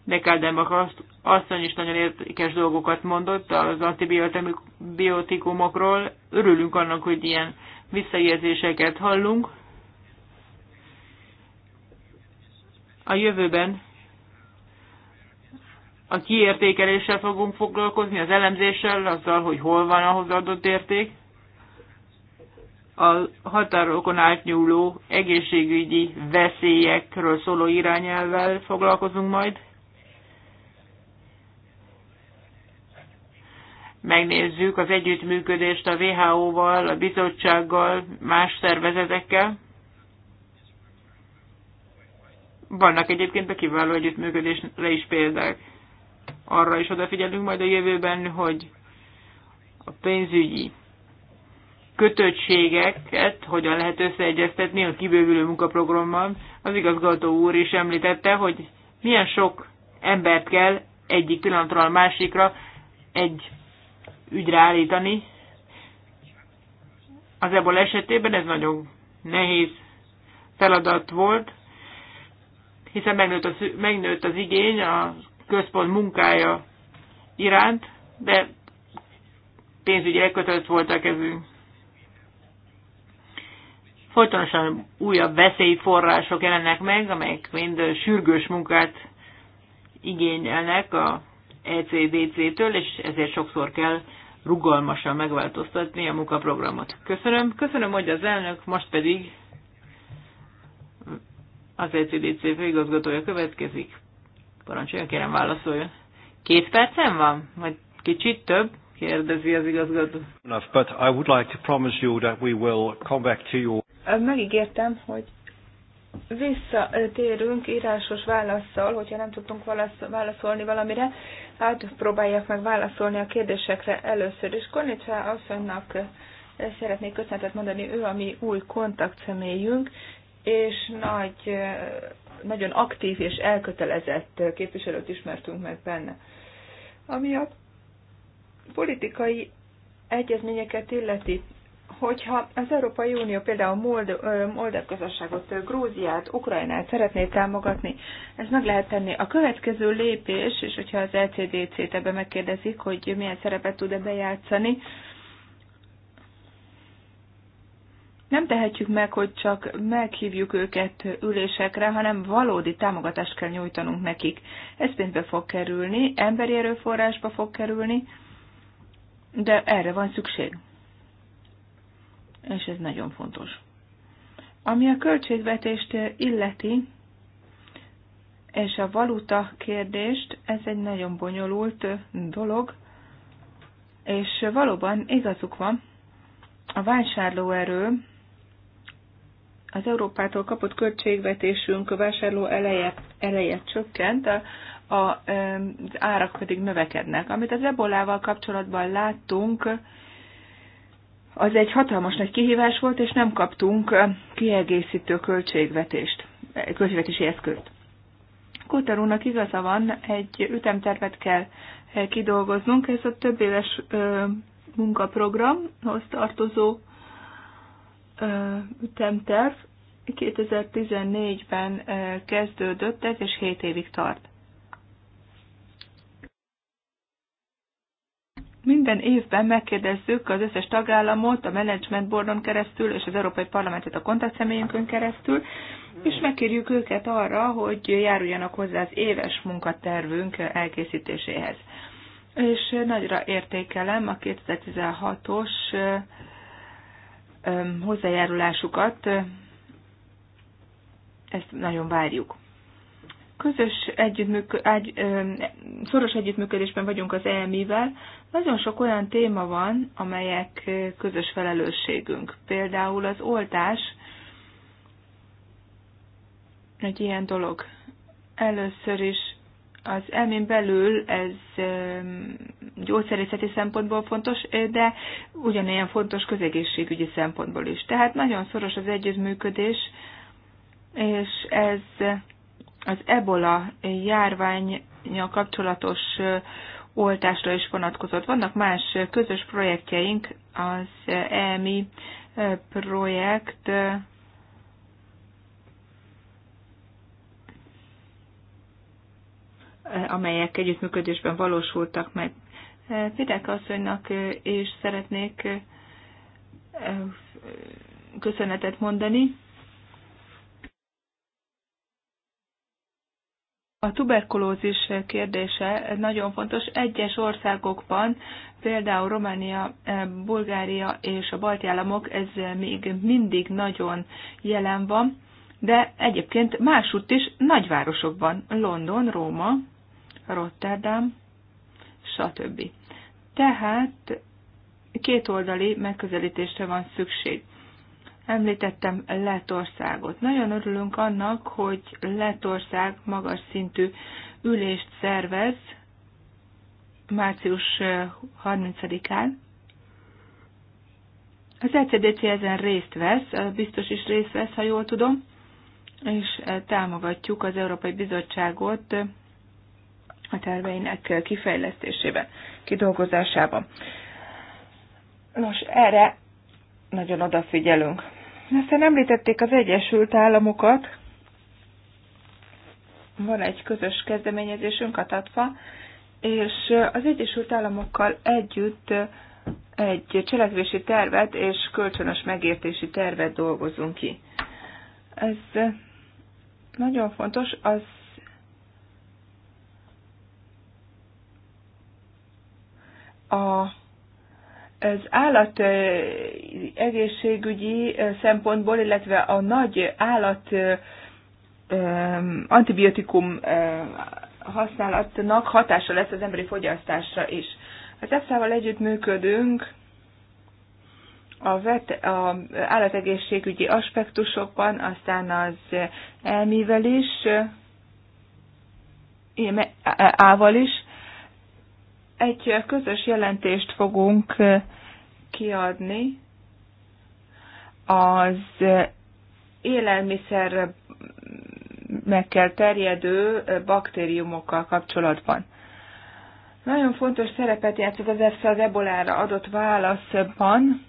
de azt asszony is nagyon értékes dolgokat mondott az antibiotikumokról. Örülünk annak, hogy ilyen visszajelzéseket hallunk. A jövőben a kiértékeléssel fogunk foglalkozni, az elemzéssel, azzal, hogy hol van ahhoz adott érték. A határokon átnyúló egészségügyi veszélyekről szóló irányelvvel foglalkozunk majd. megnézzük az együttműködést a WHO-val, a bizottsággal, más szervezetekkel. Vannak egyébként a kiváló együttműködésre is példák. Arra is odafigyelünk majd a jövőben, hogy a pénzügyi kötöttségeket hogyan lehet összeegyeztetni a kibővülő munkaprogrammal. Az igazgató úr is említette, hogy milyen sok embert kell egyik pillanatról a másikra egy ügyre állítani. Az ebből esetében ez nagyon nehéz feladat volt, hiszen megnőtt az, megnőtt az igény a központ munkája iránt, de pénzügyi elkötelezett volt a kezünk. Folytonosan újabb veszélyforrások jelennek meg, amelyek mind sürgős munkát igényelnek a ECDC-től, és ezért sokszor kell rugalmasan megváltoztatni a munkaprogramot. Köszönöm, köszönöm, hogy az elnök, most pedig az ECDC főigazgatója következik. Parancsoljon, kérem válaszoljon. Két percem van? Vagy kicsit több? kérdezi az igazgató. But I would like to promise you that we will come back to you. Megígértem, hogy visszatérünk írásos válaszsal, hogyha nem tudtunk válaszolni valamire, hát próbálják meg válaszolni a kérdésekre először is. Kornicsa asszonynak eh, szeretnék köszönetet mondani, ő a mi új kontaktszemélyünk, és nagy, eh, nagyon aktív és elkötelezett képviselőt ismertünk meg benne. Ami a politikai egyezményeket illeti, hogyha az Európai Unió például Moldev közösságot, Grúziát, Ukrajnát szeretné támogatni, ez meg lehet tenni. A következő lépés, és hogyha az LCDC-t e ebbe megkérdezik, hogy milyen szerepet tud e bejátszani, nem tehetjük meg, hogy csak meghívjuk őket ülésekre, hanem valódi támogatást kell nyújtanunk nekik. Ez pénzbe fog kerülni, emberi erőforrásba fog kerülni, de erre van szükség és ez nagyon fontos. Ami a költségvetést illeti, és a valuta kérdést, ez egy nagyon bonyolult dolog, és valóban igazuk van, a vásárlóerő, az Európától kapott költségvetésünk a vásárló eleje, eleje csökkent, a, a, az árak pedig növekednek. Amit az ebolával kapcsolatban láttunk, az egy hatalmas nagy kihívás volt, és nem kaptunk kiegészítő költségvetést, költségvetési eszközt. Kotter igaza van, egy ütemtervet kell kidolgoznunk, ez a több éves munkaprogramhoz tartozó ütemterv 2014-ben kezdődött, ez és 7 évig tart. Minden évben megkérdezzük az összes tagállamot, a Management Boardon keresztül, és az Európai Parlamentet a kontaktszemélyünkön keresztül, és megkérjük őket arra, hogy járuljanak hozzá az éves munkatervünk elkészítéséhez. És nagyra értékelem a 2016-os hozzájárulásukat, ezt nagyon várjuk. Közös együttműk, egy, ö, szoros együttműködésben vagyunk az EMI-vel. Nagyon sok olyan téma van, amelyek közös felelősségünk. Például az oltás egy ilyen dolog. Először is az elmén belül ez gyógyszerészeti szempontból fontos, de ugyanilyen fontos közegészségügyi szempontból is. Tehát nagyon szoros az együttműködés, és ez az ebola járvány kapcsolatos oltásra is vonatkozott. Vannak más közös projektjeink, az EMI projekt, amelyek együttműködésben valósultak meg. Fidek asszonynak és szeretnék köszönetet mondani A tuberkulózis kérdése nagyon fontos. Egyes országokban, például Románia, eh, Bulgária és a balti államok, ez még mindig nagyon jelen van, de egyébként másutt is nagyvárosokban, London, Róma, Rotterdam, stb. Tehát oldali megközelítésre van szükség. Említettem Letországot. Nagyon örülünk annak, hogy Letország magas szintű ülést szervez március 30-án. Az ECDC ezen részt vesz, biztos is részt vesz, ha jól tudom, és támogatjuk az Európai Bizottságot a terveinek kifejlesztésében, kidolgozásában. Nos, erre nagyon odafigyelünk. Aztán említették az Egyesült Államokat. Van egy közös kezdeményezésünk, a TATFA, és az Egyesült Államokkal együtt egy cselekvési tervet és kölcsönös megértési tervet dolgozunk ki. Ez nagyon fontos, az a az állat egészségügyi szempontból, illetve a nagy állat antibiotikum használatnak hatása lesz az emberi fogyasztásra is. Az EFSA-val együttműködünk a, vet, a állategészségügyi aspektusokban, aztán az elmivel is, ával e is, egy közös jelentést fogunk kiadni az élelmiszer kell terjedő baktériumokkal kapcsolatban. Nagyon fontos szerepet játszott az EFSA az ebolára adott válaszban.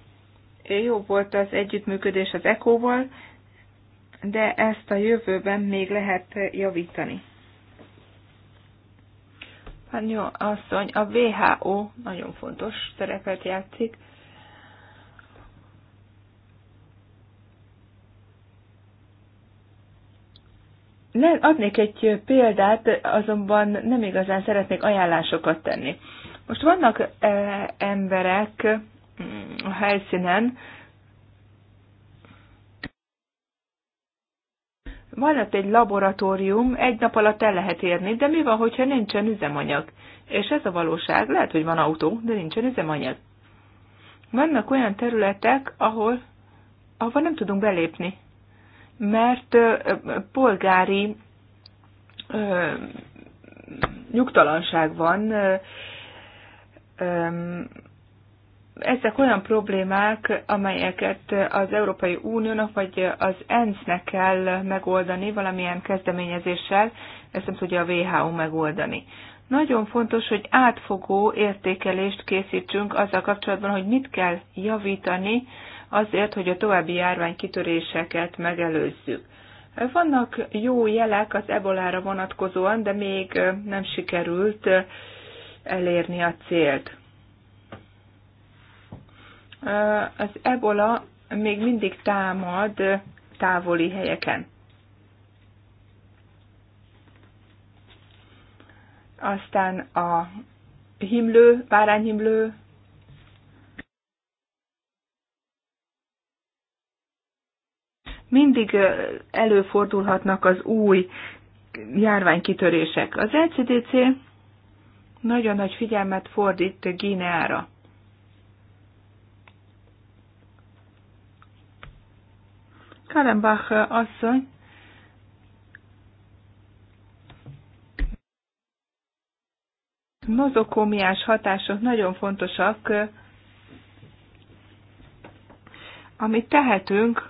Jó volt az együttműködés az ECO-val, de ezt a jövőben még lehet javítani jó, asszony, a WHO nagyon fontos szerepet játszik. Ne, adnék egy példát, azonban nem igazán szeretnék ajánlásokat tenni. Most vannak e, emberek mm, a helyszínen, Van ott egy laboratórium, egy nap alatt el lehet érni, de mi van, hogyha nincsen üzemanyag? És ez a valóság, lehet, hogy van autó, de nincsen üzemanyag. Vannak olyan területek, ahol, ahol nem tudunk belépni, mert polgári ö, nyugtalanság van, ö, ezek olyan problémák, amelyeket az Európai Uniónak vagy az ENSZ-nek kell megoldani valamilyen kezdeményezéssel, ezt nem tudja a WHO megoldani. Nagyon fontos, hogy átfogó értékelést készítsünk azzal kapcsolatban, hogy mit kell javítani azért, hogy a további kitöréseket megelőzzük. Vannak jó jelek az ebolára vonatkozóan, de még nem sikerült elérni a célt az ebola még mindig támad távoli helyeken. Aztán a himlő, bárányhimlő, mindig előfordulhatnak az új járványkitörések. Az LCDC nagyon nagy figyelmet fordít Gíneára. Kalembach asszony, nozokómiás hatások nagyon fontosak, amit tehetünk,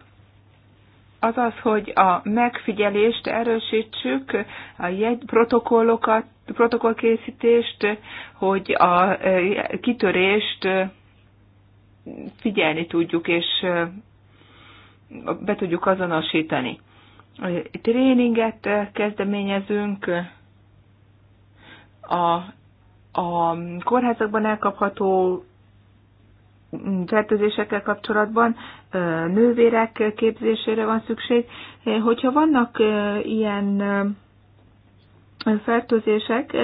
az az, hogy a megfigyelést erősítsük, a jegy protokollokat, protokollkészítést, hogy a e, kitörést e, figyelni tudjuk, és e, be tudjuk azonosítani. Tréninget kezdeményezünk a, a kórházakban elkapható fertőzésekkel kapcsolatban nővérek képzésére van szükség. Hogyha vannak ilyen fertőzések,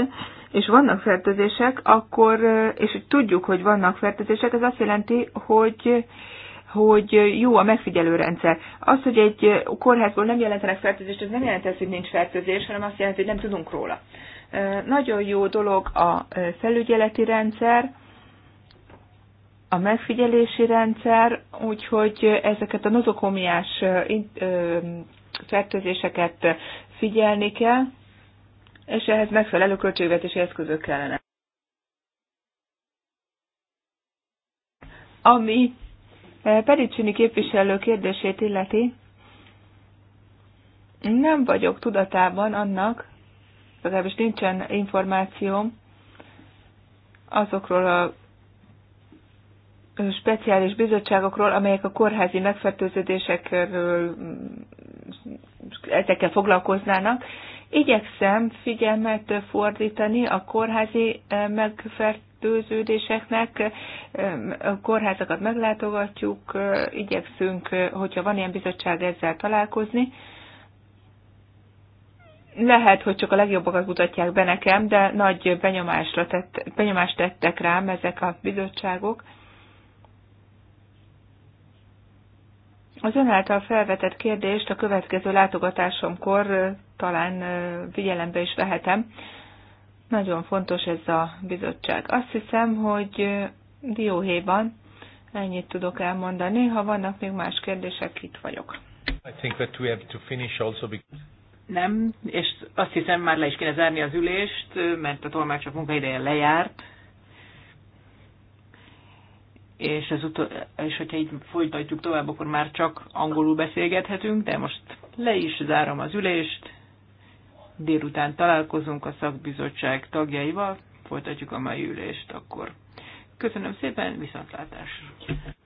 és vannak fertőzések, akkor, és tudjuk, hogy vannak fertőzések, ez azt jelenti, hogy hogy jó a rendszer. Az, hogy egy kórházból nem jelentenek fertőzést, ez nem jelenti azt, hogy nincs fertőzés, hanem azt jelenti, hogy nem tudunk róla. Nagyon jó dolog a felügyeleti rendszer, a megfigyelési rendszer, úgyhogy ezeket a nozokomiás fertőzéseket figyelni kell, és ehhez megfelelő költségvetési eszközök kellene. Ami Pericsini képviselő kérdését illeti, nem vagyok tudatában annak, legalábbis nincsen információm azokról a speciális bizottságokról, amelyek a kórházi megfertőződésekről mm, ezekkel foglalkoznának. Igyekszem figyelmet fordítani a kórházi megfert fertőződéseknek, a kórházakat meglátogatjuk, igyekszünk, hogyha van ilyen bizottság, ezzel találkozni. Lehet, hogy csak a legjobbakat mutatják be nekem, de nagy benyomásra tett, benyomást tettek rám ezek a bizottságok. Az ön által felvetett kérdést a következő látogatásomkor talán figyelembe is vehetem nagyon fontos ez a bizottság. Azt hiszem, hogy dióhéjban ennyit tudok elmondani. Ha vannak még más kérdések, itt vagyok. I think that we have to finish also because... Nem, és azt hiszem már le is kéne zárni az ülést, mert a tolmácsok munkaideje lejárt. És, az utol- és hogyha így folytatjuk tovább, akkor már csak angolul beszélgethetünk, de most le is zárom az ülést délután találkozunk a szakbizottság tagjaival, folytatjuk a mai ülést akkor. Köszönöm szépen, viszontlátásra!